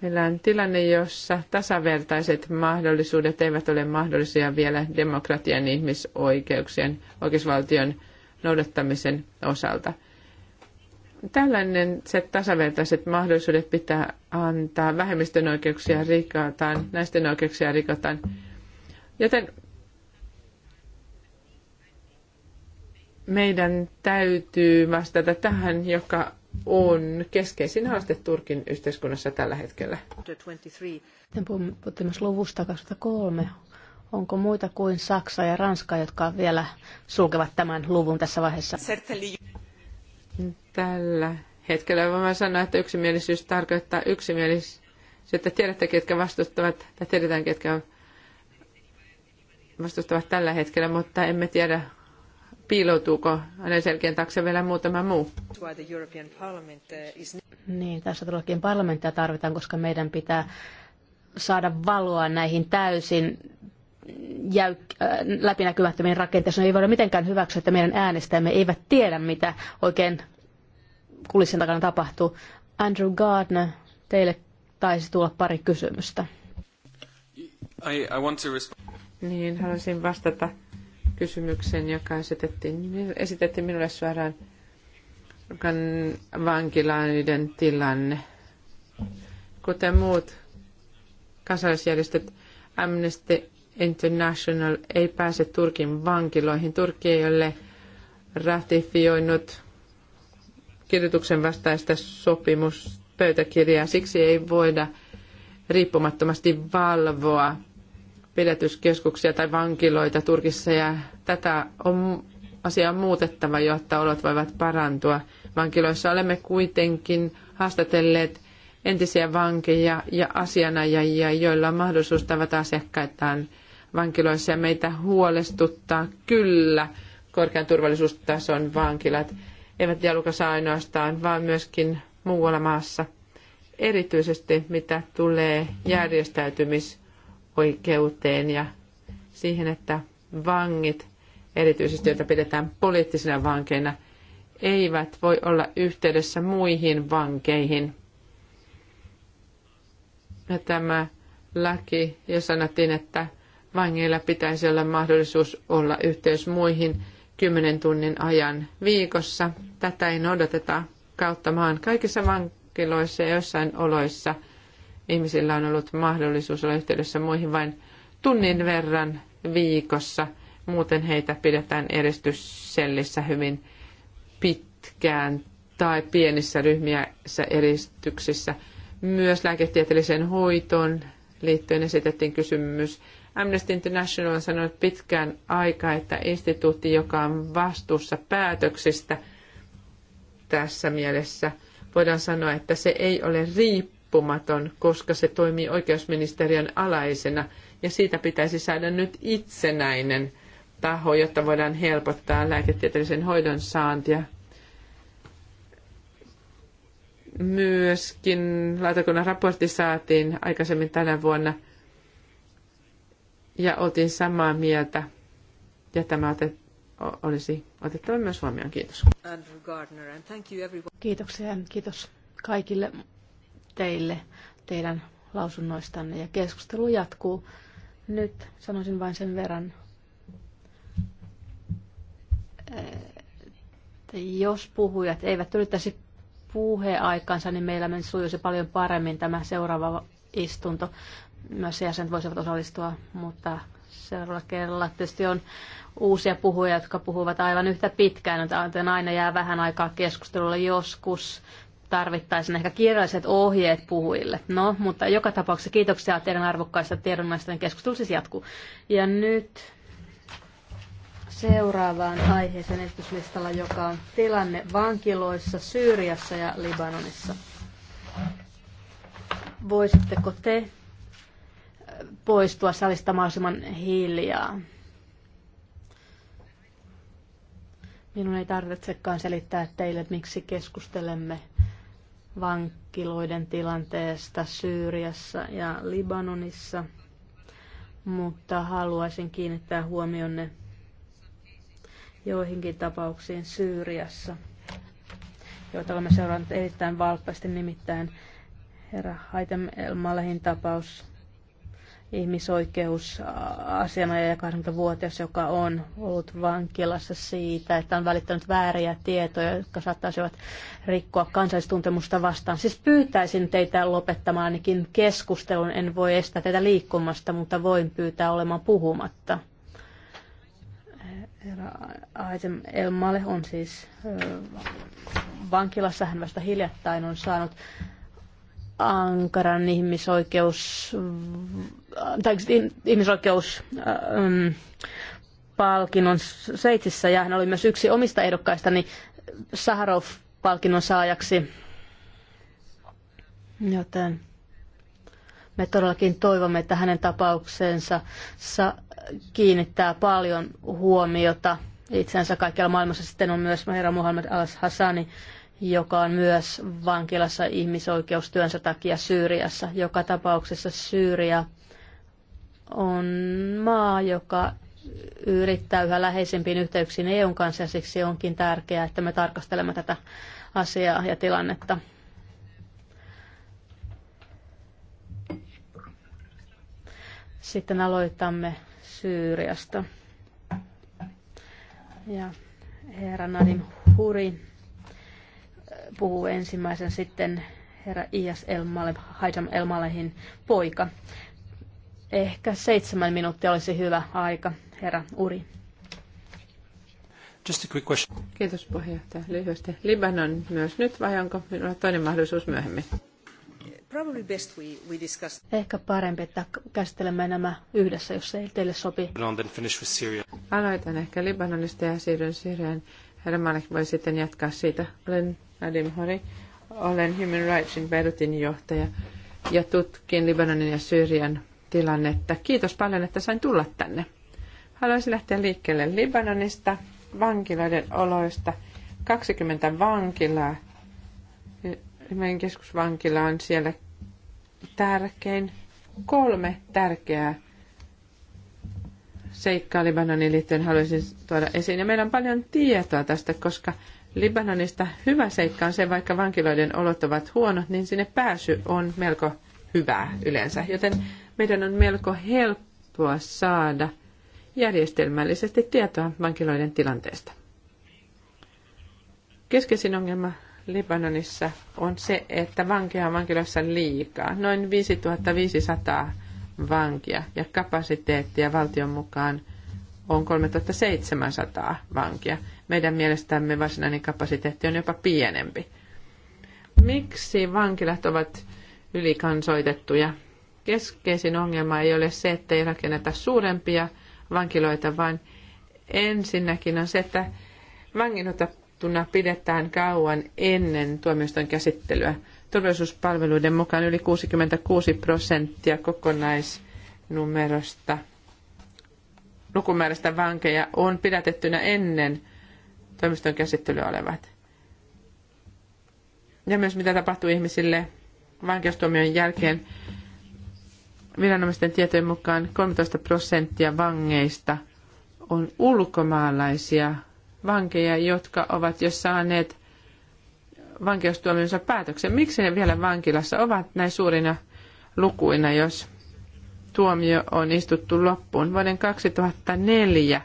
Meillä on tilanne, jossa tasavertaiset mahdollisuudet eivät ole mahdollisia vielä demokratian, ihmisoikeuksien, oikeusvaltion noudattamisen osalta. Tällainen se tasavertaiset mahdollisuudet pitää antaa, vähemmistön oikeuksia rikotaan, naisten oikeuksia rikotaan. Joten meidän täytyy vastata tähän, joka on keskeisin haaste Turkin yhteiskunnassa tällä hetkellä. Sitten puhumme luvusta 23. Onko muita kuin Saksa ja Ranska, jotka vielä sulkevat tämän luvun tässä vaiheessa? Tällä hetkellä voin sanoa, että yksimielisyys tarkoittaa yksimielisyyttä. Tiedätte, ketkä vastustavat, tai tiedetään, ketkä vastustavat tällä hetkellä, mutta emme tiedä, piiloutuuko hänen selkeän taakse vielä muutama muu. Niin, tässä todellakin parlamenttia tarvitaan, koska meidän pitää saada valoa näihin täysin jäyk- äh, läpinäkymättömiin rakenteisiin. Ei voida mitenkään hyväksyä, että meidän äänestäjämme eivät tiedä, mitä oikein kulissien takana tapahtuu. Andrew Gardner, teille taisi tulla pari kysymystä. I, I want to niin, haluaisin vastata kysymykseen, joka esitettiin, esitettiin minulle suoraan vankilaiden tilanne. Kuten muut kansalaisjärjestöt, Amnesty International ei pääse Turkin vankiloihin. Turkki ei ole ratifioinut kirjoituksen vastaista sopimuspöytäkirjaa. Siksi ei voida riippumattomasti valvoa pidätyskeskuksia tai vankiloita Turkissa ja tätä on on muutettava, jotta olot voivat parantua. Vankiloissa olemme kuitenkin haastatelleet entisiä vankeja ja asianajajia, joilla on mahdollisuus tavata asiakkaitaan vankiloissa ja meitä huolestuttaa kyllä korkean turvallisuustason vankilat. Eivät jalukassa ainoastaan, vaan myöskin muualla maassa. Erityisesti mitä tulee järjestäytymisoikeuteen ja siihen, että vangit, erityisesti joita pidetään poliittisina vankeina, eivät voi olla yhteydessä muihin vankeihin. Ja tämä laki, jos sanottiin, että vangeilla pitäisi olla mahdollisuus olla yhteys muihin 10 tunnin ajan viikossa. Tätä ei noudateta kautta maan kaikissa vankiloissa ja jossain oloissa. Ihmisillä on ollut mahdollisuus olla yhteydessä muihin vain tunnin verran viikossa. Muuten heitä pidetään eristyssellissä hyvin pitkään tai pienissä ryhmissä eristyksissä. Myös lääketieteelliseen hoitoon liittyen esitettiin kysymys Amnesty International on sanonut pitkään aikaa, että instituutti, joka on vastuussa päätöksistä tässä mielessä, voidaan sanoa, että se ei ole riippumaton, koska se toimii oikeusministeriön alaisena ja siitä pitäisi saada nyt itsenäinen taho, jotta voidaan helpottaa lääketieteellisen hoidon saantia. Myöskin lautakunnan raportti saatiin aikaisemmin tänä vuonna – ja oltiin samaa mieltä. Ja tämä otet, olisi otettava myös huomioon. Kiitos. Andrew Gardner, and thank you everyone. Kiitoksia kiitos kaikille teille teidän lausunnoistanne ja keskustelu jatkuu. Nyt sanoisin vain sen verran, että jos puhujat eivät yrittäisi puheaikansa, niin meillä menisi sujuisi paljon paremmin tämä seuraava istunto myös jäsenet voisivat osallistua, mutta seuraavalla kerralla tietysti on uusia puhuja, jotka puhuvat aivan yhtä pitkään, joten aina jää vähän aikaa keskustelulle joskus tarvittaisiin ehkä kirjalliset ohjeet puhujille. No, mutta joka tapauksessa kiitoksia teidän arvokkaista tiedonnaista. Keskustelu siis jatkuu. Ja nyt seuraavaan aiheeseen esityslistalla, joka on tilanne vankiloissa Syyriassa ja Libanonissa. Voisitteko te poistua salista mahdollisimman hiljaa. Minun ei tarvitsekaan selittää teille, miksi keskustelemme vankiloiden tilanteesta Syyriassa ja Libanonissa, mutta haluaisin kiinnittää huomionne joihinkin tapauksiin Syyriassa, joita olemme seuranneet erittäin valppaasti, nimittäin herra Haitem Elmalehin tapaus, ihmisoikeusasianajaja 20 vuotias joka on ollut vankilassa siitä, että on välittänyt vääriä tietoja, jotka saattaisivat rikkoa kansallistuntemusta vastaan. Siis pyytäisin teitä lopettamaan ainakin keskustelun. En voi estää teitä liikkumasta, mutta voin pyytää olemaan puhumatta. Aisem Elmale on siis vankilassa. Hän vasta hiljattain on saanut ankaran ihmisoikeus tai siis ihmisoikeus ähm, palkinnon Sveitsissä ja hän oli myös yksi omista ehdokkaistani Saharov-palkinnon saajaksi. Joten me todellakin toivomme, että hänen tapauksensa kiinnittää paljon huomiota itsensä kaikkialla maailmassa. Sitten on myös herra Muhammad al-Hassani, joka on myös vankilassa ihmisoikeustyönsä takia Syyriassa. Joka tapauksessa Syyria on maa, joka yrittää yhä läheisempiin yhteyksiin EUn kanssa ja siksi onkin tärkeää, että me tarkastelemme tätä asiaa ja tilannetta. Sitten aloitamme Syyriasta. Ja herra Nadim Huri puhuu ensimmäisen sitten herra Ias Elmale, Haidam Elmalehin poika. Ehkä seitsemän minuuttia olisi hyvä aika, herra Uri. Just a quick question. Kiitos puheenjohtaja. Lyhyesti. Libanon myös nyt vai onko minulla toinen mahdollisuus myöhemmin? Probably best we, we discuss. Ehkä parempi, että käsittelemme nämä yhdessä, jos ei teille sopi. Aloitan ehkä Libanonista ja siirryn Syyrian. Herra Malek voi sitten jatkaa siitä. Olen Nadim Hori. Olen Human Rightsin Beirutin johtaja ja tutkin Libanonin ja Syyrian tilannetta. Kiitos paljon, että sain tulla tänne. Haluaisin lähteä liikkeelle Libanonista, vankiloiden oloista. 20 vankilaa. Meidän keskusvankila on siellä tärkein. Kolme tärkeää seikkaa Libanonin liittyen haluaisin tuoda esiin. Ja meillä on paljon tietoa tästä, koska Libanonista hyvä seikka on se, vaikka vankiloiden olot ovat huonot, niin sinne pääsy on melko hyvää yleensä. Joten meidän on melko helppoa saada järjestelmällisesti tietoa vankiloiden tilanteesta. Keskeisin ongelma Libanonissa on se, että vankeja on vankilassa liikaa, noin 5500 vankia ja kapasiteettia valtion mukaan on 3700 vankia. Meidän mielestämme varsinainen kapasiteetti on jopa pienempi. Miksi vankilat ovat ylikansoitettuja? Keskeisin ongelma ei ole se, että ei rakenneta suurempia vankiloita, vaan ensinnäkin on se, että vanginotettuna pidetään kauan ennen tuomioston käsittelyä. Turvallisuuspalveluiden mukaan yli 66 prosenttia kokonaisnumerosta lukumäärästä vankeja on pidätettynä ennen toimiston käsittelyä olevat. Ja myös mitä tapahtuu ihmisille vankeustuomion jälkeen. Viranomaisten tietojen mukaan 13 prosenttia vangeista on ulkomaalaisia vankeja, jotka ovat jo saaneet vankeustuomionsa päätöksen. Miksi ne vielä vankilassa ovat näin suurina lukuina, jos tuomio on istuttu loppuun? Vuoden 2004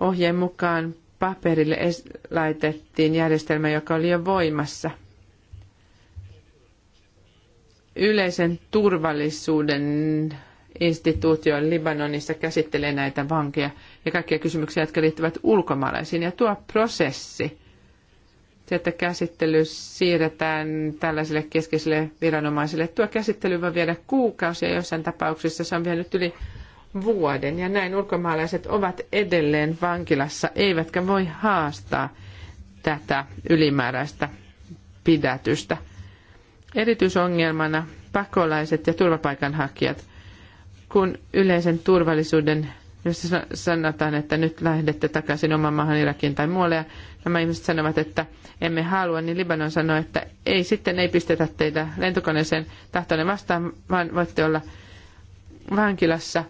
ohjeen mukaan paperille laitettiin järjestelmä, joka oli jo voimassa – yleisen turvallisuuden instituutio Libanonissa käsittelee näitä vankeja ja kaikkia kysymyksiä, jotka liittyvät ulkomaalaisiin. Ja tuo prosessi, se, että käsittely siirretään tällaiselle keskeiselle viranomaiselle, tuo käsittely voi viedä kuukausia, jossain tapauksissa se on vienyt yli vuoden. Ja näin ulkomaalaiset ovat edelleen vankilassa, eivätkä voi haastaa tätä ylimääräistä pidätystä – erityisongelmana pakolaiset ja turvapaikanhakijat, kun yleisen turvallisuuden jos sanotaan, että nyt lähdette takaisin oman maahan Irakiin tai muualle, ja nämä ihmiset sanovat, että emme halua, niin Libanon sanoo, että ei sitten, ei pistetä teitä lentokoneeseen tahtoinen vastaan, vaan voitte olla vankilassa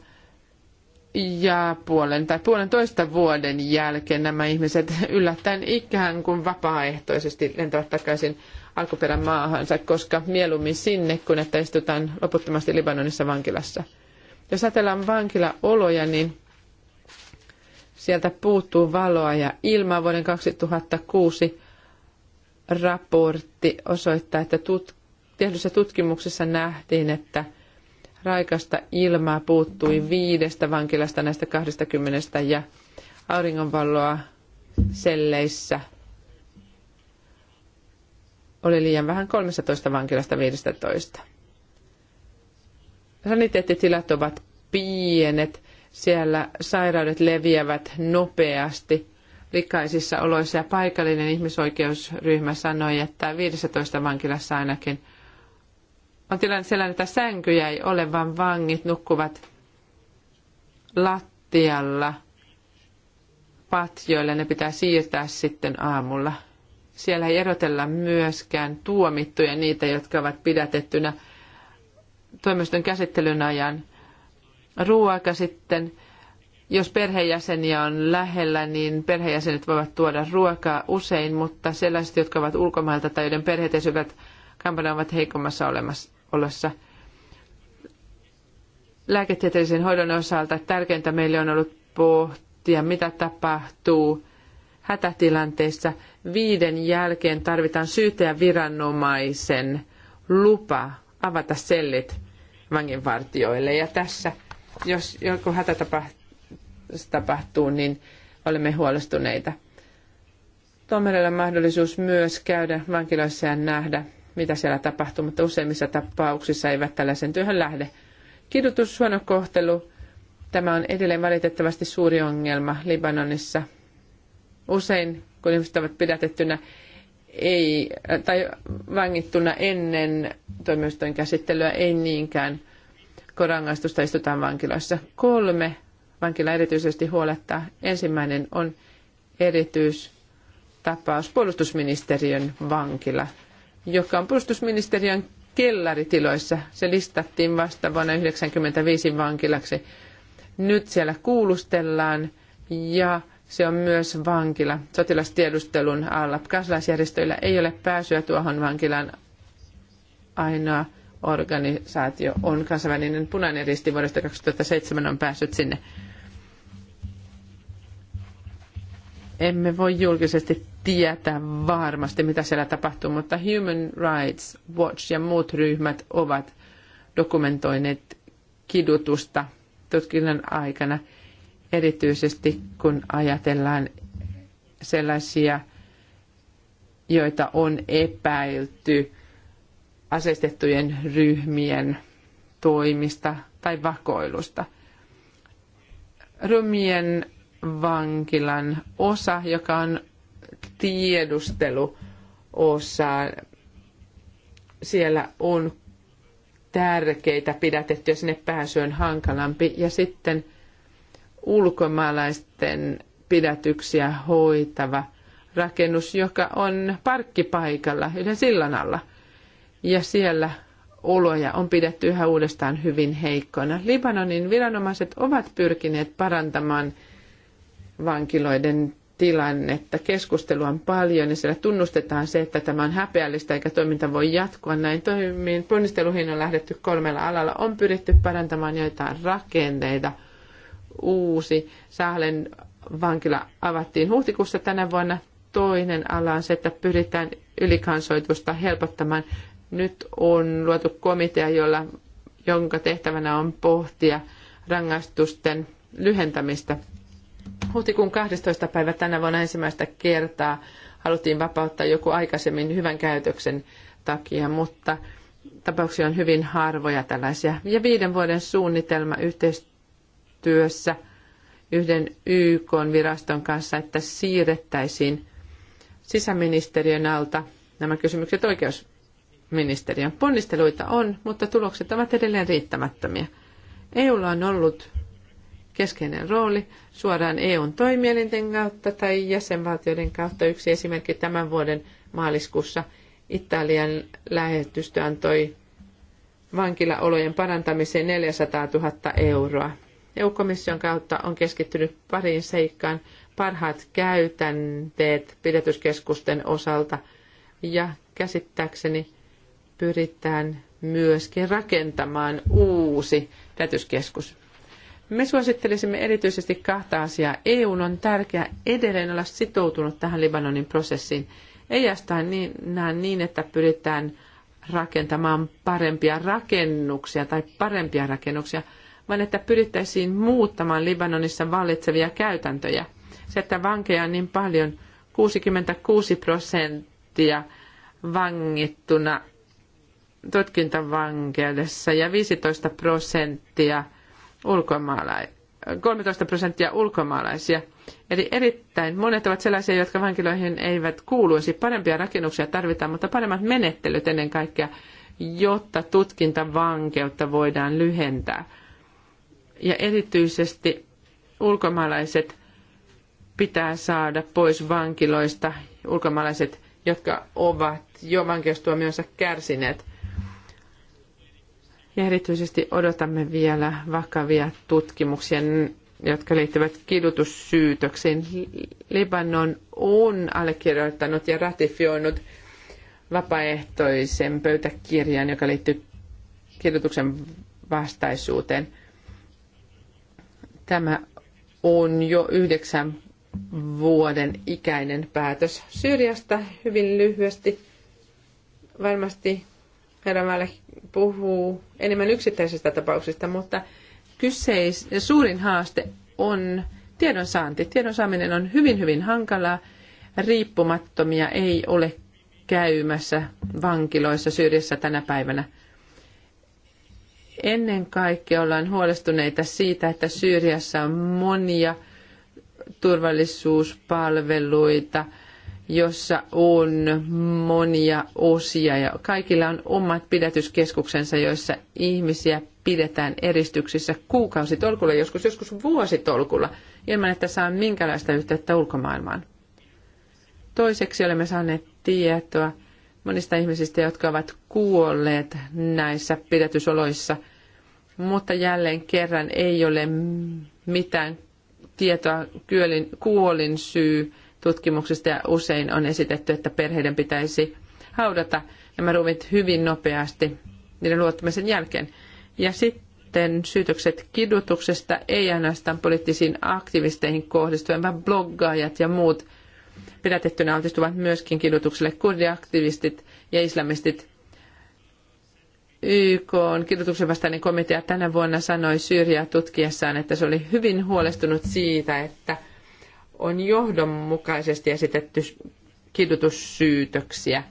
ja puolen tai puolen toista vuoden jälkeen nämä ihmiset yllättäen ikään kuin vapaaehtoisesti lentävät takaisin alkuperämaahansa, koska mieluummin sinne, kuin että istutaan loputtomasti Libanonissa vankilassa. Jos ajatellaan vankilaoloja, niin sieltä puuttuu valoa ja ilmaa vuoden 2006 raportti osoittaa, että tut- tehdyssä tutkimuksessa nähtiin, että raikasta ilmaa puuttui viidestä vankilasta näistä 20 ja auringonvaloa selleissä oli liian vähän 13 vankilasta 15. Saniteettitilat ovat pienet, siellä sairaudet leviävät nopeasti. Rikaisissa oloissa ja paikallinen ihmisoikeusryhmä sanoi, että 15 vankilassa ainakin on tilanne sellainen, että sänkyjä ei ole, vaan vangit nukkuvat lattialla patjoille. Ne pitää siirtää sitten aamulla siellä ei erotella myöskään tuomittuja niitä, jotka ovat pidätettynä toimiston käsittelyn ajan. Ruoka sitten, jos perhejäseniä on lähellä, niin perhejäsenet voivat tuoda ruokaa usein, mutta sellaiset, jotka ovat ulkomailta tai joiden perheet esivät kampana ovat heikommassa olossa. Lääketieteellisen hoidon osalta tärkeintä meille on ollut pohtia, mitä tapahtuu hätätilanteissa – viiden jälkeen tarvitaan syyttäjäviranomaisen viranomaisen lupa avata sellit vanginvartijoille. Ja tässä, jos joku hätä tapahtuu, niin olemme huolestuneita. Tuomarilla on mahdollisuus myös käydä vankiloissa ja nähdä, mitä siellä tapahtuu, mutta useimmissa tapauksissa eivät tällaisen työhön lähde. Kidutus, huono kohtelu, tämä on edelleen valitettavasti suuri ongelma Libanonissa. Usein kun ihmiset ovat pidätettynä ei, tai vangittuna ennen tuomioistuin käsittelyä, ei niinkään, kun rangaistusta istutaan vankilassa. Kolme vankila erityisesti huolettaa. Ensimmäinen on erityistapaus puolustusministeriön vankila, joka on puolustusministeriön kellaritiloissa. Se listattiin vasta vuonna 1995 vankilaksi. Nyt siellä kuulustellaan ja se on myös vankila sotilastiedustelun alla. Kansalaisjärjestöillä ei ole pääsyä tuohon vankilaan. Ainoa organisaatio on kansainvälinen punainen risti vuodesta 2007 on päässyt sinne. Emme voi julkisesti tietää varmasti, mitä siellä tapahtuu, mutta Human Rights Watch ja muut ryhmät ovat dokumentoineet kidutusta tutkinnan aikana – erityisesti kun ajatellaan sellaisia, joita on epäilty aseistettujen ryhmien toimista tai vakoilusta. Rumien vankilan osa, joka on tiedusteluosa, siellä on tärkeitä pidätettyä, sinne pääsy on hankalampi. Ja sitten ulkomaalaisten pidätyksiä hoitava rakennus, joka on parkkipaikalla yhden sillan alla. Ja siellä oloja on pidetty yhä uudestaan hyvin heikkoina. Libanonin viranomaiset ovat pyrkineet parantamaan vankiloiden tilannetta. Keskustelua on paljon ja siellä tunnustetaan se, että tämä on häpeällistä eikä toiminta voi jatkua näin toimiin. Ponnisteluihin on lähdetty kolmella alalla. On pyritty parantamaan joitain rakenteita – uusi Sahlen vankila avattiin huhtikuussa tänä vuonna. Toinen ala on se, että pyritään ylikansoitusta helpottamaan. Nyt on luotu komitea, jolla, jonka tehtävänä on pohtia rangaistusten lyhentämistä. Huhtikuun 12. päivä tänä vuonna ensimmäistä kertaa haluttiin vapauttaa joku aikaisemmin hyvän käytöksen takia, mutta tapauksia on hyvin harvoja tällaisia. Ja viiden vuoden suunnitelma yhteistyö yhteistyössä yhden YK-viraston kanssa, että siirrettäisiin sisäministeriön alta nämä kysymykset oikeusministeriön. Ponnisteluita on, mutta tulokset ovat edelleen riittämättömiä. EUlla on ollut keskeinen rooli suoraan EUn toimielinten kautta tai jäsenvaltioiden kautta. Yksi esimerkki tämän vuoden maaliskuussa Italian lähetystö antoi vankilaolojen parantamiseen 400 000 euroa EU-komission kautta on keskittynyt pariin seikkaan parhaat käytänteet pidätyskeskusten osalta ja käsittääkseni pyritään myöskin rakentamaan uusi pidätyskeskus. Me suosittelisimme erityisesti kahta asiaa. EU on tärkeää edelleen olla sitoutunut tähän Libanonin prosessiin. Ei astaan niin, niin, että pyritään rakentamaan parempia rakennuksia tai parempia rakennuksia – vaan että pyrittäisiin muuttamaan Libanonissa vallitsevia käytäntöjä. Se, että vankeja on niin paljon, 66 prosenttia vangittuna tutkintavankeudessa ja 15 prosenttia ulkomaalaisia. 13 prosenttia ulkomaalaisia. Eli erittäin monet ovat sellaisia, jotka vankiloihin eivät kuuluisi. Parempia rakennuksia tarvitaan, mutta paremmat menettelyt ennen kaikkea, jotta tutkintavankeutta voidaan lyhentää ja erityisesti ulkomaalaiset pitää saada pois vankiloista, ulkomaalaiset, jotka ovat jo vankeustuomionsa kärsineet. Ja erityisesti odotamme vielä vakavia tutkimuksia, jotka liittyvät kidutussyytöksiin. Libanon on allekirjoittanut ja ratifioinut vapaaehtoisen pöytäkirjan, joka liittyy kidutuksen vastaisuuteen – Tämä on jo yhdeksän vuoden ikäinen päätös Syyriasta hyvin lyhyesti. Varmasti Herra puhuu enemmän yksittäisistä tapauksista, mutta kyseis, suurin haaste on tiedonsaanti. Tiedon saaminen on hyvin, hyvin hankalaa. Riippumattomia ei ole käymässä vankiloissa Syyriassa tänä päivänä. Ennen kaikkea ollaan huolestuneita siitä, että Syyriassa on monia turvallisuuspalveluita, jossa on monia osia ja kaikilla on omat pidätyskeskuksensa, joissa ihmisiä pidetään eristyksissä kuukausitolkulla, joskus joskus vuositolkulla, ilman että saa minkälaista yhteyttä ulkomaailmaan. Toiseksi olemme saaneet tietoa monista ihmisistä, jotka ovat kuolleet näissä pidätysoloissa, mutta jälleen kerran ei ole mitään tietoa kyölin, kuolin syy tutkimuksista ja usein on esitetty, että perheiden pitäisi haudata nämä ruumit hyvin nopeasti niiden luottamisen jälkeen. Ja sitten syytökset kidutuksesta ei ainoastaan poliittisiin aktivisteihin kohdistuen, vaan bloggaajat ja muut pidätettynä altistuvat myöskin kidutukselle kurdiaktivistit ja islamistit YK on kidutuksen vastainen komitea tänä vuonna sanoi Syyriaa tutkiessaan, että se oli hyvin huolestunut siitä, että on johdonmukaisesti esitetty kidutussyytöksiä.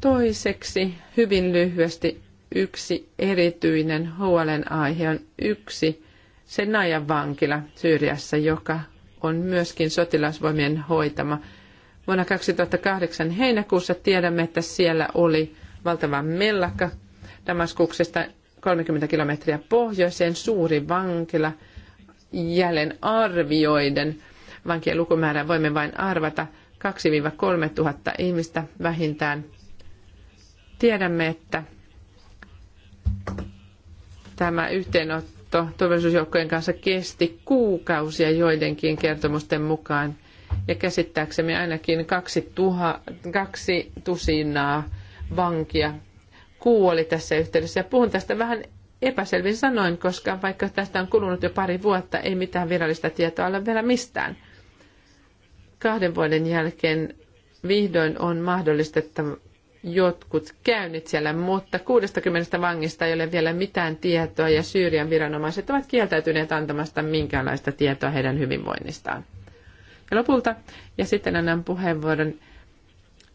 Toiseksi, hyvin lyhyesti, yksi erityinen huolenaihe on yksi Senajan vankila Syyriassa, joka on myöskin sotilasvoimien hoitama. Vuonna 2008 heinäkuussa tiedämme, että siellä oli valtava mellakka Damaskuksesta 30 kilometriä pohjoiseen, suuri vankila. Jälleen arvioiden vankien lukumäärää voimme vain arvata 2-3 tuhatta ihmistä vähintään. Tiedämme, että tämä yhteenotto turvallisuusjoukkojen kanssa kesti kuukausia joidenkin kertomusten mukaan. Ja käsittääksemme ainakin kaksi, tuha, kaksi tusinaa vankia kuoli tässä yhteydessä. Ja puhun tästä vähän epäselvin sanoin, koska vaikka tästä on kulunut jo pari vuotta, ei mitään virallista tietoa ole vielä mistään. Kahden vuoden jälkeen vihdoin on mahdollistettava jotkut käynnit siellä, mutta 60 vangista ei ole vielä mitään tietoa ja Syyrian viranomaiset ovat kieltäytyneet antamasta minkäänlaista tietoa heidän hyvinvoinnistaan. Ja lopulta, ja sitten annan puheenvuoron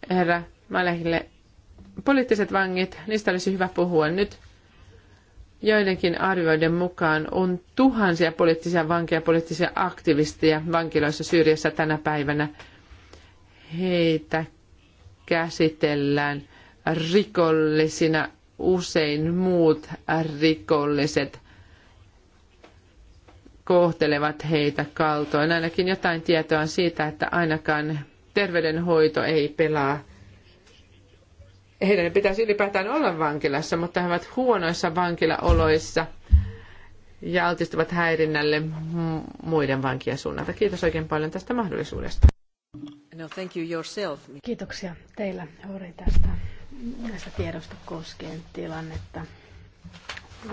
herra Malehille poliittiset vangit, niistä olisi hyvä puhua nyt. Joidenkin arvioiden mukaan on tuhansia poliittisia vankeja, poliittisia aktivisteja vankiloissa Syyriassa tänä päivänä. Heitä käsitellään rikollisina usein muut rikolliset kohtelevat heitä kaltoin. Ainakin jotain tietoa on siitä, että ainakaan terveydenhoito ei pelaa heidän ei pitäisi ylipäätään olla vankilassa, mutta he ovat huonoissa vankilaoloissa ja altistuvat häirinnälle muiden vankien suunnalta. Kiitos oikein paljon tästä mahdollisuudesta. No, thank you yourself. Kiitoksia teillä, Hori, tästä näistä tiedosta koskien tilannetta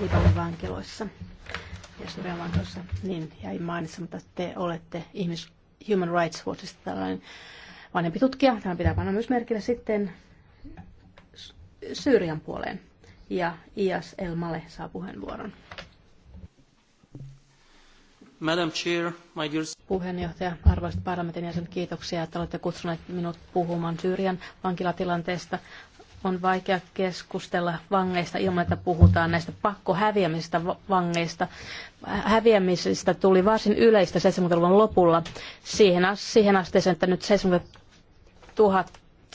Libanon vankiloissa ja Syrian vankiloissa. Niin, jäi mainitsematta, mutta te olette ihmis Human Rights Watchista tällainen vanhempi tutkija. Tämä pitää panna myös merkille sitten Syyrian puoleen. Ja Ias Elmale saa puheenvuoron. Madam Chair, my dear... Puheenjohtaja, arvoisat parlamentin jäsenet, kiitoksia, että olette kutsuneet minut puhumaan Syyrian vankilatilanteesta. On vaikea keskustella vangeista ilman, että puhutaan näistä pakkohäviämisistä vangeista. Häviämisistä tuli varsin yleistä 70-luvun lopulla siihen, siihen asteeseen, että nyt 70 000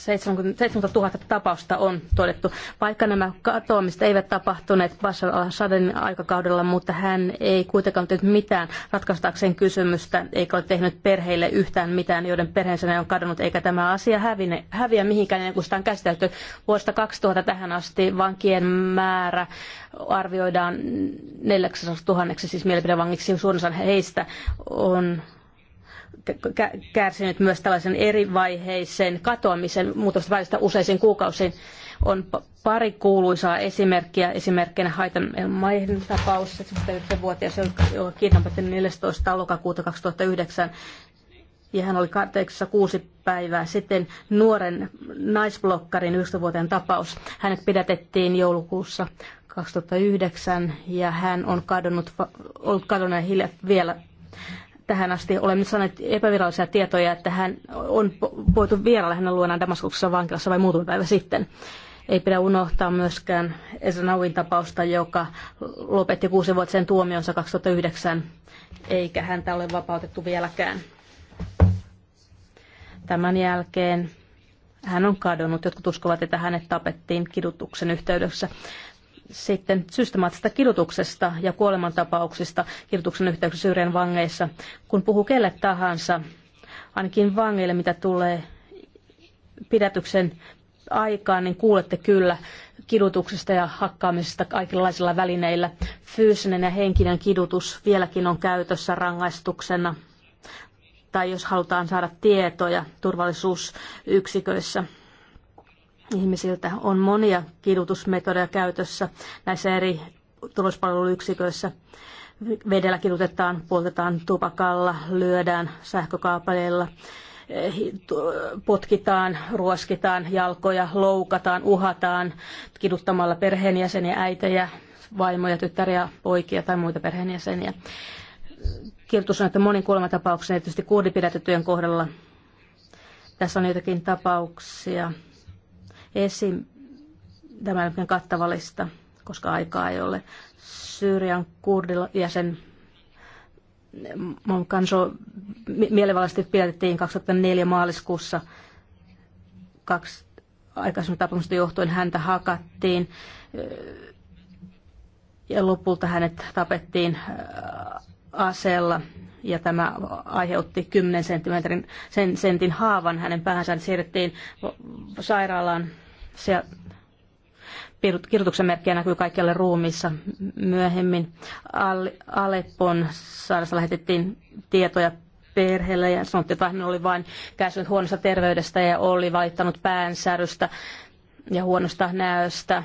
70 000 tapausta on todettu. Vaikka nämä katoamiset eivät tapahtuneet Bashar al-Assadin aikakaudella, mutta hän ei kuitenkaan tehnyt mitään ratkaistakseen kysymystä, eikä ole tehnyt perheille yhtään mitään, joiden perheensä on kadonnut, eikä tämä asia hävine, häviä mihinkään ennen kuin sitä on käsitelty. Vuodesta 2000 tähän asti vankien määrä arvioidaan 400 000, siis mielipidevangiksi suurin osa heistä on kärsinyt myös tällaisen eri vaiheisen katoamisen muutosta välistä useisiin kuukausiin. On pari kuuluisaa esimerkkiä, esimerkkinä Haitan Maihin tapaus, 79-vuotias, joka kidnappattiin 14. lokakuuta 2009 ja hän oli kateeksessa kuusi päivää sitten nuoren naisblokkarin 11-vuotiaan tapaus. Hänet pidätettiin joulukuussa 2009 ja hän on kadonnut, ollut kadonnut hiljaa vielä tähän asti olemme saaneet epävirallisia tietoja, että hän on voitu vierailla hänen luonaan Damaskuksessa vankilassa vain muutama päivä sitten. Ei pidä unohtaa myöskään Esranauin tapausta, joka lopetti kuusi vuotta sen tuomionsa 2009, eikä häntä ole vapautettu vieläkään. Tämän jälkeen hän on kadonnut. Jotkut uskovat, että hänet tapettiin kidutuksen yhteydessä sitten systemaattisesta kidutuksesta ja kuolemantapauksista kidutuksen yhteydessä Syyrian vangeissa. Kun puhuu kelle tahansa, ainakin vangeille, mitä tulee pidätyksen aikaan, niin kuulette kyllä kidutuksesta ja hakkaamisesta kaikenlaisilla välineillä. Fyysinen ja henkinen kidutus vieläkin on käytössä rangaistuksena tai jos halutaan saada tietoja turvallisuusyksiköissä ihmisiltä. On monia kidutusmetodeja käytössä näissä eri tulospalveluyksiköissä. Vedellä kidutetaan, poltetaan tupakalla, lyödään sähkökaapaleilla, eh, potkitaan, ruoskitaan jalkoja, loukataan, uhataan kiduttamalla perheenjäseniä, äitejä, vaimoja, tyttäriä, poikia tai muita perheenjäseniä. Kirjoitus on, että monin kuolematapauksen, erityisesti kuudipidätettyjen kohdalla, tässä on joitakin tapauksia, Esim, tämä on kattava lista, koska aikaa ei ole. Syyrian kurdilla ja sen mm, kanso mielivaltaisesti pidätettiin 2004 maaliskuussa. Kaksi aikaisemmin tapamusta johtuen häntä hakattiin ja lopulta hänet tapettiin äh, aseella ja tämä aiheutti 10 senttimetrin, sen, sentin haavan hänen päänsä. Siirrettiin sairaalaan. Siellä kirjoituksen merkkiä näkyy kaikkialle ruumissa. Myöhemmin Aleppon sairaalassa lähetettiin tietoja perheelle ja sanottiin, että hän oli vain kärsinyt huonosta terveydestä ja oli valittanut päänsärystä ja huonosta näöstä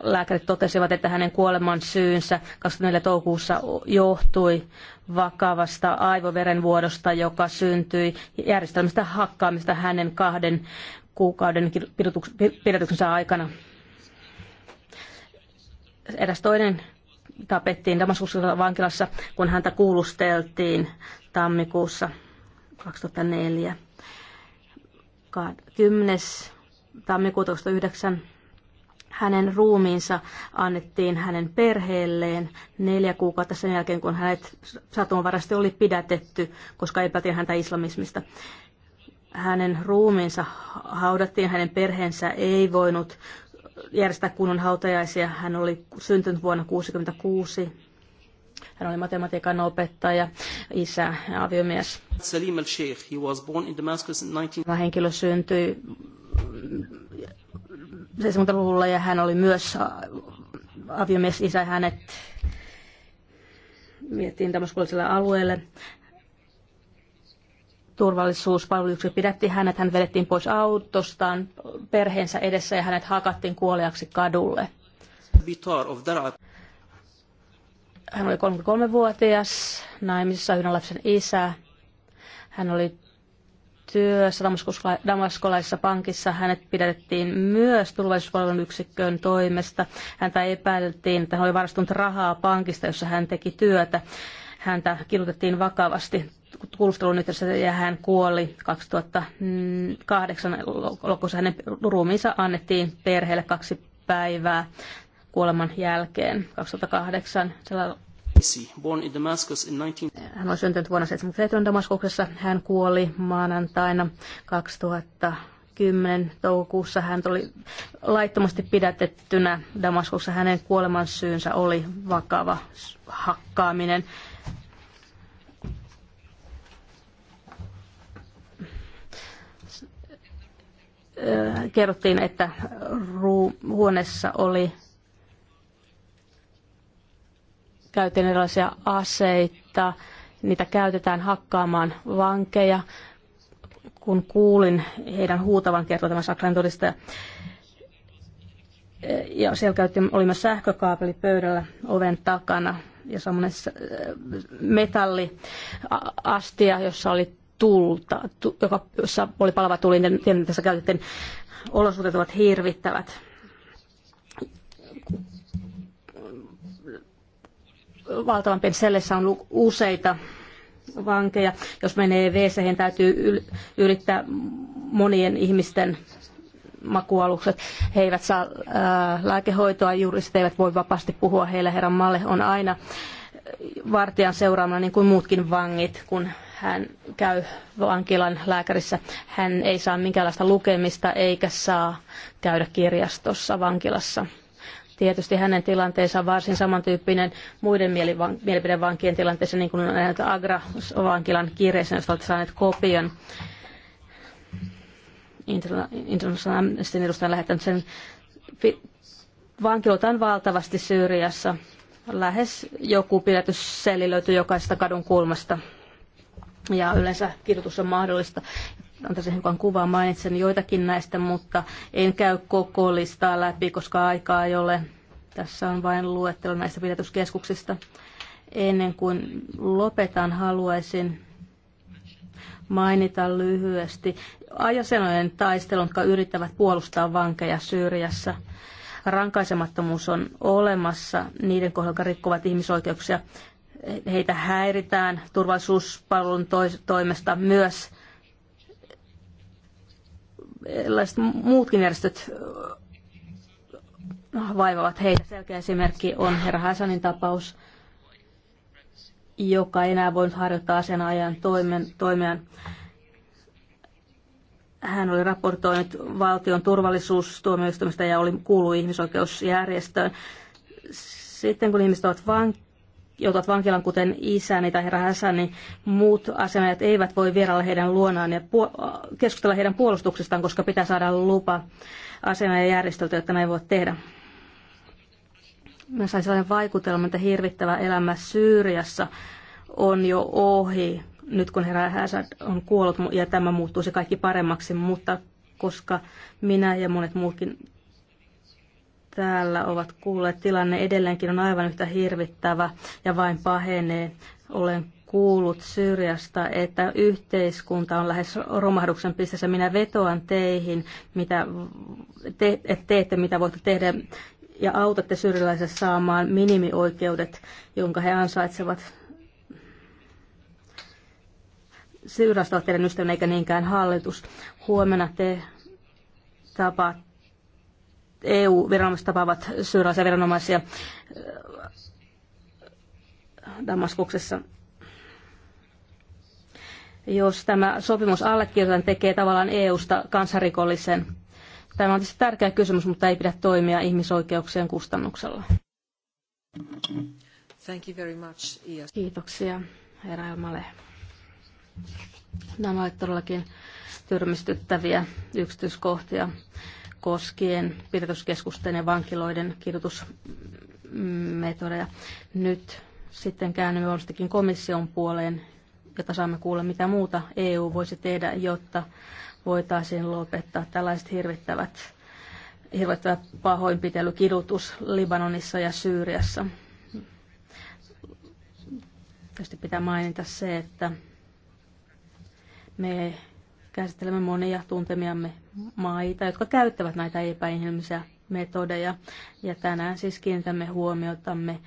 lääkärit totesivat, että hänen kuoleman syynsä 24. toukokuussa johtui vakavasta aivoverenvuodosta, joka syntyi järjestelmästä hakkaamista hänen kahden kuukauden pidätyksensä aikana. Eräs toinen tapettiin Damaskuksessa vankilassa, kun häntä kuulusteltiin tammikuussa 2004. 10. tammikuuta 2009 hänen ruumiinsa annettiin hänen perheelleen neljä kuukautta sen jälkeen, kun hänet satunvarasti oli pidätetty, koska epäiltiin häntä islamismista. Hänen ruumiinsa haudattiin, hänen perheensä ei voinut järjestää kunnon hautajaisia. Hän oli syntynyt vuonna 1966. Hän oli matematiikan opettaja, isä ja aviomies. Salim al-Sheikh, he was born in Damascus in 19... Henkilö syntyi 70-luvulla ja hän oli myös aviomies isä hänet viettiin tämmöiselle alueelle. Turvallisuuspalvelukset pidätti hänet, hän vedettiin pois autostaan perheensä edessä ja hänet hakattiin kuoliaksi kadulle. Hän oli 33-vuotias, naimisissa yhden lapsen isä. Hän oli työssä damaskolaisessa pankissa. Hänet pidätettiin myös turvallisuuspalvelun yksikköön toimesta. Häntä epäiltiin, että hän oli varastunut rahaa pankista, jossa hän teki työtä. Häntä kidutettiin vakavasti kuulustelun yhteydessä ja hän kuoli 2008 lopussa. Hänen ruumiinsa annettiin perheelle kaksi päivää kuoleman jälkeen 2008. Siellä Born in Damascus in 19... Hän on syntynyt vuonna 1977 Damaskuksessa. Hän kuoli maanantaina 2010 toukokuussa. Hän oli laittomasti pidätettynä Damaskussa. Hänen kuolemansyynsä oli vakava hakkaaminen. kerrottiin, että huoneessa oli käytetään erilaisia aseita, niitä käytetään hakkaamaan vankeja. Kun kuulin heidän huutavan kertoa tämä Saksan todistaja, ja siellä käytti, oli myös sähkökaapeli pöydällä oven takana ja semmoinen äh, metalliastia, jossa oli tulta, joka, jossa oli palava tuli, niin tässä käytettiin olosuhteet ovat hirvittävät. valtavan pensellessä on useita vankeja. Jos menee wc täytyy yrittää monien ihmisten makualukset. He eivät saa ää, lääkehoitoa, juristit eivät voi vapaasti puhua heille. Herran Malle on aina vartijan seuraamana niin kuin muutkin vangit, kun hän käy vankilan lääkärissä. Hän ei saa minkäänlaista lukemista eikä saa käydä kirjastossa vankilassa. Tietysti hänen tilanteensa on varsin samantyyppinen muiden mielipidevankien tilanteeseen, niin kuin näitä Agra-vankilan kirjeissä, joista olette saaneet kopion. International Amnestyn edustaja on lähettänyt sen. Vankiloita on valtavasti Syyriassa. Lähes joku pidätysseli löytyy jokaisesta kadun kulmasta. Ja yleensä kirjoitus on mahdollista antaisin hiukan kuvaa, mainitsen joitakin näistä, mutta en käy koko listaa läpi, koska aikaa ei ole. Tässä on vain luettelo näistä pidätyskeskuksista. Ennen kuin lopetan, haluaisin mainita lyhyesti ajasenojen taistelun, jotka yrittävät puolustaa vankeja Syyriassa. Rankaisemattomuus on olemassa niiden kohdalla, jotka rikkovat ihmisoikeuksia. Heitä häiritään turvallisuuspalvelun toimesta myös erilaiset muutkin järjestöt äh, vaivavat heitä. Selkeä esimerkki on herra Hassanin tapaus, joka ei enää voinut harjoittaa asianajan toimen, Hän oli raportoinut valtion turvallisuustuomioistumista ja oli, kuulu ihmisoikeusjärjestöön. Sitten kun ihmiset ovat vank- joutuvat vankilan, kuten isäni tai herra Hässäni, muut asianajat eivät voi vierailla heidän luonaan ja keskustella heidän puolustuksestaan, koska pitää saada lupa asianajajärjestöltä, jotta näin voi tehdä. Mä sain sellainen vaikutelman, että hirvittävä elämä Syyriassa on jo ohi, nyt kun herra Hassan on kuollut ja tämä muuttuisi kaikki paremmaksi, mutta koska minä ja monet muutkin täällä ovat kuulleet, tilanne edelleenkin on aivan yhtä hirvittävä ja vain pahenee. Olen kuullut syrjästä, että yhteiskunta on lähes romahduksen pistessä. Minä vetoan teihin, mitä te, te, teette, mitä voitte tehdä ja autatte syrjäläiset saamaan minimioikeudet, jonka he ansaitsevat. Syrjästä on teidän ystävänne eikä niinkään hallitus. Huomenna te tapaatte. EU-viranomaiset tapaavat syyrialaisia viranomaisia äh, Damaskuksessa. Jos tämä sopimus allekirjoitetaan, tekee tavallaan EUsta kansarikollisen. Tämä on tietysti tärkeä kysymys, mutta ei pidä toimia ihmisoikeuksien kustannuksella. Thank you very much, Kiitoksia, herra Elmale. Nämä ovat todellakin tyrmistyttäviä yksityiskohtia koskien pidätyskeskusten ja vankiloiden kidutusmetodeja. Nyt sitten käännymme varmastikin komission puoleen, jota saamme kuulla, mitä muuta EU voisi tehdä, jotta voitaisiin lopettaa tällaiset hirvittävät, hirvittävät pahoinpitelykidutus kidutus Libanonissa ja Syyriassa. Tietysti pitää mainita se, että me Käsittelemme monia tuntemiamme maita, jotka käyttävät näitä epäinhimillisiä metodeja. Ja tänään siis kiinnitämme huomiotamme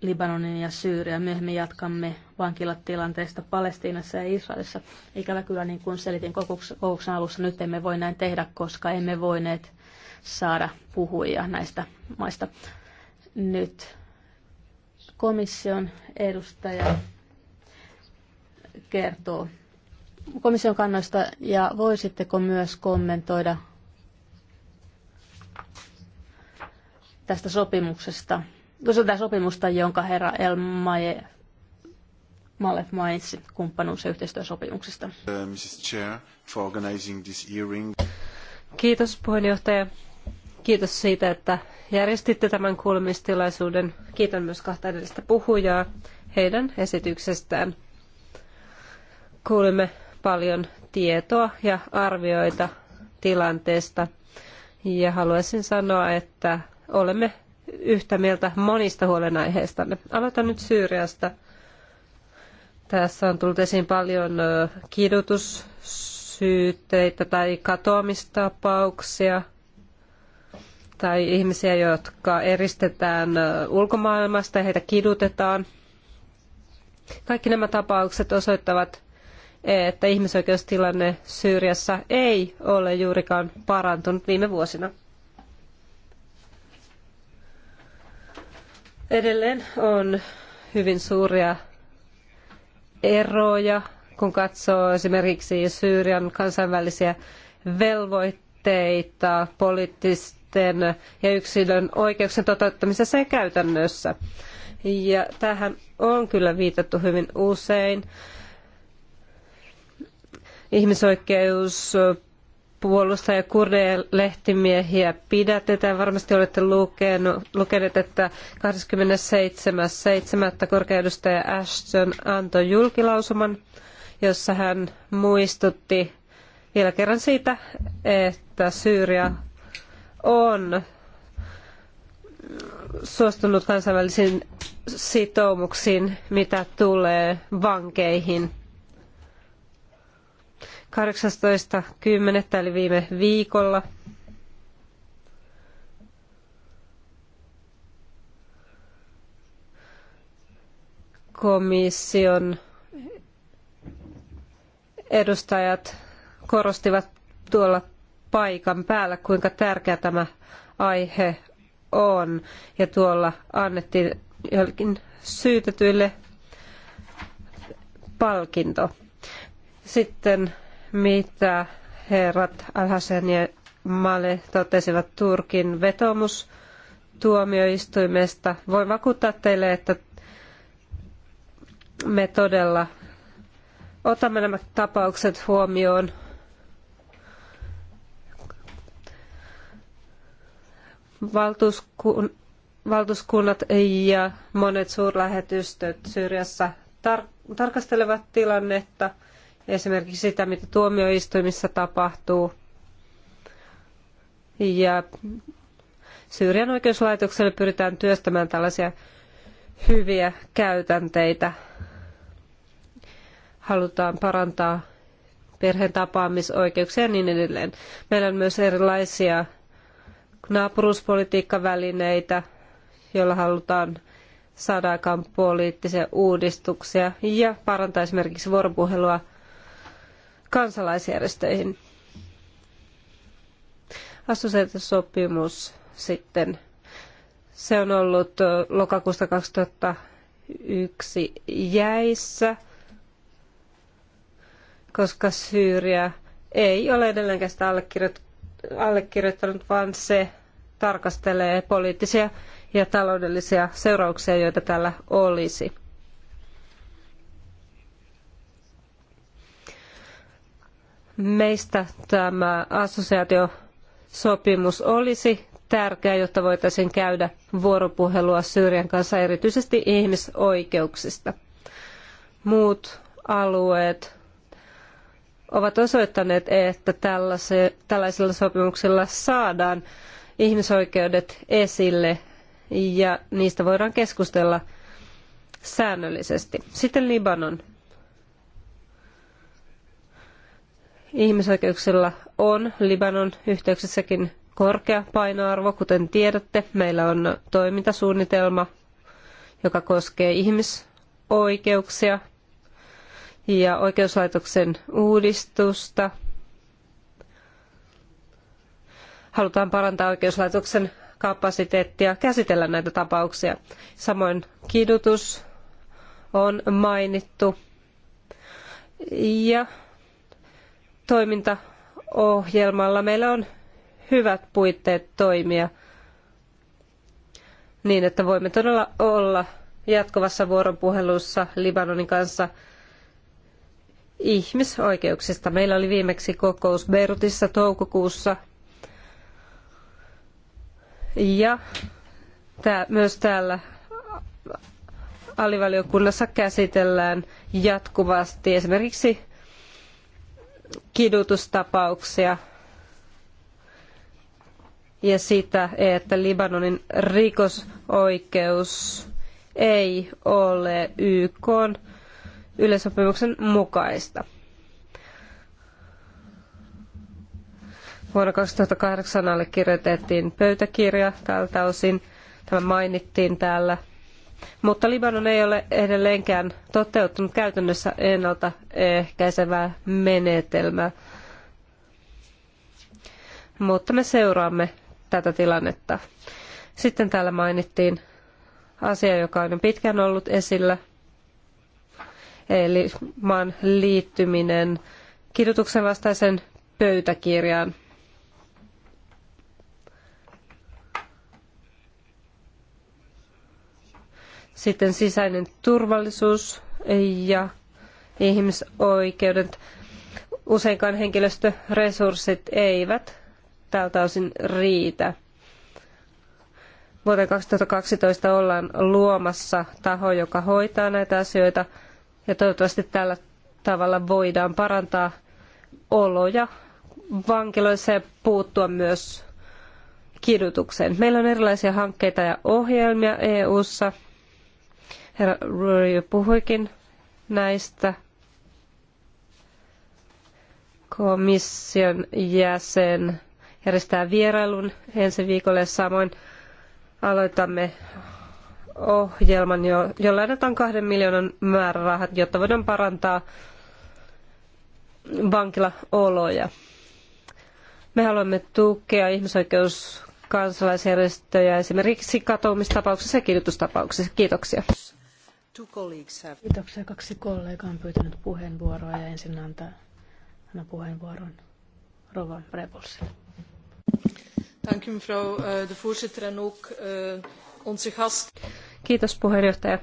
Libanonin ja Syyriä. Myöhemmin jatkamme vankilatilanteesta Palestiinassa ja Israelissa. Ikävä kyllä, niin kuin selitin kokouksen alussa, nyt emme voi näin tehdä, koska emme voineet saada puhujia näistä maista. Nyt komission edustaja kertoo komission kannoista ja voisitteko myös kommentoida tästä sopimuksesta, tämä sopimusta, jonka herra Elmaje Maje mainitsi kumppanuus- ja yhteistyösopimuksesta. Uh, Mrs. Chair, for organizing this hearing. Kiitos puheenjohtaja. Kiitos siitä, että järjestitte tämän kuulemistilaisuuden. Kiitän myös kahta edellistä puhujaa heidän esityksestään. Kuulimme paljon tietoa ja arvioita tilanteesta. Ja haluaisin sanoa, että olemme yhtä mieltä monista huolenaiheistanne. Aloitan nyt Syyriasta. Tässä on tullut esiin paljon kidutussyytteitä tai katoamistapauksia tai ihmisiä, jotka eristetään ulkomaailmasta ja heitä kidutetaan. Kaikki nämä tapaukset osoittavat, että ihmisoikeustilanne Syyriassa ei ole juurikaan parantunut viime vuosina. Edelleen on hyvin suuria eroja, kun katsoo esimerkiksi Syyrian kansainvälisiä velvoitteita poliittisten ja yksilön oikeuksien toteuttamisessa ja käytännössä. Ja tähän on kyllä viitattu hyvin usein ihmisoikeus puolustaja kurdeja lehtimiehiä pidätetään. Varmasti olette lukenut, lukeneet, että 27.7. korkeudustaja Ashton antoi julkilausuman, jossa hän muistutti vielä kerran siitä, että Syyria on suostunut kansainvälisiin sitoumuksiin, mitä tulee vankeihin – 18.10. eli viime viikolla. Komission edustajat korostivat tuolla paikan päällä, kuinka tärkeä tämä aihe on. Ja tuolla annettiin joillekin syytetyille palkinto. Sitten mitä herrat Alhasen ja Male totesivat Turkin vetomus tuomioistuimesta. Voin vakuuttaa teille, että me todella otamme nämä tapaukset huomioon. Valtuuskun, valtuuskunnat ja monet suurlähetystöt Syyriassa tar tarkastelevat tilannetta – esimerkiksi sitä, mitä tuomioistuimissa tapahtuu. Ja Syyrian oikeuslaitokselle pyritään työstämään tällaisia hyviä käytänteitä. Halutaan parantaa perheen tapaamisoikeuksia ja niin edelleen. Meillä on myös erilaisia naapuruuspolitiikkavälineitä, joilla halutaan saada aikaan poliittisia uudistuksia ja parantaa esimerkiksi vuoropuhelua kansalaisjärjestöihin. Assosiaatiosopimus sitten. Se on ollut lokakuusta 2001 jäissä, koska Syyria ei ole edelleenkään sitä allekirjoittanut, vaan se tarkastelee poliittisia ja taloudellisia seurauksia, joita tällä olisi. Meistä tämä assosiaatiosopimus olisi tärkeä, jotta voitaisiin käydä vuoropuhelua Syyrian kanssa erityisesti ihmisoikeuksista. Muut alueet ovat osoittaneet, että tällaisilla sopimuksilla saadaan ihmisoikeudet esille ja niistä voidaan keskustella säännöllisesti. Sitten Libanon. Ihmisoikeuksilla on Libanon yhteyksissäkin korkea painoarvo, kuten tiedätte. Meillä on toimintasuunnitelma, joka koskee ihmisoikeuksia ja oikeuslaitoksen uudistusta. Halutaan parantaa oikeuslaitoksen kapasiteettia käsitellä näitä tapauksia. Samoin kidutus on mainittu. Ja toimintaohjelmalla meillä on hyvät puitteet toimia niin, että voimme todella olla jatkuvassa vuoropuhelussa Libanonin kanssa ihmisoikeuksista. Meillä oli viimeksi kokous Beirutissa toukokuussa ja tää, myös täällä alivaliokunnassa käsitellään jatkuvasti esimerkiksi kidutustapauksia ja sitä, että Libanonin rikosoikeus ei ole YK yleisopimuksen mukaista. Vuonna 2008 allekirjoitettiin pöytäkirja tältä osin. Tämä mainittiin täällä mutta Libanon ei ole edelleenkään toteuttanut käytännössä ennaltaehkäisevää menetelmää. Mutta me seuraamme tätä tilannetta. Sitten täällä mainittiin asia, joka on pitkään ollut esillä, eli maan liittyminen kidutuksen vastaisen pöytäkirjaan. Sitten sisäinen turvallisuus ja ihmisoikeudet. Useinkaan henkilöstöresurssit eivät tältä osin riitä. Vuoteen 2012 ollaan luomassa taho, joka hoitaa näitä asioita ja toivottavasti tällä tavalla voidaan parantaa oloja vankiloissa ja puuttua myös kidutukseen. Meillä on erilaisia hankkeita ja ohjelmia EU:ssa Herra Ruori jo puhuikin näistä. Komission jäsen järjestää vierailun ensi viikolla ja samoin aloitamme ohjelman, jolla annetaan kahden miljoonan määrärahat, jotta voidaan parantaa vankilaoloja. Me haluamme tukea ihmisoikeuskansalaisjärjestöjä esimerkiksi katoamistapauksissa ja kidutustapauksissa. Kiitoksia. Kiitoksia. Kaksi kollegaa on pyytänyt puheenvuoroa ja ensin antaa anna puheenvuoron rovan Rebolsille. Dank u mevrouw eh, de voorzitter en ook eh, onze gast. Kiitos puheenjohtaja.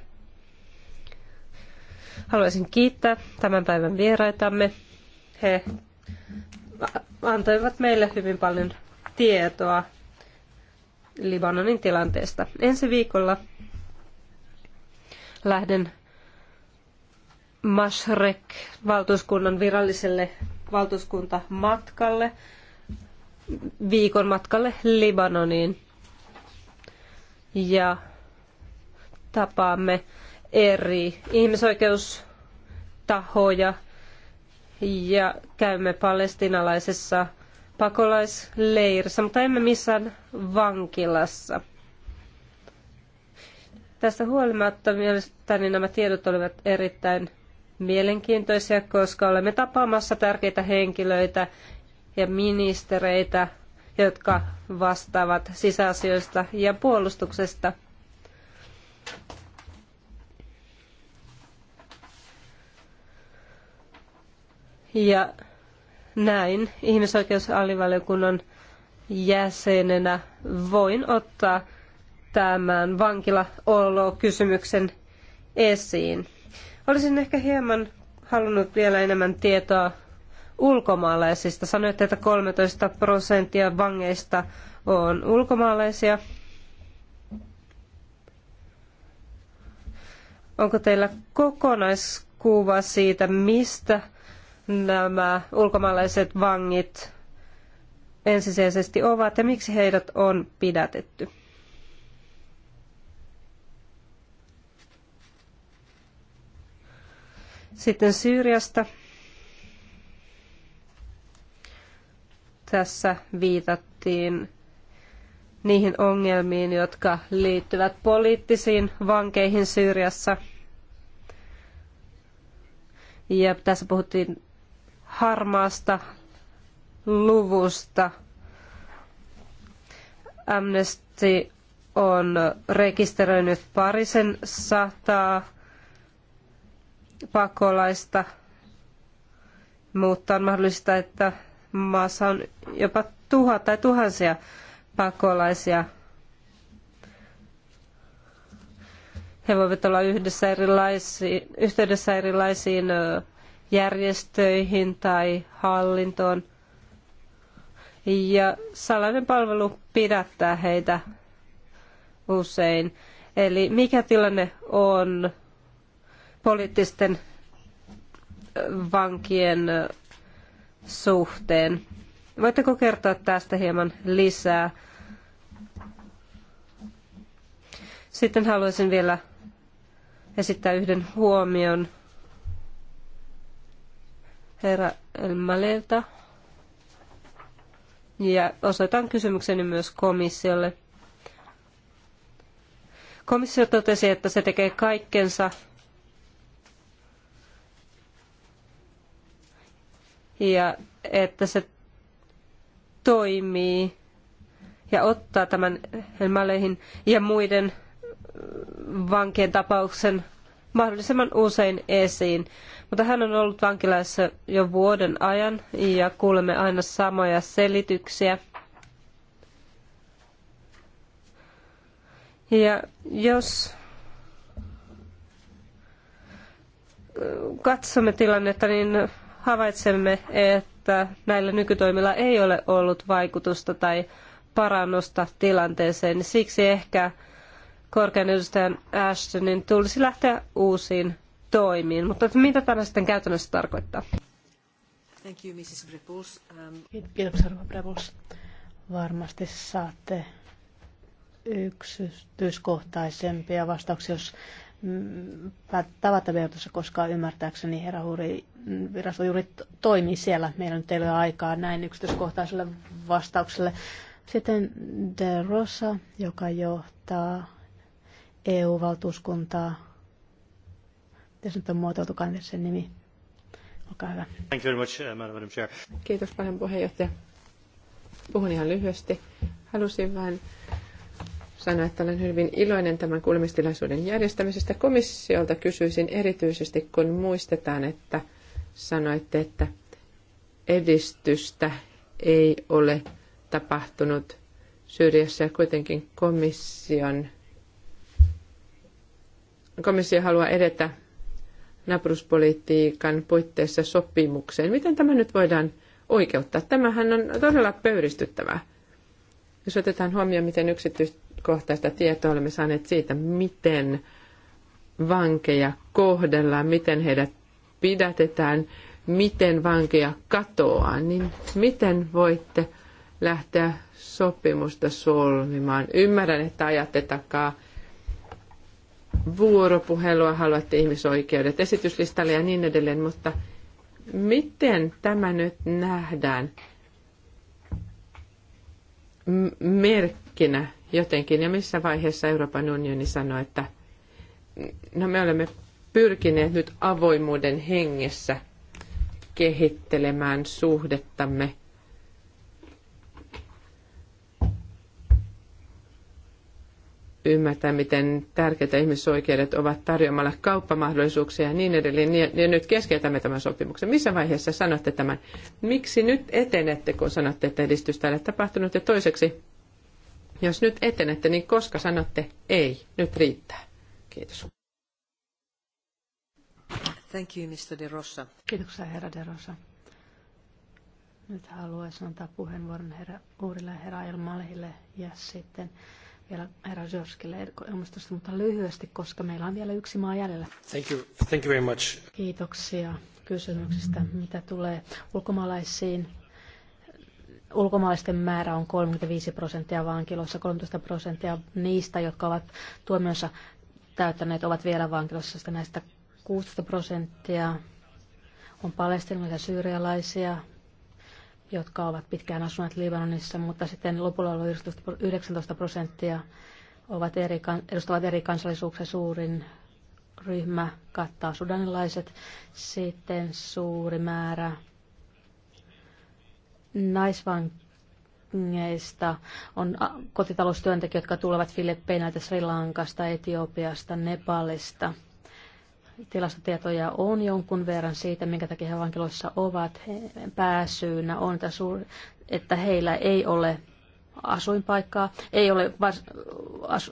Haluaisin kiittää tämän päivän vieraitamme. He antoivat meille hyvin paljon tietoa Libanonin tilanteesta. Ensi viikolla lähden Mashrek-valtuuskunnan viralliselle valtuuskuntamatkalle, viikon matkalle Libanoniin. Ja tapaamme eri ihmisoikeustahoja ja käymme palestinalaisessa pakolaisleirissä, mutta emme missään vankilassa – Tästä huolimatta mielestäni nämä tiedot olivat erittäin mielenkiintoisia, koska olemme tapaamassa tärkeitä henkilöitä ja ministereitä, jotka vastaavat sisäasioista ja puolustuksesta. Ja näin ihmisoikeusalivaliokunnan jäsenenä voin ottaa tämän vankilaolo-kysymyksen esiin. Olisin ehkä hieman halunnut vielä enemmän tietoa ulkomaalaisista. Sanoitte, että 13 prosenttia vangeista on ulkomaalaisia. Onko teillä kokonaiskuva siitä, mistä nämä ulkomaalaiset vangit ensisijaisesti ovat ja miksi heidät on pidätetty? Sitten Syyriasta. Tässä viitattiin niihin ongelmiin, jotka liittyvät poliittisiin vankeihin Syyriassa. Ja tässä puhuttiin harmaasta luvusta. Amnesty on rekisteröinyt parisen sataa pakolaista, mutta on mahdollista, että maassa on jopa tuhat tai tuhansia pakolaisia. He voivat olla yhdessä yhteydessä erilaisiin järjestöihin tai hallintoon. Ja salainen palvelu pidättää heitä usein. Eli mikä tilanne on poliittisten vankien suhteen. Voitteko kertoa tästä hieman lisää? Sitten haluaisin vielä esittää yhden huomion herra Elmaleelta. Ja osoitan kysymykseni myös komissiolle. Komissio totesi, että se tekee kaikkensa ja että se toimii ja ottaa tämän Helmaleihin ja muiden vankien tapauksen mahdollisimman usein esiin. Mutta hän on ollut vankilassa jo vuoden ajan ja kuulemme aina samoja selityksiä. Ja jos katsomme tilannetta, niin havaitsemme, että näillä nykytoimilla ei ole ollut vaikutusta tai parannusta tilanteeseen. Siksi ehkä korkean edustajan Ashtonin tulisi lähteä uusiin toimiin. Mutta mitä tämä sitten käytännössä tarkoittaa? Thank you, Mrs. Um... Kiitoksia, Varmasti saatte yksityiskohtaisempia vastauksia, jos Mm, tavata verotussa, koska ymmärtääkseni herra Huuri, mm, virasto juuri toimii siellä. Meillä nyt ei ole aikaa näin yksityiskohtaiselle vastaukselle. Sitten De Rosa, joka johtaa EU-valtuuskuntaa. Tässä nyt on muotoiltu sen nimi. Olkaa hyvä. Thank you very much, uh, Madam Chair. Kiitos paljon puheenjohtaja. Puhun ihan lyhyesti. Halusin vain sanoa, että olen hyvin iloinen tämän kuulemistilaisuuden järjestämisestä. Komissiolta kysyisin erityisesti, kun muistetaan, että sanoitte, että edistystä ei ole tapahtunut Syyriassa ja kuitenkin komission, komissio haluaa edetä napruspolitiikan puitteissa sopimukseen. Miten tämä nyt voidaan oikeuttaa? Tämähän on todella pöyristyttävää. Jos otetaan huomioon, miten yksityiset yksityiskohtaista tietoa olemme saaneet siitä, miten vankeja kohdellaan, miten heidät pidätetään, miten vankeja katoaa, niin miten voitte lähteä sopimusta solmimaan? Ymmärrän, että ajatte takaa vuoropuhelua, haluatte ihmisoikeudet esityslistalle ja niin edelleen, mutta miten tämä nyt nähdään merkkinä jotenkin ja missä vaiheessa Euroopan unioni sanoi, että no me olemme pyrkineet nyt avoimuuden hengessä kehittelemään suhdettamme ymmärtää, miten tärkeitä ihmisoikeudet ovat tarjoamalla kauppamahdollisuuksia ja niin edelleen. Ja nyt keskeytämme tämän sopimuksen. Missä vaiheessa sanotte tämän? Miksi nyt etenette, kun sanotte, että edistystä ei ole tapahtunut? Ja toiseksi, jos nyt etenette, niin koska sanotte ei, nyt riittää. Kiitos. Thank you, Mr. De Rossa. Kiitoksia, herra De Rossa. Nyt haluaisin antaa puheenvuoron herra Uurille ja herra Elmalehille ja sitten vielä herra Jorskille ilmastosta, mutta lyhyesti, koska meillä on vielä yksi maa jäljellä. Thank you. Thank you very much. Kiitoksia kysymyksistä, mitä tulee ulkomaalaisiin Ulkomaalaisten määrä on 35 prosenttia vankilossa, 13 prosenttia niistä, jotka ovat tuomionsa täyttäneet, ovat vielä vankilassa. Sitten näistä 16 prosenttia on palestinalaisia syyrialaisia, jotka ovat pitkään asuneet Libanonissa, mutta sitten lopulla on 19 prosenttia ovat eri, edustavat eri kansallisuuksia suurin ryhmä kattaa sudanilaiset, sitten suuri määrä naisvangeista on kotitaloustyöntekijöitä, jotka tulevat Filippeinältä, Sri Lankasta, Etiopiasta, Nepalista. Tilastotietoja on jonkun verran siitä, minkä takia he vankiloissa ovat. Pääsyynä on, että heillä ei ole asuinpaikkaa, ei ole vas, asu,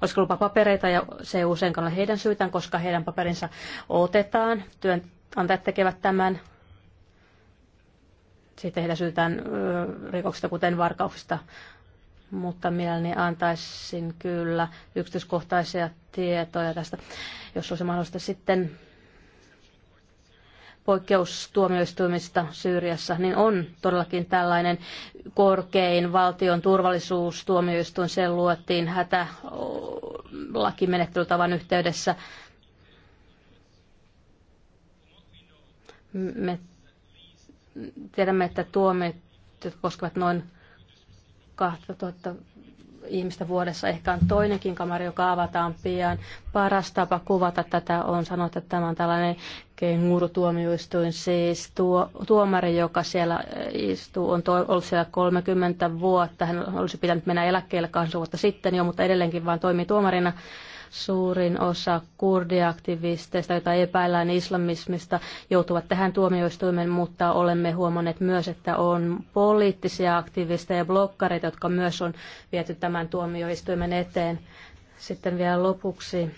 asu, papereita ja se ei useinkaan ole heidän syytään, koska heidän paperinsa otetaan. Työnantajat tekevät tämän sitten heitä syytetään rikoksista, kuten varkauksista. Mutta mielelläni antaisin kyllä yksityiskohtaisia tietoja tästä, jos olisi mahdollista sitten poikkeustuomioistuimista Syyriassa, niin on todellakin tällainen korkein valtion turvallisuustuomioistuin. Sen luotiin hätälakimenettelytavan yhteydessä. Me Tiedämme, että tuomiot koskevat noin 2000 ihmistä vuodessa. Ehkä on toinenkin kamari, joka avataan pian. Paras tapa kuvata tätä on sanoa, että tämä on tällainen kenguru-tuomioistuin, siis tuo, tuomari, joka siellä istuu, on to, ollut siellä 30 vuotta. Hän olisi pitänyt mennä eläkkeelle kahdeksan vuotta sitten jo, mutta edelleenkin vaan toimii tuomarina. Suurin osa kurdiaktivisteista, joita epäillään islamismista, joutuvat tähän tuomioistuimeen, mutta olemme huomanneet myös, että on poliittisia aktivisteja ja blokkareita, jotka myös on viety tämän tuomioistuimen eteen. Sitten vielä lopuksi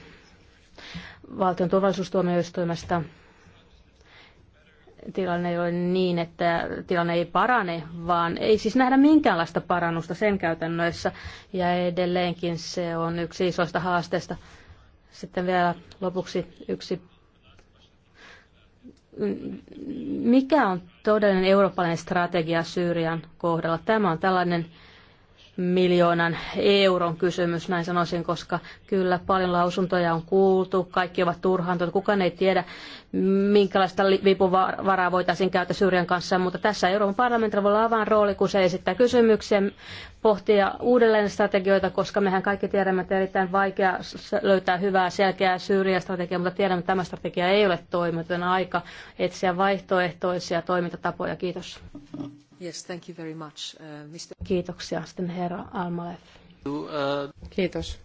valtion turvallisuustuomioistuimesta tilanne ei ole niin, että tilanne ei parane, vaan ei siis nähdä minkäänlaista parannusta sen käytännöissä. Ja edelleenkin se on yksi isoista haasteista. Sitten vielä lopuksi yksi. Mikä on todellinen eurooppalainen strategia Syyrian kohdalla? Tämä on tällainen miljoonan euron kysymys, näin sanoisin, koska kyllä paljon lausuntoja on kuultu, kaikki ovat turhaantuneet, kukaan ei tiedä, minkälaista vipuvaraa voitaisiin käyttää Syyrian kanssa, mutta tässä Euroopan parlamentilla voi olla avaan rooli, kun se esittää kysymyksiä, pohtia uudelleen strategioita, koska mehän kaikki tiedämme, että erittäin vaikea löytää hyvää, selkeää Syyrian strategiaa, mutta tiedämme, että tämä strategia ei ole toimintana aika etsiä vaihtoehtoisia toimintatapoja. Kiitos. Yes, thank you very much, uh, Mr. Kiitoksia sitten herra Almalef. Uh, Kiitos.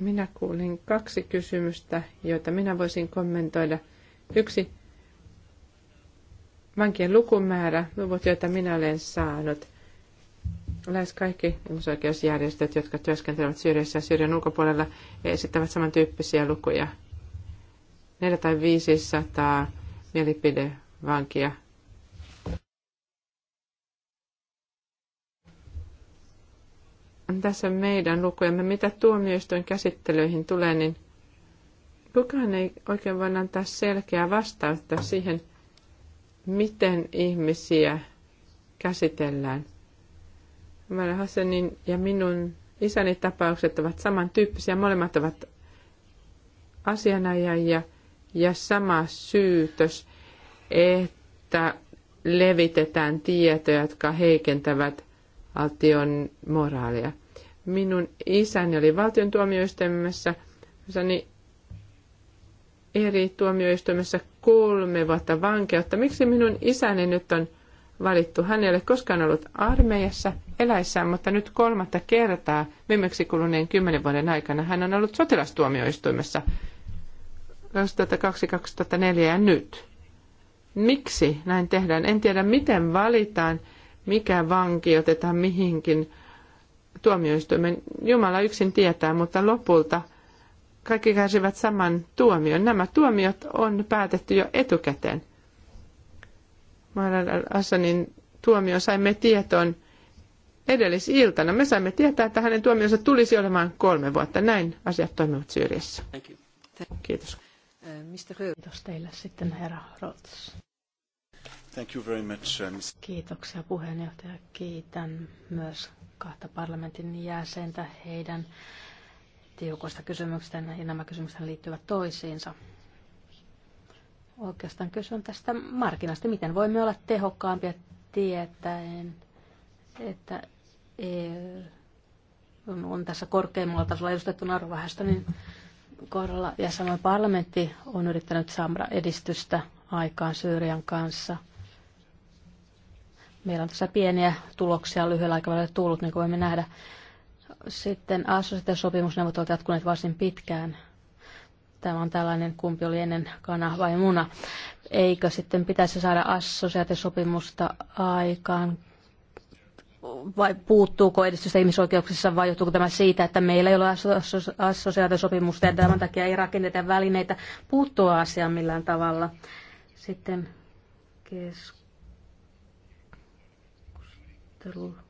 Minä kuulin kaksi kysymystä, joita minä voisin kommentoida. Yksi, vankien lukumäärä, luvut, joita minä olen saanut. Lähes kaikki ihmisoikeusjärjestöt, jotka työskentelevät Syyriassa ja Syyrian ulkopuolella, esittävät samantyyppisiä lukuja. Neljä tai 500 mielipidevankia tässä meidän lukujemme, mitä tuomioistuin käsittelyihin tulee, niin kukaan ei oikein voi antaa selkeää vastausta siihen, miten ihmisiä käsitellään. Mä Hassanin ja minun isäni tapaukset ovat samantyyppisiä. Molemmat ovat asianajajia ja sama syytös, että levitetään tietoja, jotka heikentävät valtion moraalia. Minun isäni oli valtion tuomioistuimessa, isäni eri tuomioistuimessa kolme vuotta vankeutta. Miksi minun isäni nyt on valittu? Hän ei ole koskaan ollut armeijassa eläissään, mutta nyt kolmatta kertaa viimeksi kuluneen kymmenen vuoden aikana hän on ollut sotilastuomioistuimessa 2002-2004 ja nyt. Miksi näin tehdään? En tiedä, miten valitaan mikä vanki otetaan mihinkin tuomioistuimen. Jumala yksin tietää, mutta lopulta kaikki kärsivät saman tuomion. Nämä tuomiot on päätetty jo etukäteen. Mahalan Assanin tuomio saimme tietoon edellisiltana. Me saimme tietää, että hänen tuomionsa tulisi olemaan kolme vuotta. Näin asiat toimivat Syyriassa. Kiitos. Äh, Mr. Kiitos teille sitten, herra Rots? Thank you very much, uh, Kiitoksia puheenjohtaja. Kiitän myös kahta parlamentin jäsentä heidän tiukoista kysymyksistä ja nämä kysymykset liittyvät toisiinsa. Oikeastaan kysyn tästä markkinasta. Miten voimme olla tehokkaampia tietäen, että e on tässä korkeimmalla tasolla edustettuna arvovähästä, niin kohdalla ja samoin parlamentti on yrittänyt saada edistystä aikaan Syyrian kanssa – Meillä on tässä pieniä tuloksia lyhyellä aikavälillä tullut, niin kuin voimme nähdä. Sitten sopimusneuvot ovat jatkuneet varsin pitkään. Tämä on tällainen, kumpi oli ennen kana vai muna. Eikö sitten pitäisi saada assosiaatiosopimusta aikaan vai puuttuuko edistystä ihmisoikeuksissa vai johtuuko tämä siitä, että meillä ei ole assosiaatiosopimusta ja tämän takia ei rakenneta välineitä puuttua asiaan millään tavalla. Sitten keskus keskustelua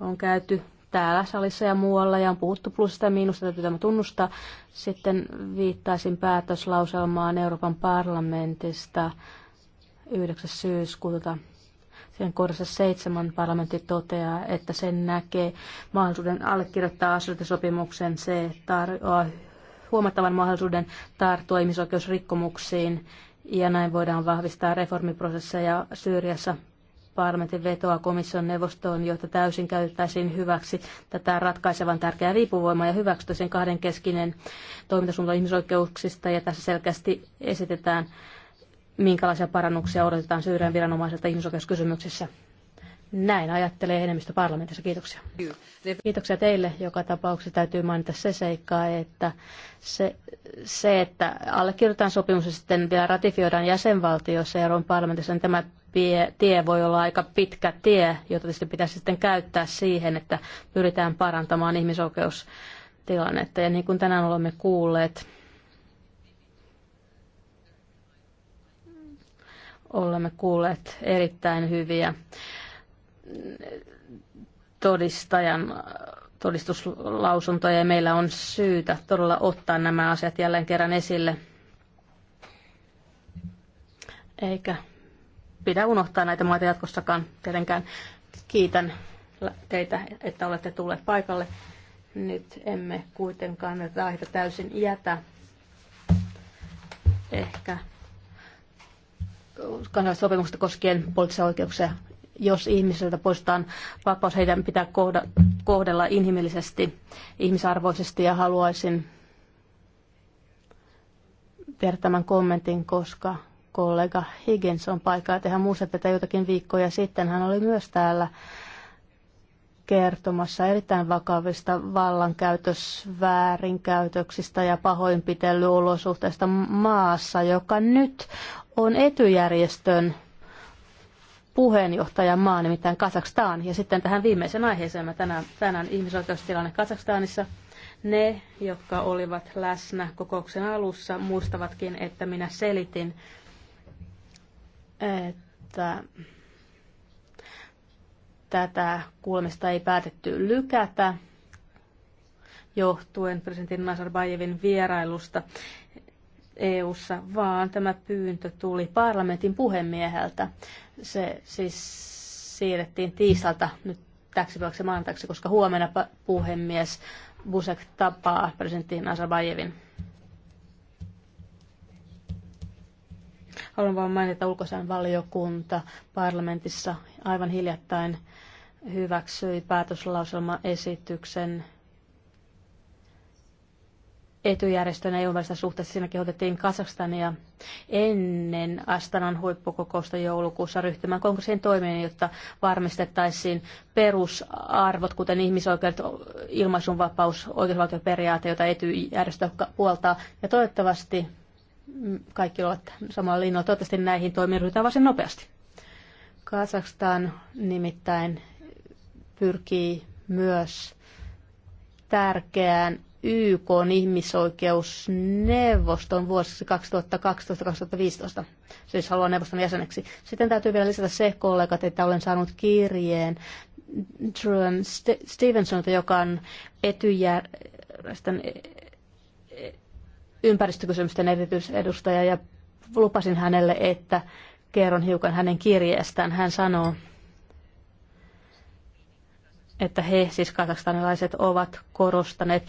on käyty täällä salissa ja muualla ja on puhuttu plussista ja miinusta, täytyy tämä tunnustaa. Sitten viittaisin päätöslauselmaan Euroopan parlamentista 9. syyskuuta. Sen kohdassa seitsemän parlamentti toteaa, että sen näkee mahdollisuuden allekirjoittaa asiointisopimuksen. Se tarjoaa huomattavan mahdollisuuden tarttua ihmisoikeusrikkomuksiin ja näin voidaan vahvistaa reformiprosesseja Syyriassa Parlamentin vetoa komission neuvostoon, jotta täysin käytettäisiin hyväksi tätä ratkaisevan tärkeää riippuvoimaa ja sen kahdenkeskinen toimintasuunta ihmisoikeuksista. Ja tässä selkeästi esitetään, minkälaisia parannuksia odotetaan Syyrian viranomaiselta ihmisoikeuskysymyksissä. Näin ajattelee enemmistö parlamentissa. Kiitoksia. Kiitoksia teille. Joka tapauksessa täytyy mainita se seikka, että se, se että allekirjoitetaan sopimus ja sitten vielä ratifioidaan jäsenvaltiossa ja Euroopan parlamentissa, niin tämä tie, tie voi olla aika pitkä tie, jota tietysti pitäisi sitten käyttää siihen, että pyritään parantamaan ihmisoikeustilannetta. Ja niin kuin tänään olemme kuulleet, olemme kuulleet erittäin hyviä todistajan todistuslausuntoja ja meillä on syytä todella ottaa nämä asiat jälleen kerran esille. Eikä pidä unohtaa näitä maita jatkossakaan tietenkään. Kiitän teitä, että olette tulleet paikalle. Nyt emme kuitenkaan näitä aiheita täysin jätä. Ehkä kansainvälistä sopimusta koskien poliittisia oikeuksia. Jos ihmiseltä poistetaan vapaus, heidän pitää kohdella inhimillisesti, ihmisarvoisesti ja haluaisin tehdä tämän kommentin, koska kollega Higgins on paikalla. Tehän muistatte, että jotakin viikkoja sitten hän oli myös täällä kertomassa erittäin vakavista vallankäytösväärinkäytöksistä ja pahoinpitelyolosuhteista maassa, joka nyt on etujärjestön puheenjohtajamaa, nimittäin Kazakstan. Ja sitten tähän viimeiseen aiheeseen mä tänään, tänään ihmisoikeustilanne Kazakstanissa. Ne, jotka olivat läsnä kokouksen alussa, muistavatkin, että minä selitin että tätä kuulemista ei päätetty lykätä johtuen presidentin Nazarbayevin vierailusta EU:ssa, vaan tämä pyyntö tuli parlamentin puhemieheltä. Se siis siirrettiin tiistalta nyt täksi päiväksi maanantaiksi, koska huomenna puhemies Busek tapaa presidentti Nazarbayevin. Haluan vain mainita ulkoisen valiokunta parlamentissa aivan hiljattain hyväksyi päätöslauselmaesityksen etujärjestön eu välistä suhteessa. Siinä kehotettiin Kasakstania ennen Astanan huippukokousta joulukuussa ryhtymään konkreettisiin toimiin, jotta varmistettaisiin perusarvot, kuten ihmisoikeudet, ilmaisunvapaus, oikeusvaltioperiaate, jota etujärjestö puoltaa. Ja toivottavasti kaikki ovat samalla linjalla. Toivottavasti näihin toimiin ryhdytään varsin nopeasti. Kazakstan nimittäin pyrkii myös tärkeään YK ihmisoikeusneuvoston vuosiksi 2012-2015. Siis haluan neuvoston jäseneksi. Sitten täytyy vielä lisätä se, kollegat, että olen saanut kirjeen Drew Stevensonilta, joka on etyjärjestön ympäristökysymysten erityisedustaja ja lupasin hänelle, että kerron hiukan hänen kirjeestään. Hän sanoo, että he, siis kazakstanilaiset, ovat korostaneet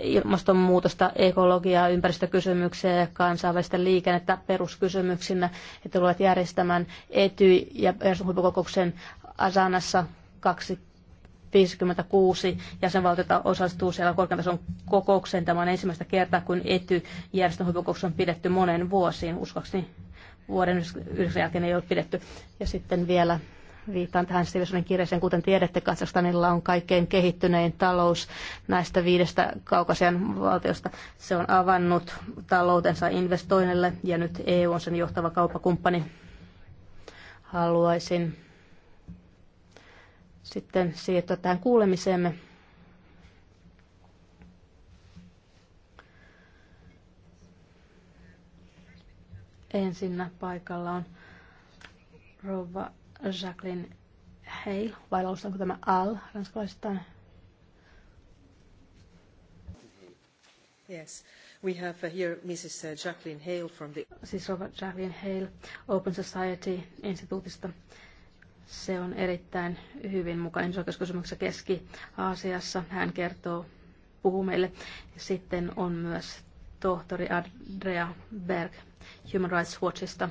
ilmastonmuutosta, ekologiaa, ympäristökysymyksiä ja kansainvälistä liikennettä peruskysymyksinä. He tulevat järjestämään Ety- ja huippukokouksen Asanassa 20 56 jäsenvaltiota osallistuu siellä korkean tason kokoukseen. Tämä on ensimmäistä kertaa, kun ety järjestön huippukokous on pidetty monen vuosiin. Uskoakseni vuoden yhdeksän jälkeen ei ole pidetty. Ja sitten vielä viittaan tähän Stevensonin kirjeeseen. Kuten tiedätte, Kazakstanilla on kaikkein kehittynein talous näistä viidestä kaukasian valtiosta. Se on avannut taloutensa investoinnille ja nyt EU on sen johtava kauppakumppani. Haluaisin sitten siirtyä tähän kuulemiseemme. Ensinnä paikalla on rouva Jacqueline Hale vai lausutaanko tämä Al ranskalaisittain? Yes. We have here Mrs. Uh, Jacqueline Hale from the... Siis Robert Jacqueline Hale Open Society-instituutista. Se on erittäin hyvin mukaan ihmisoikeuskysymyksessä Keski-Aasiassa. Hän kertoo, puhuu meille. Sitten on myös tohtori Andrea Berg Human Rights Watchista.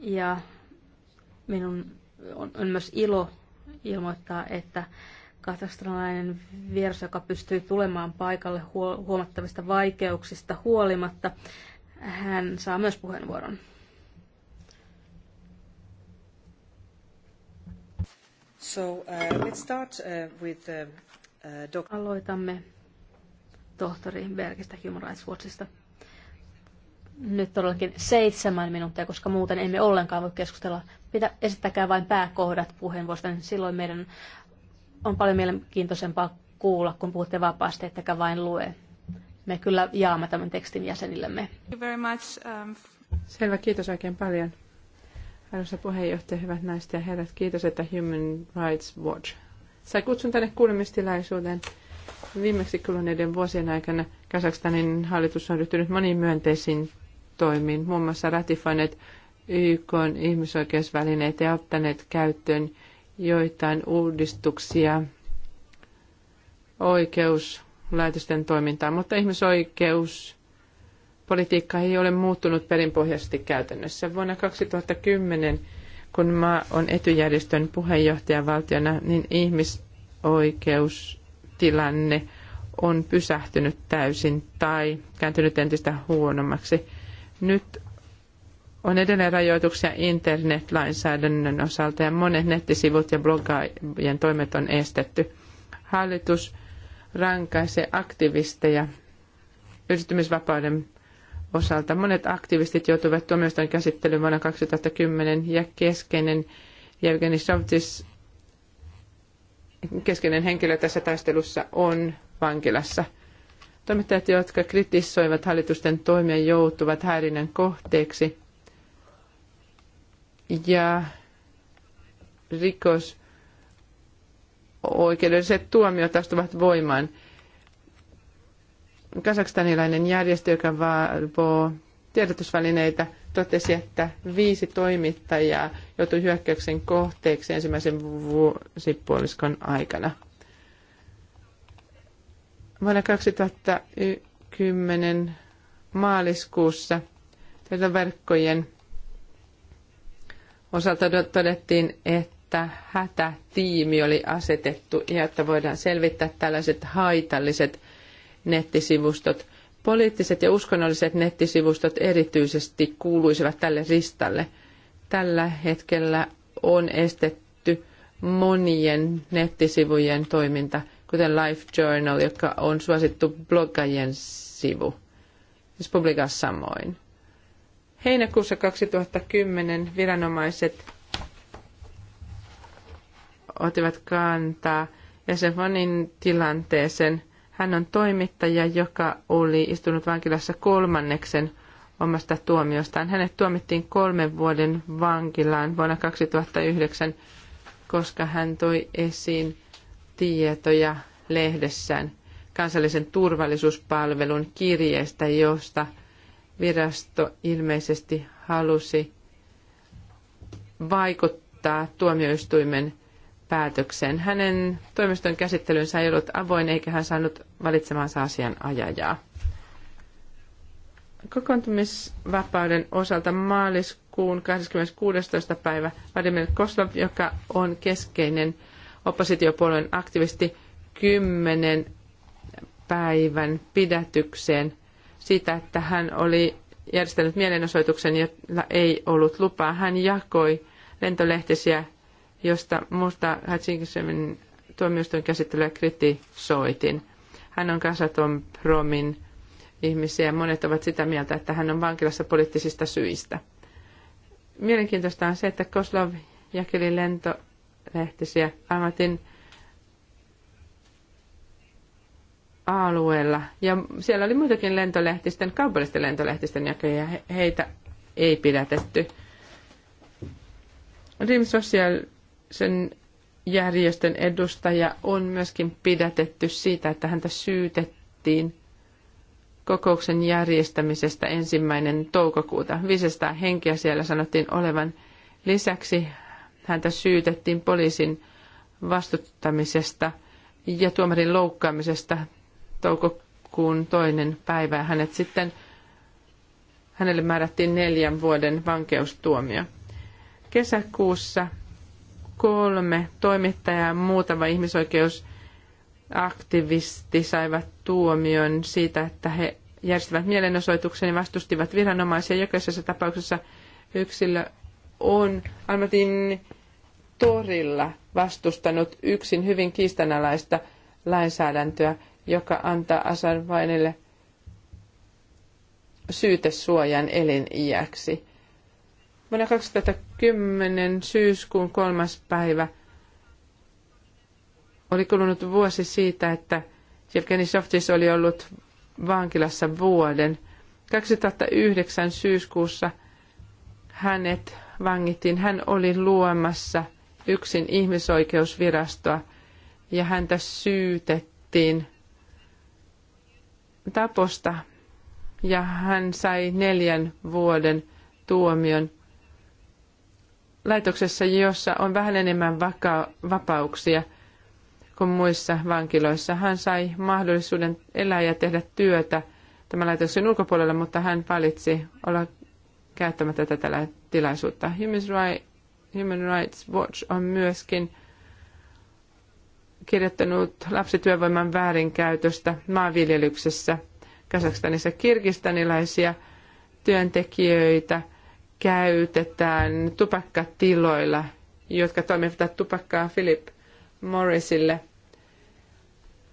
Ja minun on, on myös ilo ilmoittaa, että katastrofalainen vieras, joka pystyi tulemaan paikalle huomattavista vaikeuksista huolimatta, hän saa myös puheenvuoron. Uh, uh, um, uh, Aloitamme tohtori Bergistä Human Rights Watchista. Nyt todellakin seitsemän minuuttia, koska muuten emme ollenkaan voi keskustella. Pitä, esittäkää vain pääkohdat puheenvuorosta, niin silloin meidän on paljon mielenkiintoisempaa kuulla, kun puhutte vapaasti, ettekä vain lue. Me kyllä jaamme tämän tekstin jäsenillemme. Thank you very much, um, Selvä, kiitos oikein paljon. Arvoisa puheenjohtaja, hyvät naiset ja herrat, kiitos, että Human Rights Watch sai kutsun tänne kuulemistilaisuuteen. Viimeksi kuluneiden vuosien aikana Kasakstanin hallitus on ryhtynyt moniin myönteisiin toimiin, muun muassa ratifioineet YK ihmisoikeusvälineitä ja ottaneet käyttöön joitain uudistuksia oikeuslaitosten toimintaan, mutta ihmisoikeus politiikka ei ole muuttunut perinpohjaisesti käytännössä. Vuonna 2010, kun maa on etujärjestön puheenjohtajavaltiona, niin ihmisoikeustilanne on pysähtynyt täysin tai kääntynyt entistä huonommaksi. Nyt on edelleen rajoituksia internetlainsäädännön osalta ja monet nettisivut ja bloggaajien toimet on estetty. Hallitus rankaisee aktivisteja yhdistymisvapauden osalta. Monet aktivistit joutuivat tuomioistuin käsittelyyn vuonna 2010 ja keskeinen Jevgeni Sovtis, keskeinen henkilö tässä taistelussa, on vankilassa. Toimittajat, jotka kritisoivat hallitusten toimia, joutuvat häirinnän kohteeksi ja rikos oikeudelliset tuomiot astuvat voimaan – kasakstanilainen järjestö, joka valvoo tiedotusvälineitä, totesi, että viisi toimittajaa joutui hyökkäyksen kohteeksi ensimmäisen vuosipuoliskon aikana. Vuonna 2010 maaliskuussa tietoverkkojen osalta todettiin, että hätätiimi oli asetettu ja että voidaan selvittää tällaiset haitalliset nettisivustot. Poliittiset ja uskonnolliset nettisivustot erityisesti kuuluisivat tälle ristalle. Tällä hetkellä on estetty monien nettisivujen toiminta, kuten Life Journal, joka on suosittu bloggajien sivu, siis Publikas samoin. Heinäkuussa 2010 viranomaiset ottivat kantaa Esefonin tilanteeseen hän on toimittaja, joka oli istunut vankilassa kolmanneksen omasta tuomiostaan. Hänet tuomittiin kolmen vuoden vankilaan vuonna 2009, koska hän toi esiin tietoja lehdessään kansallisen turvallisuuspalvelun kirjeestä, josta virasto ilmeisesti halusi vaikuttaa tuomioistuimen päätöksen. Hänen toimiston käsittelynsä ei ollut avoin eikä hän saanut valitsemansa asian ajajaa. Kokoontumisvapauden osalta maaliskuun 26. päivä Vladimir Koslov, joka on keskeinen oppositiopuolueen aktivisti, kymmenen päivän pidätykseen siitä, että hän oli järjestänyt mielenosoituksen, jolla ei ollut lupaa. Hän jakoi lentolehtisiä josta muusta Hatsinkisemin tuomioistuin käsittelyä kritisoitin. Hän on kasaton promin ihmisiä ja monet ovat sitä mieltä, että hän on vankilassa poliittisista syistä. Mielenkiintoista on se, että Koslov jakeli lentolehtisiä Almatin alueella. Ja siellä oli muitakin lentolehtisten, kaupallisten lentolehtisten jakajia. Heitä ei pidätetty. Rim Social sen järjestön edustaja on myöskin pidätetty siitä, että häntä syytettiin kokouksen järjestämisestä ensimmäinen toukokuuta. 500 henkeä siellä sanottiin olevan. Lisäksi häntä syytettiin poliisin vastuttamisesta ja tuomarin loukkaamisesta toukokuun toinen päivä. Hänet sitten, hänelle määrättiin neljän vuoden vankeustuomio. Kesäkuussa kolme toimittajaa ja muutama ihmisoikeusaktivisti saivat tuomion siitä, että he järjestivät mielenosoituksen ja vastustivat viranomaisia. Jokaisessa tapauksessa yksilö on Almatin torilla vastustanut yksin hyvin kiistanalaista lainsäädäntöä, joka antaa Asanvainille syytesuojan eliniäksi. Vuonna 2010 syyskuun kolmas päivä oli kulunut vuosi siitä, että Jevgeni Softis oli ollut vankilassa vuoden. 2009 syyskuussa hänet vangittiin. Hän oli luomassa yksin ihmisoikeusvirastoa ja häntä syytettiin taposta ja hän sai neljän vuoden tuomion laitoksessa, jossa on vähän enemmän vaka- vapauksia kuin muissa vankiloissa. Hän sai mahdollisuuden elää ja tehdä työtä tämän laitoksen ulkopuolella, mutta hän valitsi olla käyttämättä tätä tilaisuutta. Human Rights Watch on myöskin kirjoittanut lapsityövoiman väärinkäytöstä maanviljelyksessä. Kasakstanissa kirgistanilaisia työntekijöitä – käytetään tupakkatiloilla, jotka toimivat tupakkaa Philip Morrisille.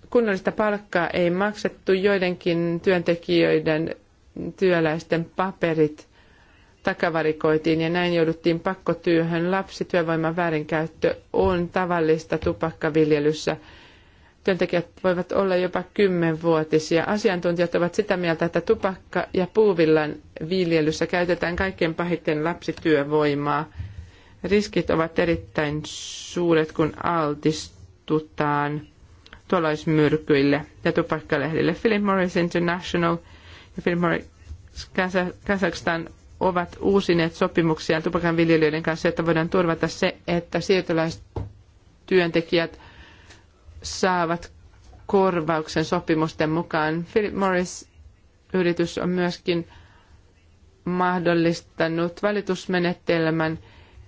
Kunnollista palkkaa ei maksettu joidenkin työntekijöiden työläisten paperit takavarikoitiin ja näin jouduttiin pakkotyöhön. Lapsityövoiman väärinkäyttö on tavallista tupakkaviljelyssä työntekijät voivat olla jopa kymmenvuotisia. Asiantuntijat ovat sitä mieltä, että tupakka- ja puuvillan viljelyssä käytetään kaikkein pahiten lapsityövoimaa. Riskit ovat erittäin suuret, kun altistutaan tuolaismyrkyille ja tupakkalehdille. Philip Morris International ja Philip Morris Kazakstan ovat uusineet sopimuksia tupakan viljelijöiden kanssa, että voidaan turvata se, että siirtolaistyöntekijät – saavat korvauksen sopimusten mukaan. Philip Morris-yritys on myöskin mahdollistanut valitusmenetelmän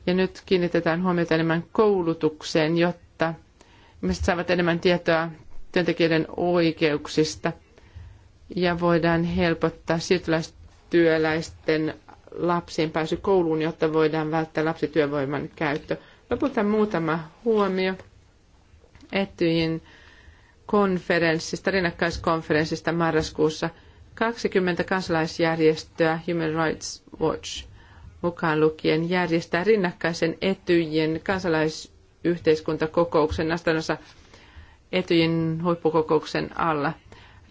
ja nyt kiinnitetään huomiota enemmän koulutukseen, jotta ihmiset saavat enemmän tietoa työntekijöiden oikeuksista ja voidaan helpottaa siirtolaistyöläisten lapsien pääsy kouluun, jotta voidaan välttää lapsityövoiman käyttö. Lopulta muutama huomio. Etyjin konferenssista, rinnakkaiskonferenssista marraskuussa 20 kansalaisjärjestöä Human Rights Watch mukaan lukien järjestää rinnakkaisen Etyjin kansalaisyhteiskuntakokouksen Astanassa Etyjin huippukokouksen alla.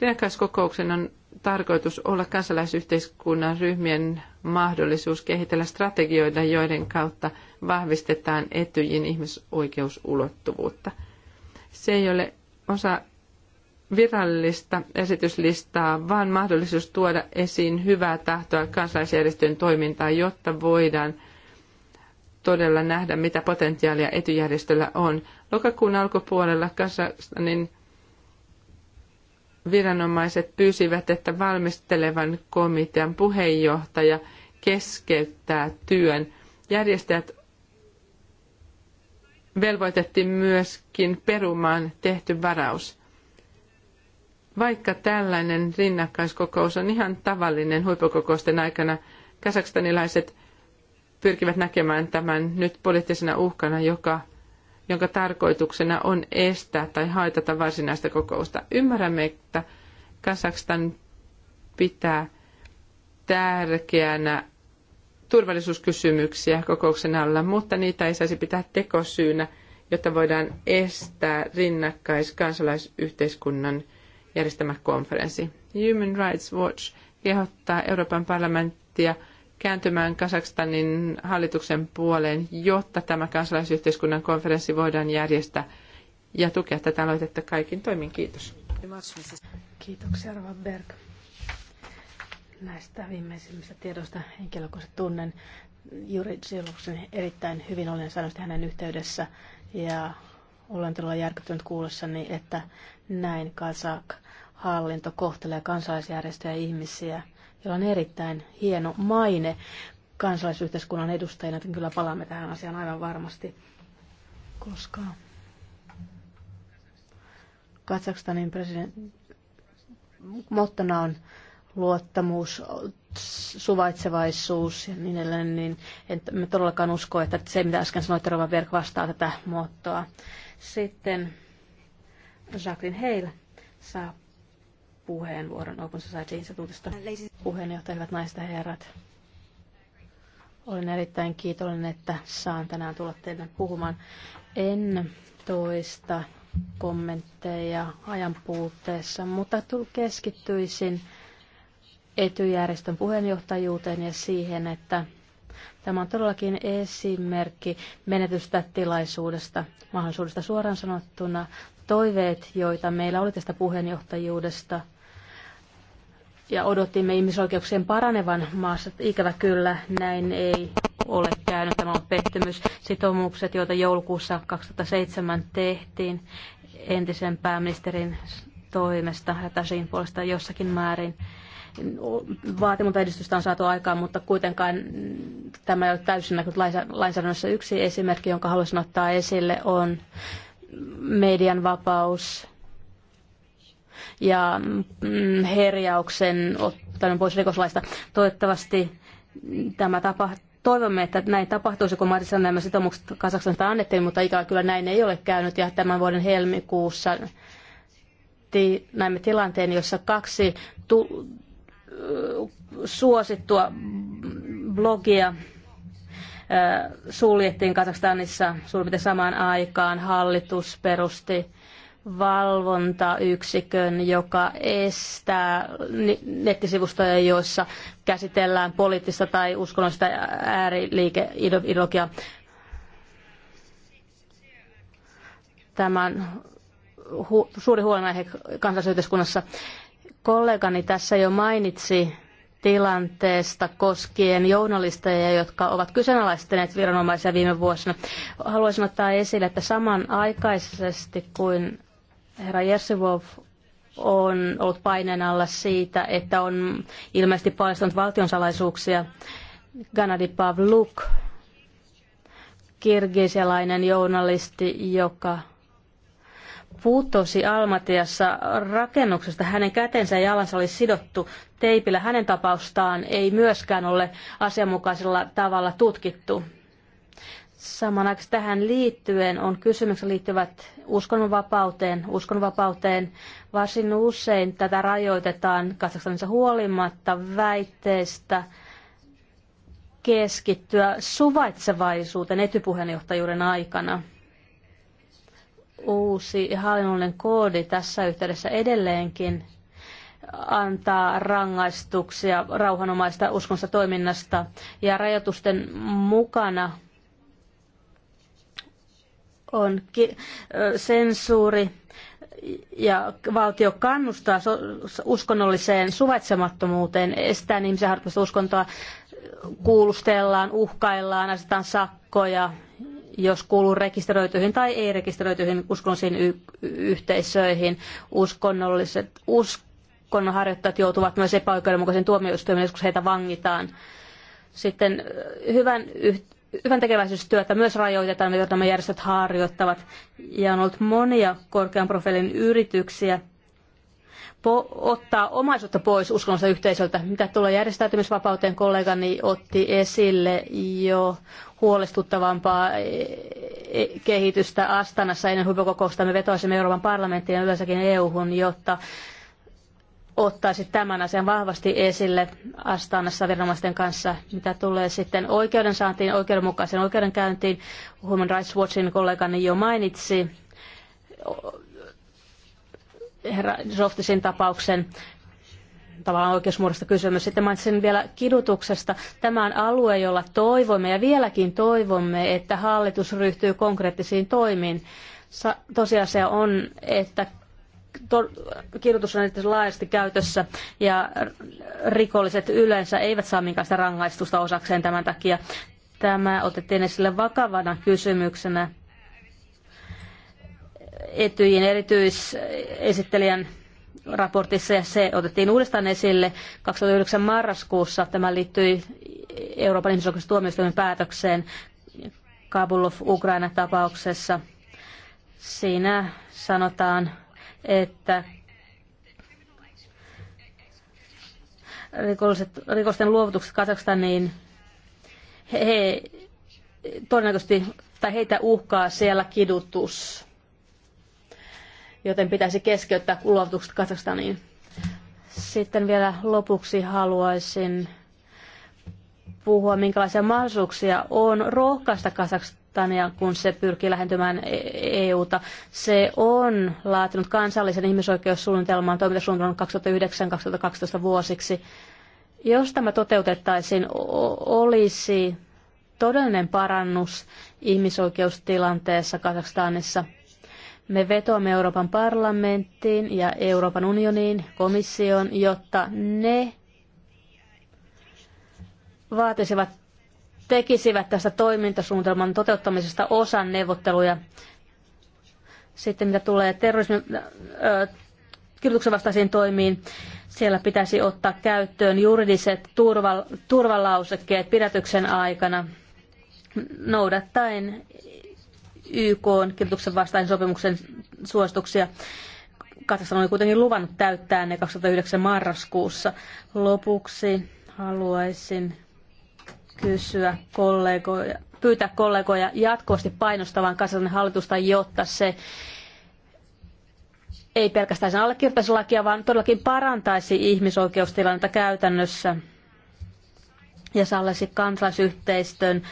Rinnakkaiskokouksen on tarkoitus olla kansalaisyhteiskunnan ryhmien mahdollisuus kehitellä strategioita, joiden kautta vahvistetaan Etyjin ihmisoikeusulottuvuutta – se ei ole osa virallista esityslistaa, vaan mahdollisuus tuoda esiin hyvää tahtoa kansalaisjärjestöjen toimintaan, jotta voidaan todella nähdä, mitä potentiaalia etujärjestöllä on. Lokakuun alkupuolella Kasastanin viranomaiset pyysivät, että valmistelevan komitean puheenjohtaja keskeyttää työn. Järjestäjät velvoitettiin myöskin perumaan tehty varaus. Vaikka tällainen rinnakkaiskokous on ihan tavallinen huippukokousten aikana, kasakstanilaiset pyrkivät näkemään tämän nyt poliittisena uhkana, joka, jonka tarkoituksena on estää tai haitata varsinaista kokousta. Ymmärrämme, että Kasakstan pitää tärkeänä turvallisuuskysymyksiä kokouksen alla, mutta niitä ei saisi pitää tekosyynä, jotta voidaan estää rinnakkaiskansalaisyhteiskunnan järjestämä konferenssi. Human Rights Watch kehottaa Euroopan parlamenttia kääntymään Kazakstanin hallituksen puoleen, jotta tämä kansalaisyhteiskunnan konferenssi voidaan järjestää ja tukea tätä aloitetta kaikin toimin. Kiitos. Kiitoksia, Rova Berg näistä viimeisimmistä tiedoista henkilökohtaisen tunnen Juri Zilluksen erittäin hyvin olen saanut hänen yhteydessä ja olen todella järkyttynyt kuullessani, että näin Kazak hallinto kohtelee kansalaisjärjestöjä ja ihmisiä, joilla on erittäin hieno maine kansalaisyhteiskunnan edustajina, että kyllä palaamme tähän asiaan aivan varmasti, koska Kazakstanin president mottona on luottamus, suvaitsevaisuus ja niin edelleen, niin en mä todellakaan usko, että se mitä äsken sanoit, Rova Berg vastaa tätä muottoa. Sitten Jacqueline Heil saa puheenvuoron Open Society-instituutista. Puheenjohtaja, hyvät naiset ja herrat. Olen erittäin kiitollinen, että saan tänään tulla teille puhumaan. En toista kommentteja ajan puutteessa, mutta keskittyisin etujärjestön puheenjohtajuuteen ja siihen, että tämä on todellakin esimerkki menetystä tilaisuudesta, mahdollisuudesta suoraan sanottuna. Toiveet, joita meillä oli tästä puheenjohtajuudesta, ja odotimme ihmisoikeuksien paranevan maassa. Ikävä kyllä, näin ei ole käynyt. Tämä on pettymys. Sitoumukset, joita joulukuussa 2007 tehtiin entisen pääministerin toimesta ja puolesta jossakin määrin Vaatimuta edistystä on saatu aikaan, mutta kuitenkaan tämä ei ole täysin näkynyt lainsäädännössä. Yksi esimerkki, jonka haluaisin ottaa esille, on median vapaus ja mm, herjauksen ottaminen pois rikoslaista. Toivottavasti tämä tapahtuu toivomme, että näin tapahtuisi, kun Marissa nämä sitoumukset Kasaksanista annettiin, mutta ikävä kyllä näin ei ole käynyt. Ja tämän vuoden helmikuussa ti- näimme tilanteen, jossa kaksi tu- suosittua blogia suljettiin Kazakstanissa suurin samaan aikaan. Hallitus perusti valvontayksikön, joka estää nettisivustoja, joissa käsitellään poliittista tai uskonnollista ääriliikeideologiaa. Tämän hu- suuri huolenaihe kansalaisyhteiskunnassa. Kollegani tässä jo mainitsi tilanteesta koskien journalisteja, jotka ovat kyseenalaistaneet viranomaisia viime vuosina. Haluaisin ottaa esille, että samanaikaisesti kuin herra Jersivov on ollut paineen alla siitä, että on ilmeisesti paljastanut valtionsalaisuuksia, Gennady Pavluk, kirgisialainen journalisti, joka putosi Almatiassa rakennuksesta. Hänen kätensä ja jalansa oli sidottu teipillä. Hänen tapaustaan ei myöskään ole asianmukaisella tavalla tutkittu. Samanaikaisesti tähän liittyen on kysymykset liittyvät uskonnonvapauteen. Uskonnonvapauteen varsin usein tätä rajoitetaan Kazakstanissa huolimatta väitteistä keskittyä suvaitsevaisuuteen etypuheenjohtajuuden aikana – uusi hallinnollinen koodi tässä yhteydessä edelleenkin antaa rangaistuksia rauhanomaista uskonsa toiminnasta ja rajoitusten mukana on sensuuri ja valtio kannustaa uskonnolliseen suvaitsemattomuuteen, estää ihmisen harrastamasta uskontoa, kuulustellaan, uhkaillaan, asetetaan sakkoja, jos kuuluu rekisteröityihin tai ei-rekisteröityihin uskonnollisiin y- yhteisöihin. Uskonnolliset uskonnonharjoittajat joutuvat myös epäoikeudenmukaisen tuomioistuimen, joskus heitä vangitaan. Sitten hyvän yhte- hyvän tekeväisyystyötä myös rajoitetaan, mitä nämä järjestöt harjoittavat. Ja on ollut monia korkean profiilin yrityksiä, ottaa omaisuutta pois uskonnolliselta yhteisöltä. Mitä tulee järjestäytymisvapauteen, kollegani otti esille jo huolestuttavampaa e, e, kehitystä Astanassa ennen huippukokousta. Me vetoisimme Euroopan parlamenttiin ja yleensäkin EU-hun, jotta ottaisi tämän asian vahvasti esille Astanassa viranomaisten kanssa, mitä tulee sitten oikeudensaantiin, oikeudenmukaiseen oikeudenkäyntiin. Human Rights Watchin kollegani jo mainitsi herra Zoftisin tapauksen tavallaan oikeusmuodosta kysymys. Sitten mainitsin vielä kidutuksesta. Tämä on alue, jolla toivomme ja vieläkin toivomme, että hallitus ryhtyy konkreettisiin toimiin. Sa- tosiasia on, että to- kidutus on laajasti käytössä ja rikolliset yleensä eivät saa minkäänlaista rangaistusta osakseen tämän takia. Tämä otettiin esille vakavana kysymyksenä Etyjin erityisesittelijän raportissa ja se otettiin uudestaan esille 2009 marraskuussa. Tämä liittyi Euroopan ihmisoikeustuomioistuimen päätökseen Kabulov Ukraina-tapauksessa. Siinä sanotaan, että rikolliset, rikosten luovutukset Kazakstaniin, he, he todennäköisesti, tai heitä uhkaa siellä kidutus joten pitäisi keskeyttää luovutukset Kazakstaniin. Sitten vielä lopuksi haluaisin puhua, minkälaisia mahdollisuuksia on rohkaista Kazakstania, kun se pyrkii lähentymään EUta. E se on laatinut kansallisen ihmisoikeussuunnitelman toimintasuunnitelman 2009-2012 vuosiksi. Jos tämä toteutettaisiin, olisi todellinen parannus ihmisoikeustilanteessa Kazakstanissa – me vetoamme Euroopan parlamenttiin ja Euroopan unioniin, komissioon, jotta ne vaatisivat, tekisivät tästä toimintasuunnitelman toteuttamisesta osan neuvotteluja. Sitten mitä tulee terrorismin kirjoituksen vastaisiin toimiin, siellä pitäisi ottaa käyttöön juridiset turva, turvalausekkeet pidätyksen aikana noudattaen YK on vastaisen sopimuksen suosituksia. Kazakstan oli kuitenkin luvannut täyttää ne 2009 marraskuussa. Lopuksi haluaisin kysyä kollegoja, pyytää kollegoja jatkuvasti painostamaan Kazakstanin hallitusta, jotta se ei pelkästään sen allekirjoittaisi lakia, vaan todellakin parantaisi ihmisoikeustilannetta käytännössä ja sallisi kansalaisyhteistyön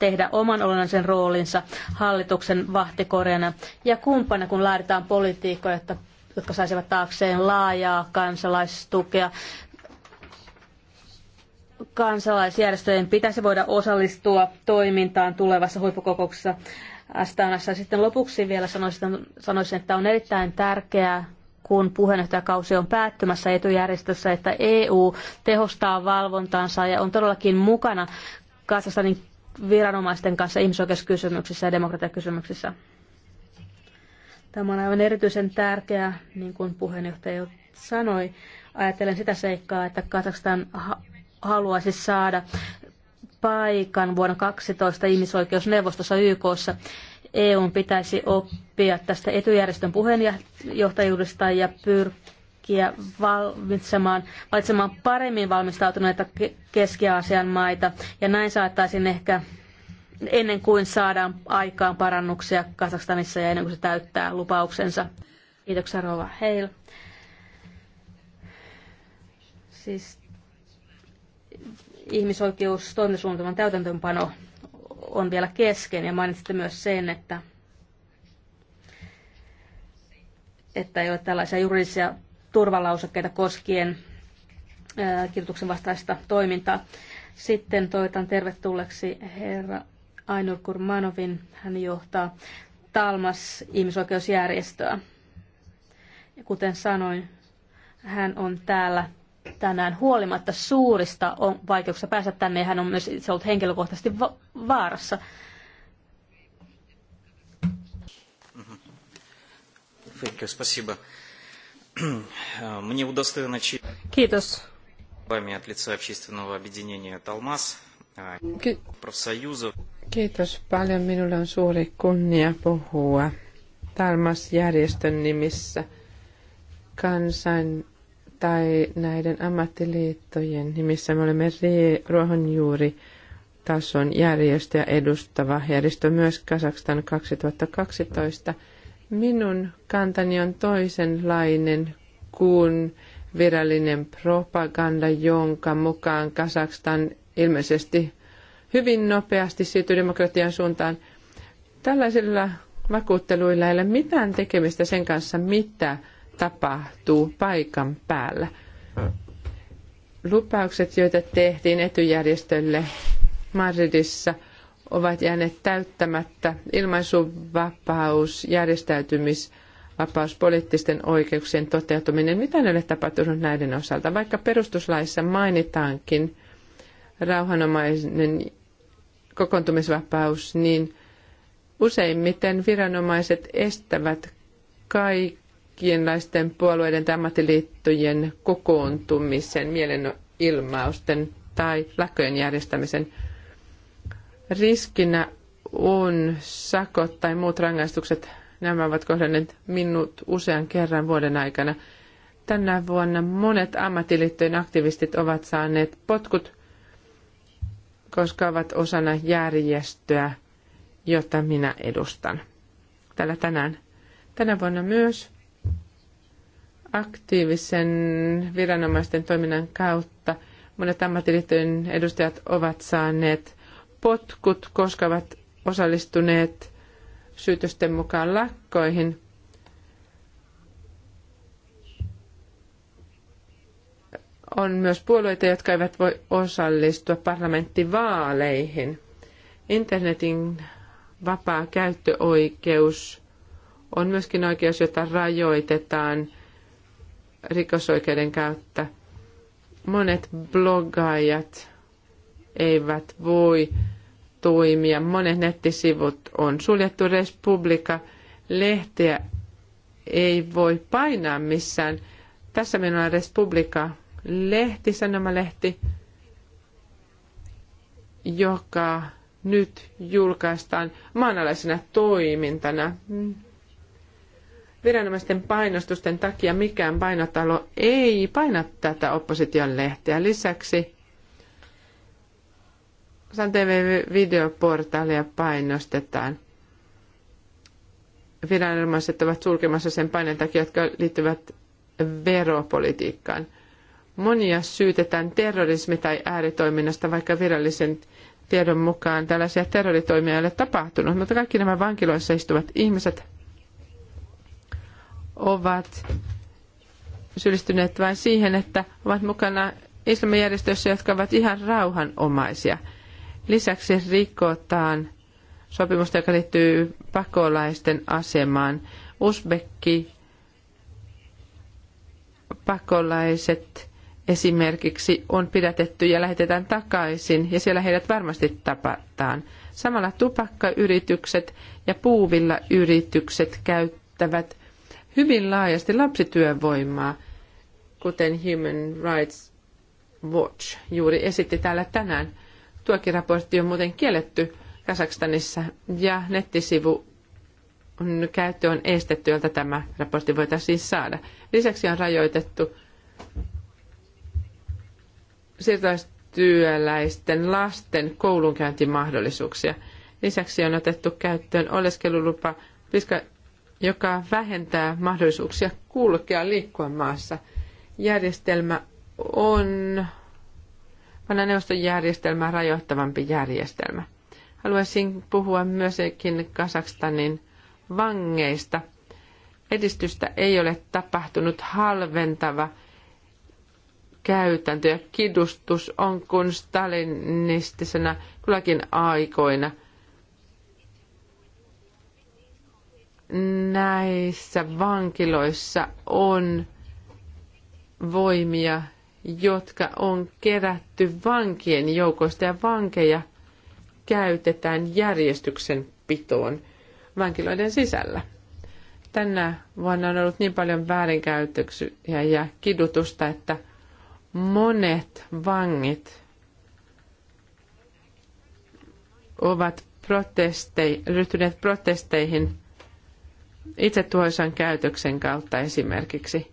tehdä oman olennaisen roolinsa hallituksen vahtikorjana ja kumppana, kun laaditaan politiikkoja, jotta, jotka saisivat taakseen laajaa kansalaistukea. Kansalaisjärjestöjen pitäisi voida osallistua toimintaan tulevassa huippukokouksessa Astanassa. Sitten lopuksi vielä sanoisin, sanoisin että on erittäin tärkeää kun puheenjohtajakausi on päättymässä etujärjestössä, että EU tehostaa valvontaansa ja on todellakin mukana Kazakstanin viranomaisten kanssa ihmisoikeuskysymyksissä ja demokratiakysymyksissä. Tämä on aivan erityisen tärkeää, niin kuin puheenjohtaja jo sanoi. Ajattelen sitä seikkaa, että Kazakstan haluaisi saada paikan vuonna 12 ihmisoikeusneuvostossa YKssa. EUn pitäisi oppia tästä etujärjestön puheenjohtajuudesta ja pyr- pyrkiä valitsemaan, valitsemaan paremmin valmistautuneita Keski-Aasian maita, ja näin saattaisiin ehkä ennen kuin saadaan aikaan parannuksia Kazakstanissa ja ennen kuin se täyttää lupauksensa. Kiitoksia Rova Heil. Siis ihmisoikeustoimintasuunnitelman täytäntöönpano on vielä kesken ja mainitsitte myös sen, että, että ei ole tällaisia juridisia turvalausekkeita koskien kirjoituksen vastaista toimintaa. Sitten toitan tervetulleeksi herra Ainur Kurmanovin. Hän johtaa Talmas ihmisoikeusjärjestöä. Ja kuten sanoin, hän on täällä tänään huolimatta suurista on vaikeuksista päästä tänne ja hän on myös itse ollut henkilökohtaisesti va- vaarassa. Спасибо. Э, мне удостоено Kiitos. Вами от лица общественного объединения «Талмас», э, профсоюзов. Kiitos paljon. Minulla on suuri kunnia puhua Talmas-järjestön nimissä kansain tai näiden ammattiliittojen nimissä. Me olemme ruohonjuuri tason järjestö ja edustava järjestö myös Kasakstan 2012 – Minun kantani on toisenlainen kuin virallinen propaganda, jonka mukaan Kasakstan ilmeisesti hyvin nopeasti siirtyy demokratian suuntaan. Tällaisilla vakuutteluilla ei ole mitään tekemistä sen kanssa, mitä tapahtuu paikan päällä. Lupaukset, joita tehtiin etujärjestölle Madridissa – ovat jääneet täyttämättä. Ilmaisuvapaus, järjestäytymis, vapaus, poliittisten oikeuksien toteutuminen, mitä ne ole tapahtunut näiden osalta? Vaikka perustuslaissa mainitaankin rauhanomainen kokoontumisvapaus, niin useimmiten viranomaiset estävät kaikkienlaisten puolueiden tai ammattiliittojen kokoontumisen, mielenilmausten tai lakkojen järjestämisen – riskinä on sakot tai muut rangaistukset. Nämä ovat kohdanneet minut usean kerran vuoden aikana. Tänä vuonna monet ammattiliittojen aktivistit ovat saaneet potkut, koska ovat osana järjestöä, jota minä edustan. Tällä tänään. Tänä vuonna myös aktiivisen viranomaisten toiminnan kautta monet ammattiliittojen edustajat ovat saaneet potkut ovat osallistuneet syytösten mukaan lakkoihin. On myös puolueita, jotka eivät voi osallistua parlamenttivaaleihin. Internetin vapaa käyttöoikeus on myöskin oikeus, jota rajoitetaan rikosoikeuden kautta. Monet blogaajat eivät voi toimia. Monet nettisivut on suljettu. Respublika lehteä ei voi painaa missään. Tässä minulla on Respublika lehti, sanomalehti, joka nyt julkaistaan maanalaisena toimintana. Viranomaisten painostusten takia mikään painotalo ei paina tätä opposition lehteä. Lisäksi San TV-videoportaalia painostetaan. Viranomaiset ovat sulkemassa sen paineen takia, jotka liittyvät veropolitiikkaan. Monia syytetään terrorismi- tai ääritoiminnasta, vaikka virallisen tiedon mukaan tällaisia terroritoimia ei ole tapahtunut, mutta kaikki nämä vankiloissa istuvat ihmiset ovat syyllistyneet vain siihen, että ovat mukana islamijärjestöissä, jotka ovat ihan rauhanomaisia – Lisäksi rikotaan sopimusta, joka liittyy pakolaisten asemaan. Usbekki pakolaiset esimerkiksi on pidätetty ja lähetetään takaisin, ja siellä heidät varmasti tapataan. Samalla tupakkayritykset ja puuvilla yritykset käyttävät hyvin laajasti lapsityövoimaa, kuten Human Rights Watch juuri esitti täällä tänään. Tuokin raportti on muuten kielletty Kasakstanissa ja nettisivu käyttö on estetty, jolta tämä raportti voitaisiin saada. Lisäksi on rajoitettu siirtolaistyöläisten lasten koulunkäyntimahdollisuuksia. Lisäksi on otettu käyttöön oleskelulupa, joka vähentää mahdollisuuksia kulkea liikkua maassa. Järjestelmä on vanhaneuvoston järjestelmä rajoittavampi järjestelmä. Haluaisin puhua myöskin Kasakstanin vangeista. Edistystä ei ole tapahtunut halventava käytäntö ja kidustus on kuin stalinistisena kylläkin aikoina – näissä vankiloissa on voimia, jotka on kerätty vankien joukosta ja vankeja käytetään järjestyksen pitoon vankiloiden sisällä. Tänä vuonna on ollut niin paljon väärinkäytöksiä ja kidutusta, että monet vangit ovat protestei, ryhtyneet protesteihin itsetuhoisan käytöksen kautta esimerkiksi.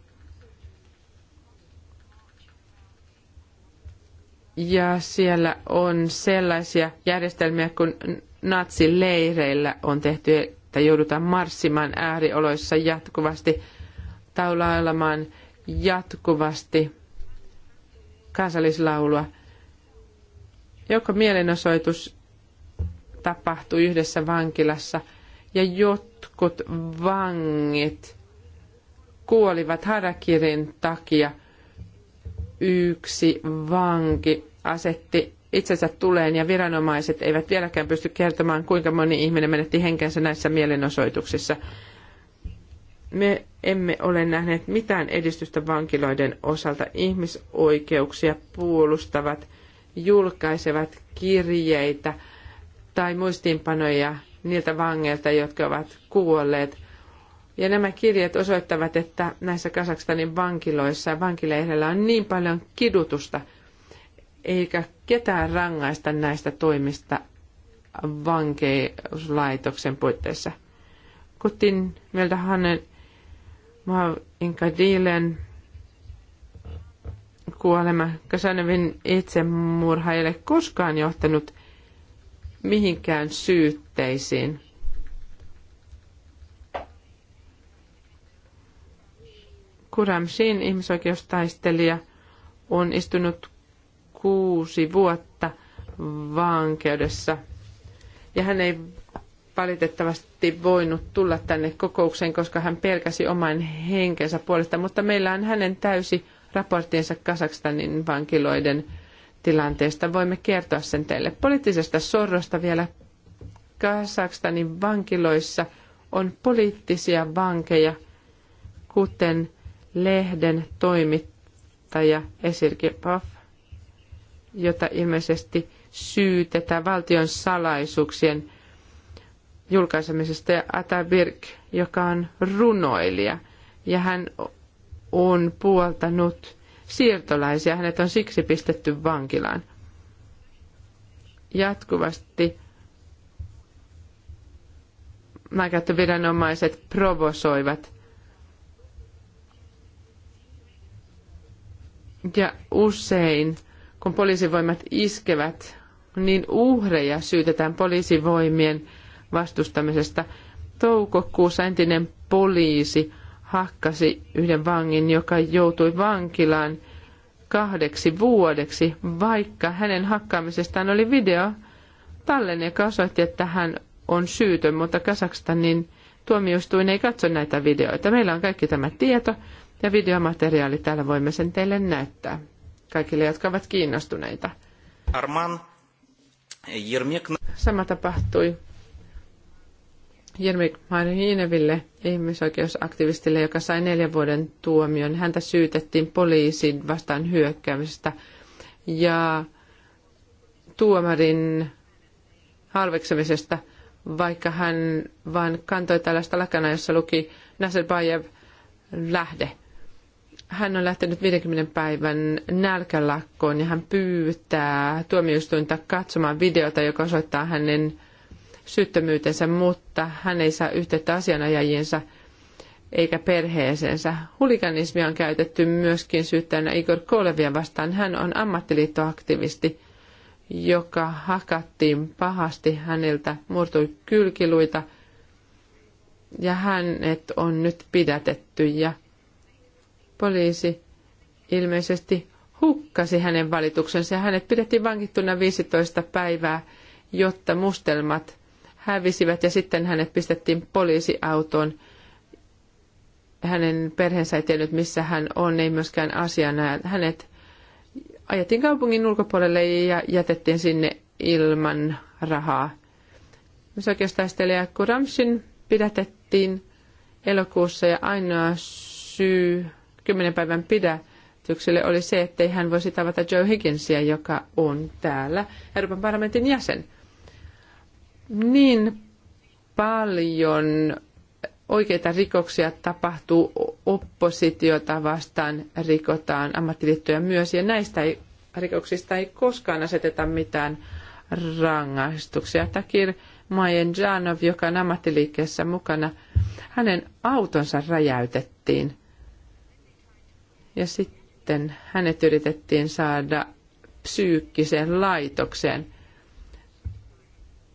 Ja siellä on sellaisia järjestelmiä kuin natsileireillä on tehty, että joudutaan marssimaan äärioloissa jatkuvasti, taulailemaan jatkuvasti kansallislaulua. Joka mielenosoitus tapahtui yhdessä vankilassa ja jotkut vangit kuolivat harakirin takia – yksi vanki asetti itsensä tuleen ja viranomaiset eivät vieläkään pysty kertomaan, kuinka moni ihminen menetti henkensä näissä mielenosoituksissa. Me emme ole nähneet mitään edistystä vankiloiden osalta. Ihmisoikeuksia puolustavat, julkaisevat kirjeitä tai muistiinpanoja niiltä vangeilta, jotka ovat kuolleet – ja nämä kirjeet osoittavat, että näissä Kazakstanin vankiloissa ja vankileireillä on niin paljon kidutusta, eikä ketään rangaista näistä toimista vankeuslaitoksen puitteissa. Kutin meiltä hänen Inkadilen kuolema Kasanovin itsemurha ei ole koskaan johtanut mihinkään syytteisiin – Kuramshin ihmisoikeustaistelija on istunut kuusi vuotta vankeudessa ja hän ei valitettavasti voinut tulla tänne kokoukseen, koska hän pelkäsi oman henkensä puolesta, mutta meillä on hänen täysi raporttinsa Kasakstanin vankiloiden tilanteesta. Voimme kertoa sen teille. Poliittisesta sorrosta vielä Kasakstanin vankiloissa on poliittisia vankeja, kuten lehden toimittaja esirke Gepaf, jota ilmeisesti syytetään valtion salaisuuksien julkaisemisesta ja Atabirk, joka on runoilija ja hän on puoltanut siirtolaisia. Hänet on siksi pistetty vankilaan. Jatkuvasti maankäyttöviranomaiset provosoivat Ja usein, kun poliisivoimat iskevät, niin uhreja syytetään poliisivoimien vastustamisesta. Toukokuussa entinen poliisi hakkasi yhden vangin, joka joutui vankilaan kahdeksi vuodeksi, vaikka hänen hakkaamisestaan oli video tallenne, joka osoitti, että hän on syytön, mutta Kasakstanin tuomioistuin ei katso näitä videoita. Meillä on kaikki tämä tieto ja videomateriaali. Täällä voimme sen teille näyttää kaikille, jotka ovat kiinnostuneita. Arman Jirmik... Sama tapahtui Jermik Marhineville, ihmisoikeusaktivistille, joka sai neljän vuoden tuomion. Häntä syytettiin poliisin vastaan hyökkäämisestä ja tuomarin halveksemisesta, vaikka hän vain kantoi tällaista lakana, jossa luki Nazarbayev lähde hän on lähtenyt 50 päivän nälkälakkoon ja hän pyytää tuomioistuinta katsomaan videota, joka osoittaa hänen syyttömyytensä, mutta hän ei saa yhteyttä asianajajiensa eikä perheeseensä. Huliganismia on käytetty myöskin syyttäjänä Igor Kolevia vastaan. Hän on ammattiliittoaktivisti, joka hakattiin pahasti. Häneltä murtui kylkiluita ja hänet on nyt pidätetty ja poliisi ilmeisesti hukkasi hänen valituksensa ja hänet pidettiin vankittuna 15 päivää, jotta mustelmat hävisivät ja sitten hänet pistettiin poliisiautoon. Hänen perheensä ei tiennyt, missä hän on, ei myöskään asiana. Hänet ajettiin kaupungin ulkopuolelle ja jätettiin sinne ilman rahaa. Myös oikeustaistelija Kuramsin pidätettiin elokuussa ja ainoa syy kymmenen päivän pidätykselle oli se, ettei hän voisi tavata Joe Higginsia, joka on täällä Euroopan parlamentin jäsen. Niin paljon oikeita rikoksia tapahtuu, oppositiota vastaan rikotaan, ammattiliittoja myös, ja näistä ei, rikoksista ei koskaan aseteta mitään rangaistuksia. Takir Janov, joka on ammattiliikkeessä mukana, hänen autonsa räjäytettiin ja sitten hänet yritettiin saada psyykkiseen laitokseen.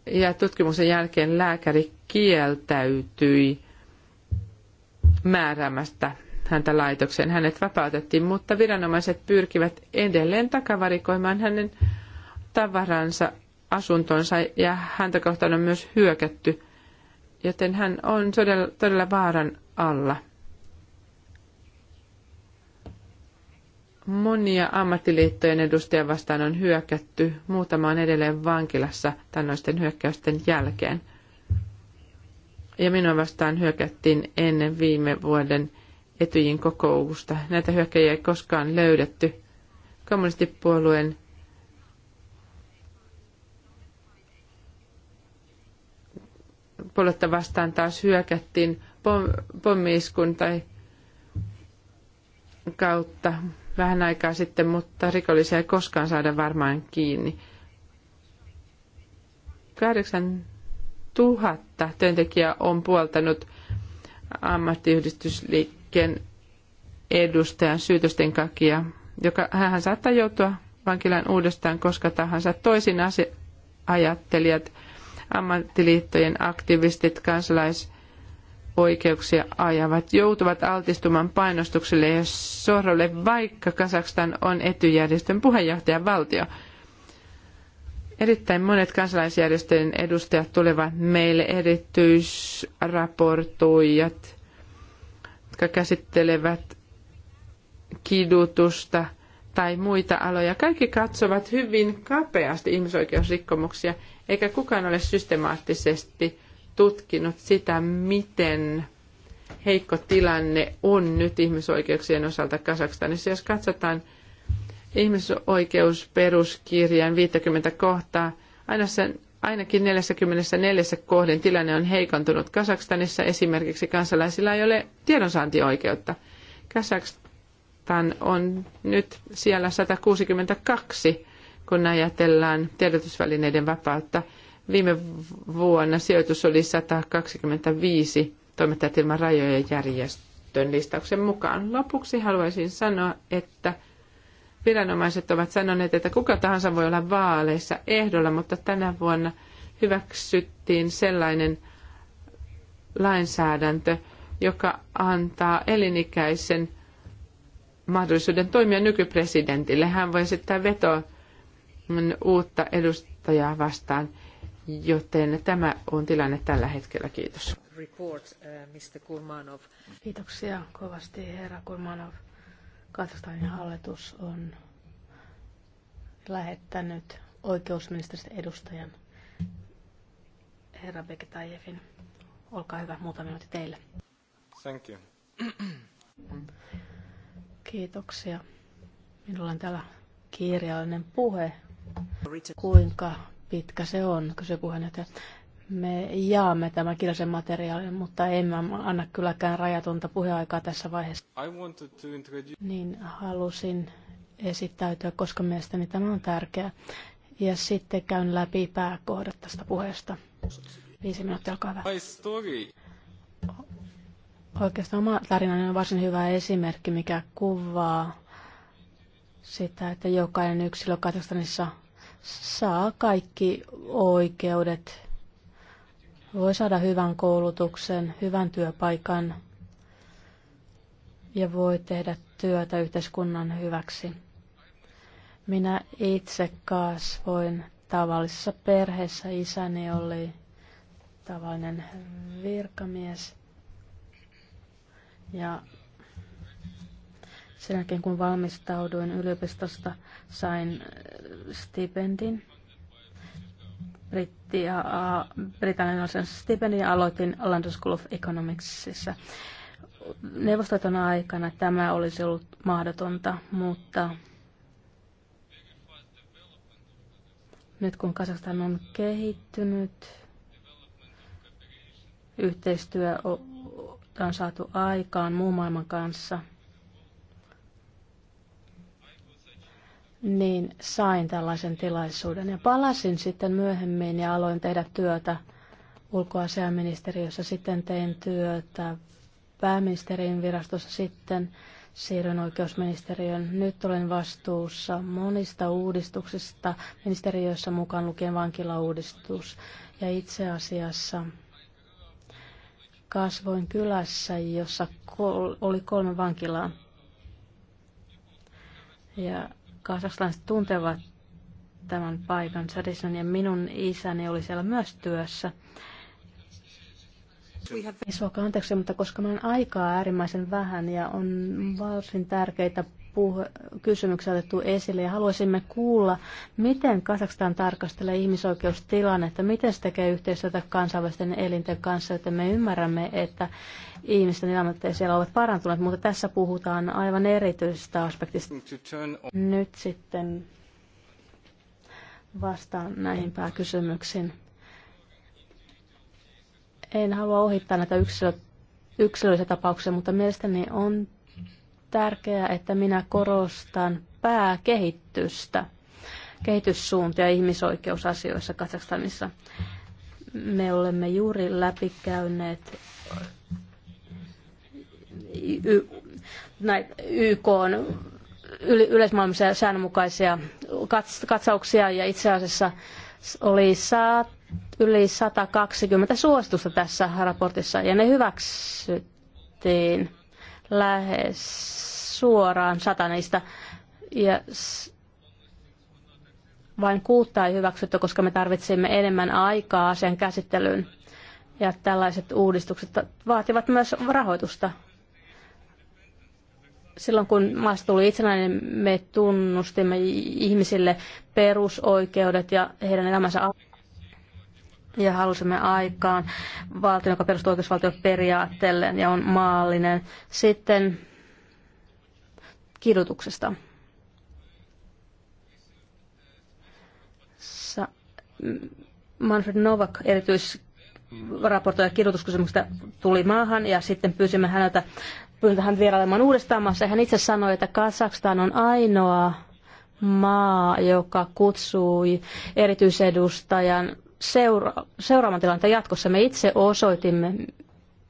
Ja tutkimuksen jälkeen lääkäri kieltäytyi määräämästä häntä laitokseen. Hänet vapautettiin, mutta viranomaiset pyrkivät edelleen takavarikoimaan hänen tavaransa, asuntonsa ja häntä kohtaan on myös hyökätty, joten hän on todella, todella vaaran alla. monia ammattiliittojen edustajia vastaan on hyökätty. Muutama on edelleen vankilassa tällaisten hyökkäysten jälkeen. Ja minua vastaan hyökättiin ennen viime vuoden etyjin kokousta. Näitä hyökkäjiä ei koskaan löydetty. Kommunistipuolueen puoletta vastaan taas hyökättiin pommiiskun tai kautta vähän aikaa sitten, mutta rikollisia ei koskaan saada varmaan kiinni. 8000 työntekijää on puoltanut ammattiyhdistysliikkeen edustajan syytösten takia, joka hän saattaa joutua vankilaan uudestaan koska tahansa. Toisin ajattelijat, ammattiliittojen aktivistit, kansalaiset, oikeuksia ajavat joutuvat altistumaan painostukselle ja sorrolle, vaikka Kazakstan on etyjärjestön puheenjohtajavaltio. Erittäin monet kansalaisjärjestöjen edustajat tulevat meille erityisraportoijat, jotka käsittelevät kidutusta tai muita aloja. Kaikki katsovat hyvin kapeasti ihmisoikeusrikkomuksia, eikä kukaan ole systemaattisesti – tutkinut sitä, miten heikko tilanne on nyt ihmisoikeuksien osalta Kasakstanissa. Jos katsotaan ihmisoikeusperuskirjan 50 kohtaa, aina sen, ainakin 44 kohden tilanne on heikontunut. Kasakstanissa esimerkiksi kansalaisilla ei ole tiedonsaantioikeutta. Kasakstan on nyt siellä 162, kun ajatellaan tiedotusvälineiden vapautta – Viime vuonna sijoitus oli 125 toimittajat ilman rajoja järjestön listauksen mukaan. Lopuksi haluaisin sanoa, että viranomaiset ovat sanoneet, että kuka tahansa voi olla vaaleissa ehdolla, mutta tänä vuonna hyväksyttiin sellainen lainsäädäntö, joka antaa elinikäisen mahdollisuuden toimia nykypresidentille. Hän voi esittää vetoa uutta edustajaa vastaan – Joten tämä on tilanne tällä hetkellä. Kiitos. Report, uh, Kiitoksia kovasti, herra Kurmanov. Kazakstanin hallitus on lähettänyt oikeusministeristä edustajan herra Beketajevin. Olkaa hyvä, muutama minuutti teille. Thank you. Kiitoksia. Minulla on täällä kirjallinen puhe, kuinka pitkä se on, kysyy että Me jaamme tämän kirjallisen materiaalin, mutta emme anna kylläkään rajatonta puheaikaa tässä vaiheessa. Introduce... Niin halusin esittäytyä, koska mielestäni tämä on tärkeää. Ja sitten käyn läpi pääkohdat tästä puheesta. Viisi minuuttia, olkaa hyvä. Oikeastaan oma tarinani on varsin hyvä esimerkki, mikä kuvaa sitä, että jokainen yksilö Katastanissa saa kaikki oikeudet, voi saada hyvän koulutuksen, hyvän työpaikan ja voi tehdä työtä yhteiskunnan hyväksi. Minä itse kasvoin tavallisessa perheessä. Isäni oli tavallinen virkamies ja sen jälkeen kun valmistauduin yliopistosta, sain äh, stipendin, britti- äh, britannialaisen stipendin aloitin London School of Economicsissa. Neuvostoton aikana tämä olisi ollut mahdotonta, mutta nyt kun Kasakstan on kehittynyt, yhteistyö on saatu aikaan muun maailman kanssa – niin sain tällaisen tilaisuuden. Ja palasin sitten myöhemmin ja aloin tehdä työtä ulkoasiaministeriössä. Sitten tein työtä pääministerin virastossa, sitten siirryn oikeusministeriön. Nyt olen vastuussa monista uudistuksista ministeriössä mukaan lukien vankilauudistus. Ja itse asiassa kasvoin kylässä, jossa oli kolme vankilaa. Ja Kasakslaiset tuntevat tämän paikan Sadissan ja minun isäni oli siellä myös työssä. Isoa anteeksi, mutta koska meillä on aikaa äärimmäisen vähän ja on varsin tärkeitä kysymyksiä otettu esille ja haluaisimme kuulla, miten Kazakstan tarkastelee ihmisoikeustilannetta, miten se tekee yhteistyötä kansainvälisten elinten kanssa, että me ymmärrämme, että ihmisten elämät siellä ovat parantuneet, mutta tässä puhutaan aivan erityisestä aspektista. Nyt sitten vastaan näihin pääkysymyksiin. En halua ohittaa näitä yksilö, yksilöllisiä tapauksia, mutta mielestäni on tärkeää, että minä korostan pääkehitystä, kehityssuuntia ihmisoikeusasioissa Kazakstanissa. Me olemme juuri läpikäyneet y- näitä YK on yleismaailmallisia säännönmukaisia katsauksia ja itse asiassa oli saat, yli 120 suositusta tässä raportissa ja ne hyväksyttiin lähes suoraan satanista. Ja vain kuutta ei hyväksytty, koska me tarvitsimme enemmän aikaa asian käsittelyyn. Ja tällaiset uudistukset vaativat myös rahoitusta. Silloin kun maasta tuli itsenäinen, me tunnustimme ihmisille perusoikeudet ja heidän elämänsä ja halusimme aikaan valtion, joka perustuu periaatteelle ja on maallinen. Sitten kirjoituksesta. Manfred Novak erityisraportoija kirjoituskysymyksestä tuli maahan ja sitten pyysimme häneltä pyyntä hän vierailemaan uudestaan maassa. Hän itse sanoi, että Kazakstan on ainoa maa, joka kutsui erityisedustajan seura- seuraamaan tilanteen jatkossa. Me itse osoitimme,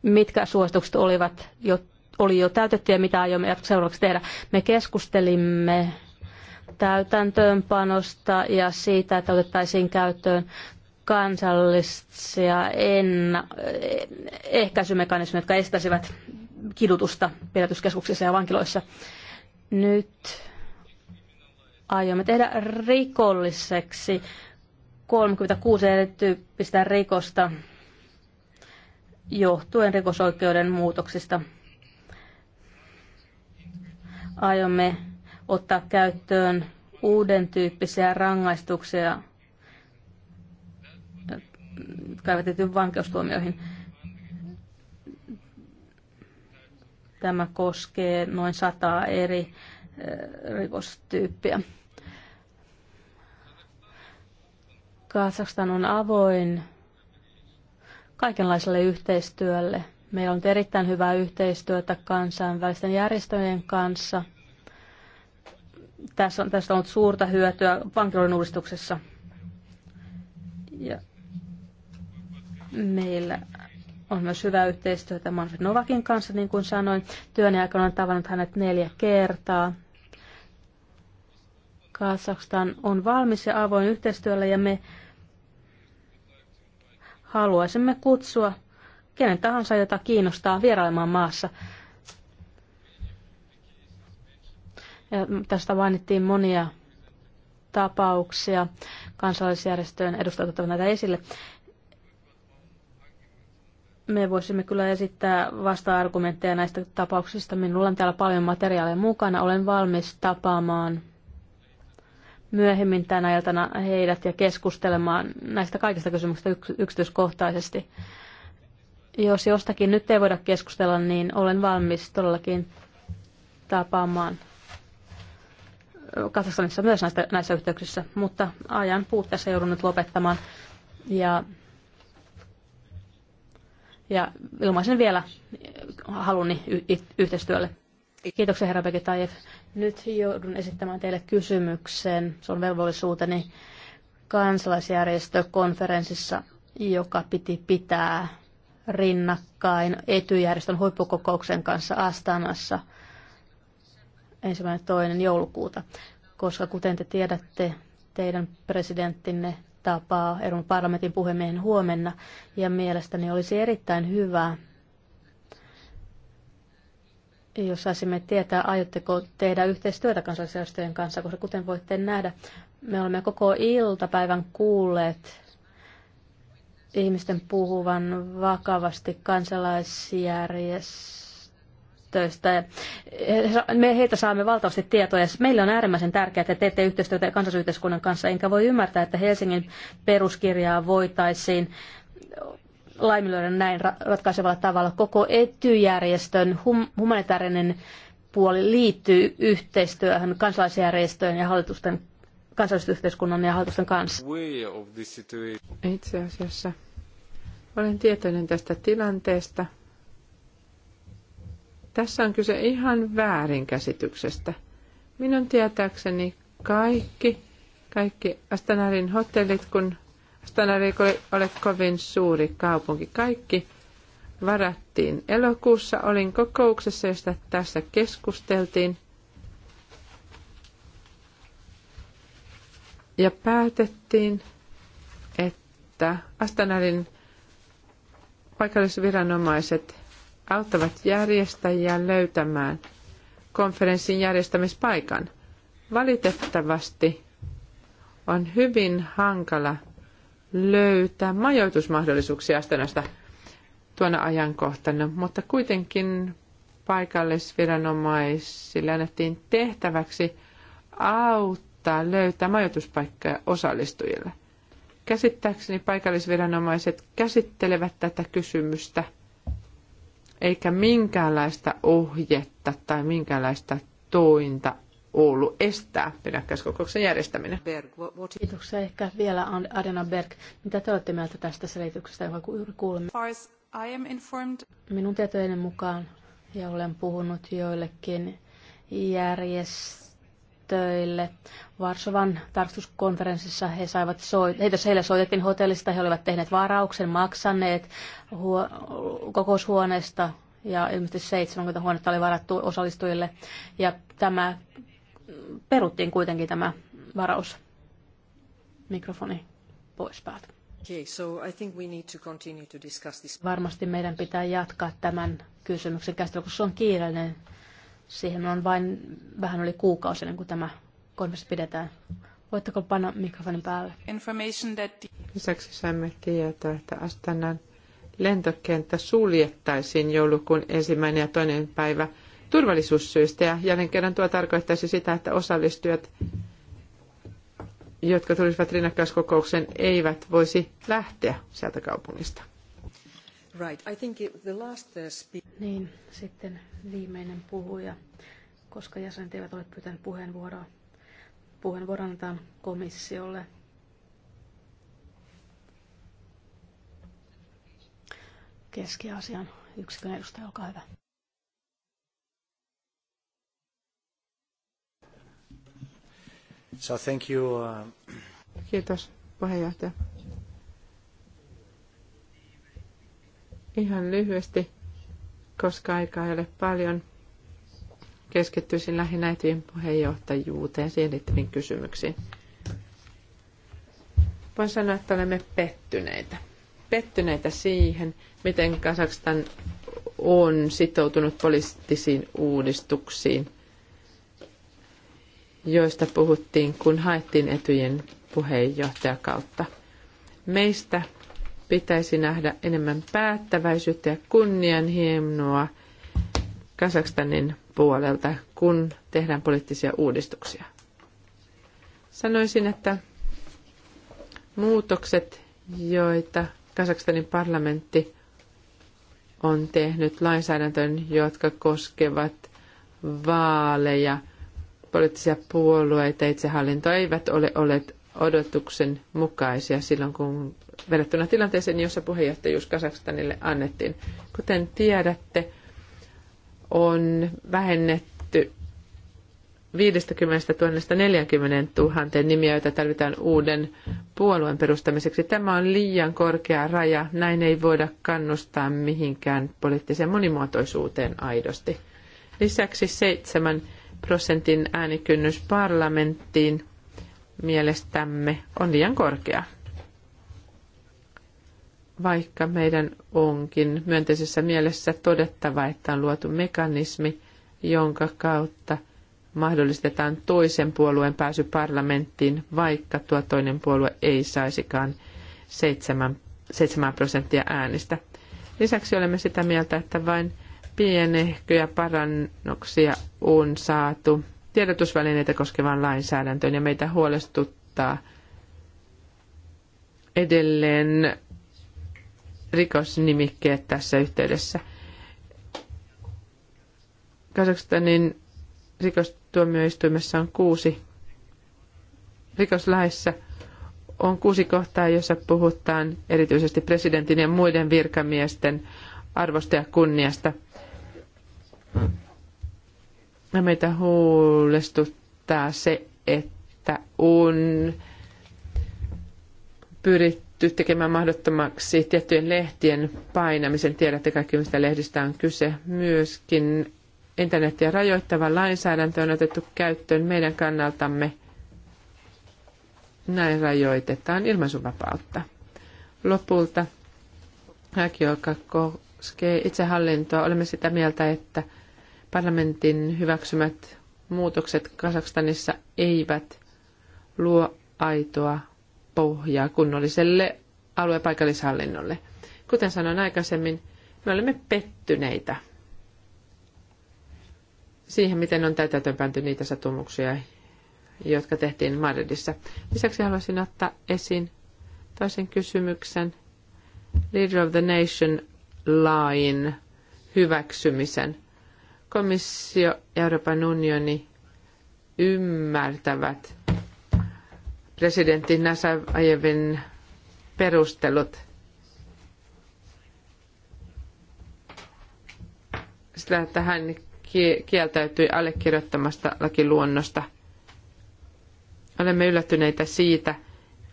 mitkä suositukset olivat jo, oli jo täytetty ja mitä aiomme seuraavaksi tehdä. Me keskustelimme täytäntöönpanosta ja siitä, että otettaisiin käyttöön kansallisia enna- ehkäisymekanismeja, jotka estäisivät kidutusta pidätyskeskuksissa ja vankiloissa. Nyt aiomme tehdä rikolliseksi 36 erityyppistä rikosta johtuen rikosoikeuden muutoksista. Aiomme ottaa käyttöön uuden tyyppisiä rangaistuksia, jotka vankeustuomioihin. Tämä koskee noin sataa eri eh, rikostyyppiä. Kazakstan on avoin kaikenlaiselle yhteistyölle. Meillä on erittäin hyvää yhteistyötä kansainvälisten järjestöjen kanssa. Tässä on, tästä on ollut suurta hyötyä vankiloiden uudistuksessa. Ja meillä on myös hyvää yhteistyötä Manfred Novakin kanssa, niin kuin sanoin. Työn aikana olen tavannut hänet neljä kertaa. Kazakstan on valmis ja avoin yhteistyöllä ja me haluaisimme kutsua kenen tahansa, jota kiinnostaa vierailemaan maassa. Ja tästä mainittiin monia tapauksia. Kansalaisjärjestöjen edustajat ottavat näitä esille. Me voisimme kyllä esittää vasta-argumentteja näistä tapauksista. Minulla on täällä paljon materiaalia mukana. Olen valmis tapaamaan myöhemmin tänä iltana heidät ja keskustelemaan näistä kaikista kysymyksistä yksityiskohtaisesti. Jos jostakin nyt ei voida keskustella, niin olen valmis todellakin tapaamaan Kazakstanissa myös näistä, näissä yhteyksissä, mutta ajan puutteessa joudun nyt lopettamaan. Ja, ja ilmaisen vielä haluni y- yhteistyölle. Kiitoksia, herra Begetaev. Nyt joudun esittämään teille kysymyksen. Se on velvollisuuteni kansalaisjärjestökonferenssissa, joka piti pitää rinnakkain etujärjestön huippukokouksen kanssa Astanassa ensimmäinen toinen joulukuuta, koska kuten te tiedätte, teidän presidenttinne tapaa Euroopan parlamentin puhemiehen huomenna ja mielestäni olisi erittäin hyvä, jos saisimme tietää, aiotteko tehdä yhteistyötä kansalaisjärjestöjen kanssa, koska kuten voitte nähdä, me olemme koko iltapäivän kuulleet ihmisten puhuvan vakavasti kansalaisjärjestöistä. Me heitä saamme valtavasti tietoja. Meillä on äärimmäisen tärkeää, että teette yhteistyötä kansalaisyhteiskunnan kanssa, enkä voi ymmärtää, että Helsingin peruskirjaa voitaisiin laiminlyödä näin ratkaisevalla tavalla. Koko etyjärjestön hum- humanitaarinen puoli liittyy yhteistyöhön kansalaisjärjestöjen ja hallitusten, kansallisyhteiskunnan ja hallitusten kanssa. Itse asiassa olen tietoinen tästä tilanteesta. Tässä on kyse ihan väärinkäsityksestä. Minun tietääkseni kaikki, kaikki Astanarin hotellit, kun Stanari ei ole kovin suuri kaupunki. Kaikki varattiin elokuussa. Olin kokouksessa, josta tässä keskusteltiin. Ja päätettiin, että Astanarin paikallisviranomaiset auttavat järjestäjiä löytämään konferenssin järjestämispaikan. Valitettavasti on hyvin hankala – löytää majoitusmahdollisuuksia Astanasta tuona ajankohtana, mutta kuitenkin paikallisviranomaisille annettiin tehtäväksi auttaa löytää majoituspaikkaa osallistujille. Käsittääkseni paikallisviranomaiset käsittelevät tätä kysymystä, eikä minkäänlaista ohjetta tai minkäänlaista tointa Oulu estää peräkkäiskokouksen järjestäminen. Kiitoksia. Ehkä vielä Adena Berg. Mitä te olette mieltä tästä selityksestä, jonka juuri kuulemme? Minun tietojeni mukaan, ja olen puhunut joillekin järjestöille, Varsovan tarkastuskonferenssissa he saivat soit- heitä, heille soitettiin hotellista, he olivat tehneet varauksen, maksaneet huo- kokoushuoneesta, ja ilmeisesti 70 huonetta oli varattu osallistujille. Ja tämä peruttiin kuitenkin tämä varaus. Mikrofoni pois päältä. Okay, so I think we need to continue to discuss this. Varmasti meidän pitää jatkaa tämän kysymyksen käsittelyä, koska se on kiireinen. Siihen on vain vähän oli kuukausi ennen kuin tämä konversi pidetään. Voitteko panna mikrofonin päälle? Information that... Lisäksi saimme tietoa, että Astanan lentokenttä suljettaisiin joulukuun ensimmäinen ja toinen päivä – turvallisuussyistä. Ja jälleen kerran tuo tarkoittaisi sitä, että osallistujat, jotka tulisivat rinnakkaiskokoukseen, eivät voisi lähteä sieltä kaupungista. Right. I think the last uh, niin, sitten viimeinen puhuja, koska jäsenet eivät ole pyytäneet puheenvuoroa. Puheenvuoro annetaan komissiolle. Keski-Aasian yksikön edustaja, olkaa hyvä. So thank you. Uh, Kiitos puheenjohtaja. Ihan lyhyesti, koska aikaa ei ole paljon, keskittyisin lähinnä Etyjin puheenjohtajuuteen siihen liittyviin kysymyksiin. Voin sanoa, että olemme pettyneitä. Pettyneitä siihen, miten Kazakstan on sitoutunut poliittisiin uudistuksiin – joista puhuttiin, kun haettiin etyjen puheenjohtajakautta. Meistä pitäisi nähdä enemmän päättäväisyyttä ja kunnianhienoa Kasakstanin puolelta, kun tehdään poliittisia uudistuksia. Sanoisin, että muutokset, joita Kasakstanin parlamentti on tehnyt lainsäädäntöön, jotka koskevat vaaleja – poliittisia puolueita, itsehallinto eivät ole olleet odotuksen mukaisia silloin, kun verrattuna tilanteeseen, jossa puheenjohtajuus Kasakstanille annettiin. Kuten tiedätte, on vähennetty 50 000 40 000 nimiä, joita tarvitaan uuden puolueen perustamiseksi. Tämä on liian korkea raja. Näin ei voida kannustaa mihinkään poliittiseen monimuotoisuuteen aidosti. Lisäksi seitsemän prosentin äänikynnys parlamenttiin mielestämme on liian korkea. Vaikka meidän onkin myönteisessä mielessä todettava, että on luotu mekanismi, jonka kautta mahdollistetaan toisen puolueen pääsy parlamenttiin, vaikka tuo toinen puolue ei saisikaan 7, 7 prosenttia äänistä. Lisäksi olemme sitä mieltä, että vain pienehköjä parannuksia on saatu tiedotusvälineitä koskevaan lainsäädäntöön ja meitä huolestuttaa edelleen rikosnimikkeet tässä yhteydessä. Kazakstanin rikostuomioistuimessa on kuusi rikoslaissa on kuusi kohtaa, jossa puhutaan erityisesti presidentin ja muiden virkamiesten arvosta ja kunniasta – meitä huolestuttaa se, että on pyritty tekemään mahdottomaksi tiettyjen lehtien painamisen. Tiedätte kaikki, mistä lehdistä on kyse. Myöskin internetiä rajoittava lainsäädäntö on otettu käyttöön meidän kannaltamme. Näin rajoitetaan ilmaisuvapautta. Lopulta, joka koskee itsehallintoa, olemme sitä mieltä, että – Parlamentin hyväksymät muutokset Kasakstanissa eivät luo aitoa pohjaa kunnolliselle aluepaikallishallinnolle. Kuten sanoin aikaisemmin, me olemme pettyneitä siihen, miten on täytäntöönpanty niitä satumuksia, jotka tehtiin Madridissa. Lisäksi haluaisin ottaa esiin toisen kysymyksen. Leader of the Nation lain hyväksymisen komissio ja Euroopan unioni ymmärtävät presidentti Nasajevin perustelut. Sitä, että hän kieltäytyi allekirjoittamasta lakiluonnosta. Olemme yllättyneitä siitä,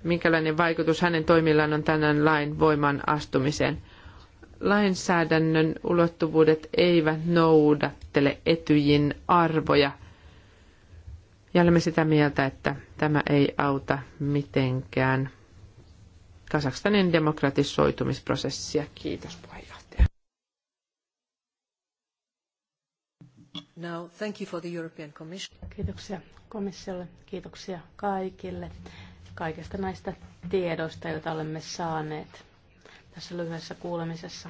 minkälainen vaikutus hänen toimillaan on tänään lain voimaan astumiseen lainsäädännön ulottuvuudet eivät noudattele etyjin arvoja. Ja olemme sitä mieltä, että tämä ei auta mitenkään Kasakstanin demokratisoitumisprosessia. Kiitos puheenjohtaja. Now, thank you for the European Commission. Kiitoksia komissiolle, kiitoksia kaikille kaikista näistä tiedoista, joita olemme saaneet tässä lyhyessä kuulemisessa.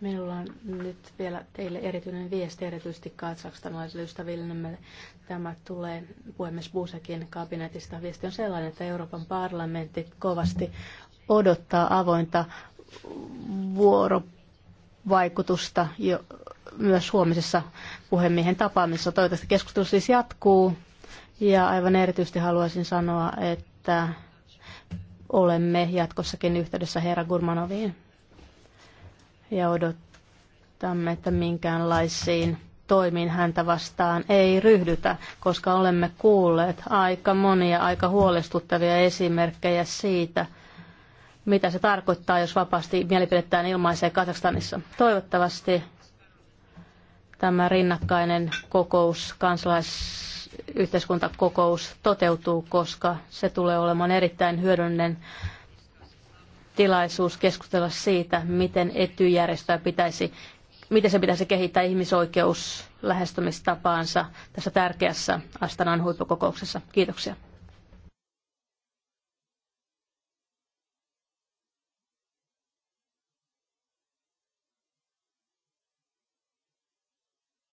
Minulla on nyt vielä teille erityinen viesti, erityisesti katsakstanaisille ystävillemme. Tämä tulee puhemies Busekin kabinetista. Viesti on sellainen, että Euroopan parlamentti kovasti odottaa avointa vuorovaikutusta jo myös huomisessa puhemiehen tapaamisessa. Toivottavasti keskustelu siis jatkuu. Ja aivan erityisesti haluaisin sanoa, että olemme jatkossakin yhteydessä herra Gurmanoviin ja odotamme, että minkäänlaisiin toimiin häntä vastaan ei ryhdytä, koska olemme kuulleet aika monia aika huolestuttavia esimerkkejä siitä, mitä se tarkoittaa, jos vapaasti mielipidettään ilmaisee Kazakstanissa. Toivottavasti tämä rinnakkainen kokous kansalais yhteiskuntakokous toteutuu, koska se tulee olemaan erittäin hyödyllinen tilaisuus keskustella siitä, miten etyjärjestöä pitäisi, miten se pitäisi kehittää ihmisoikeus lähestymistapaansa tässä tärkeässä Astanan huippukokouksessa. Kiitoksia.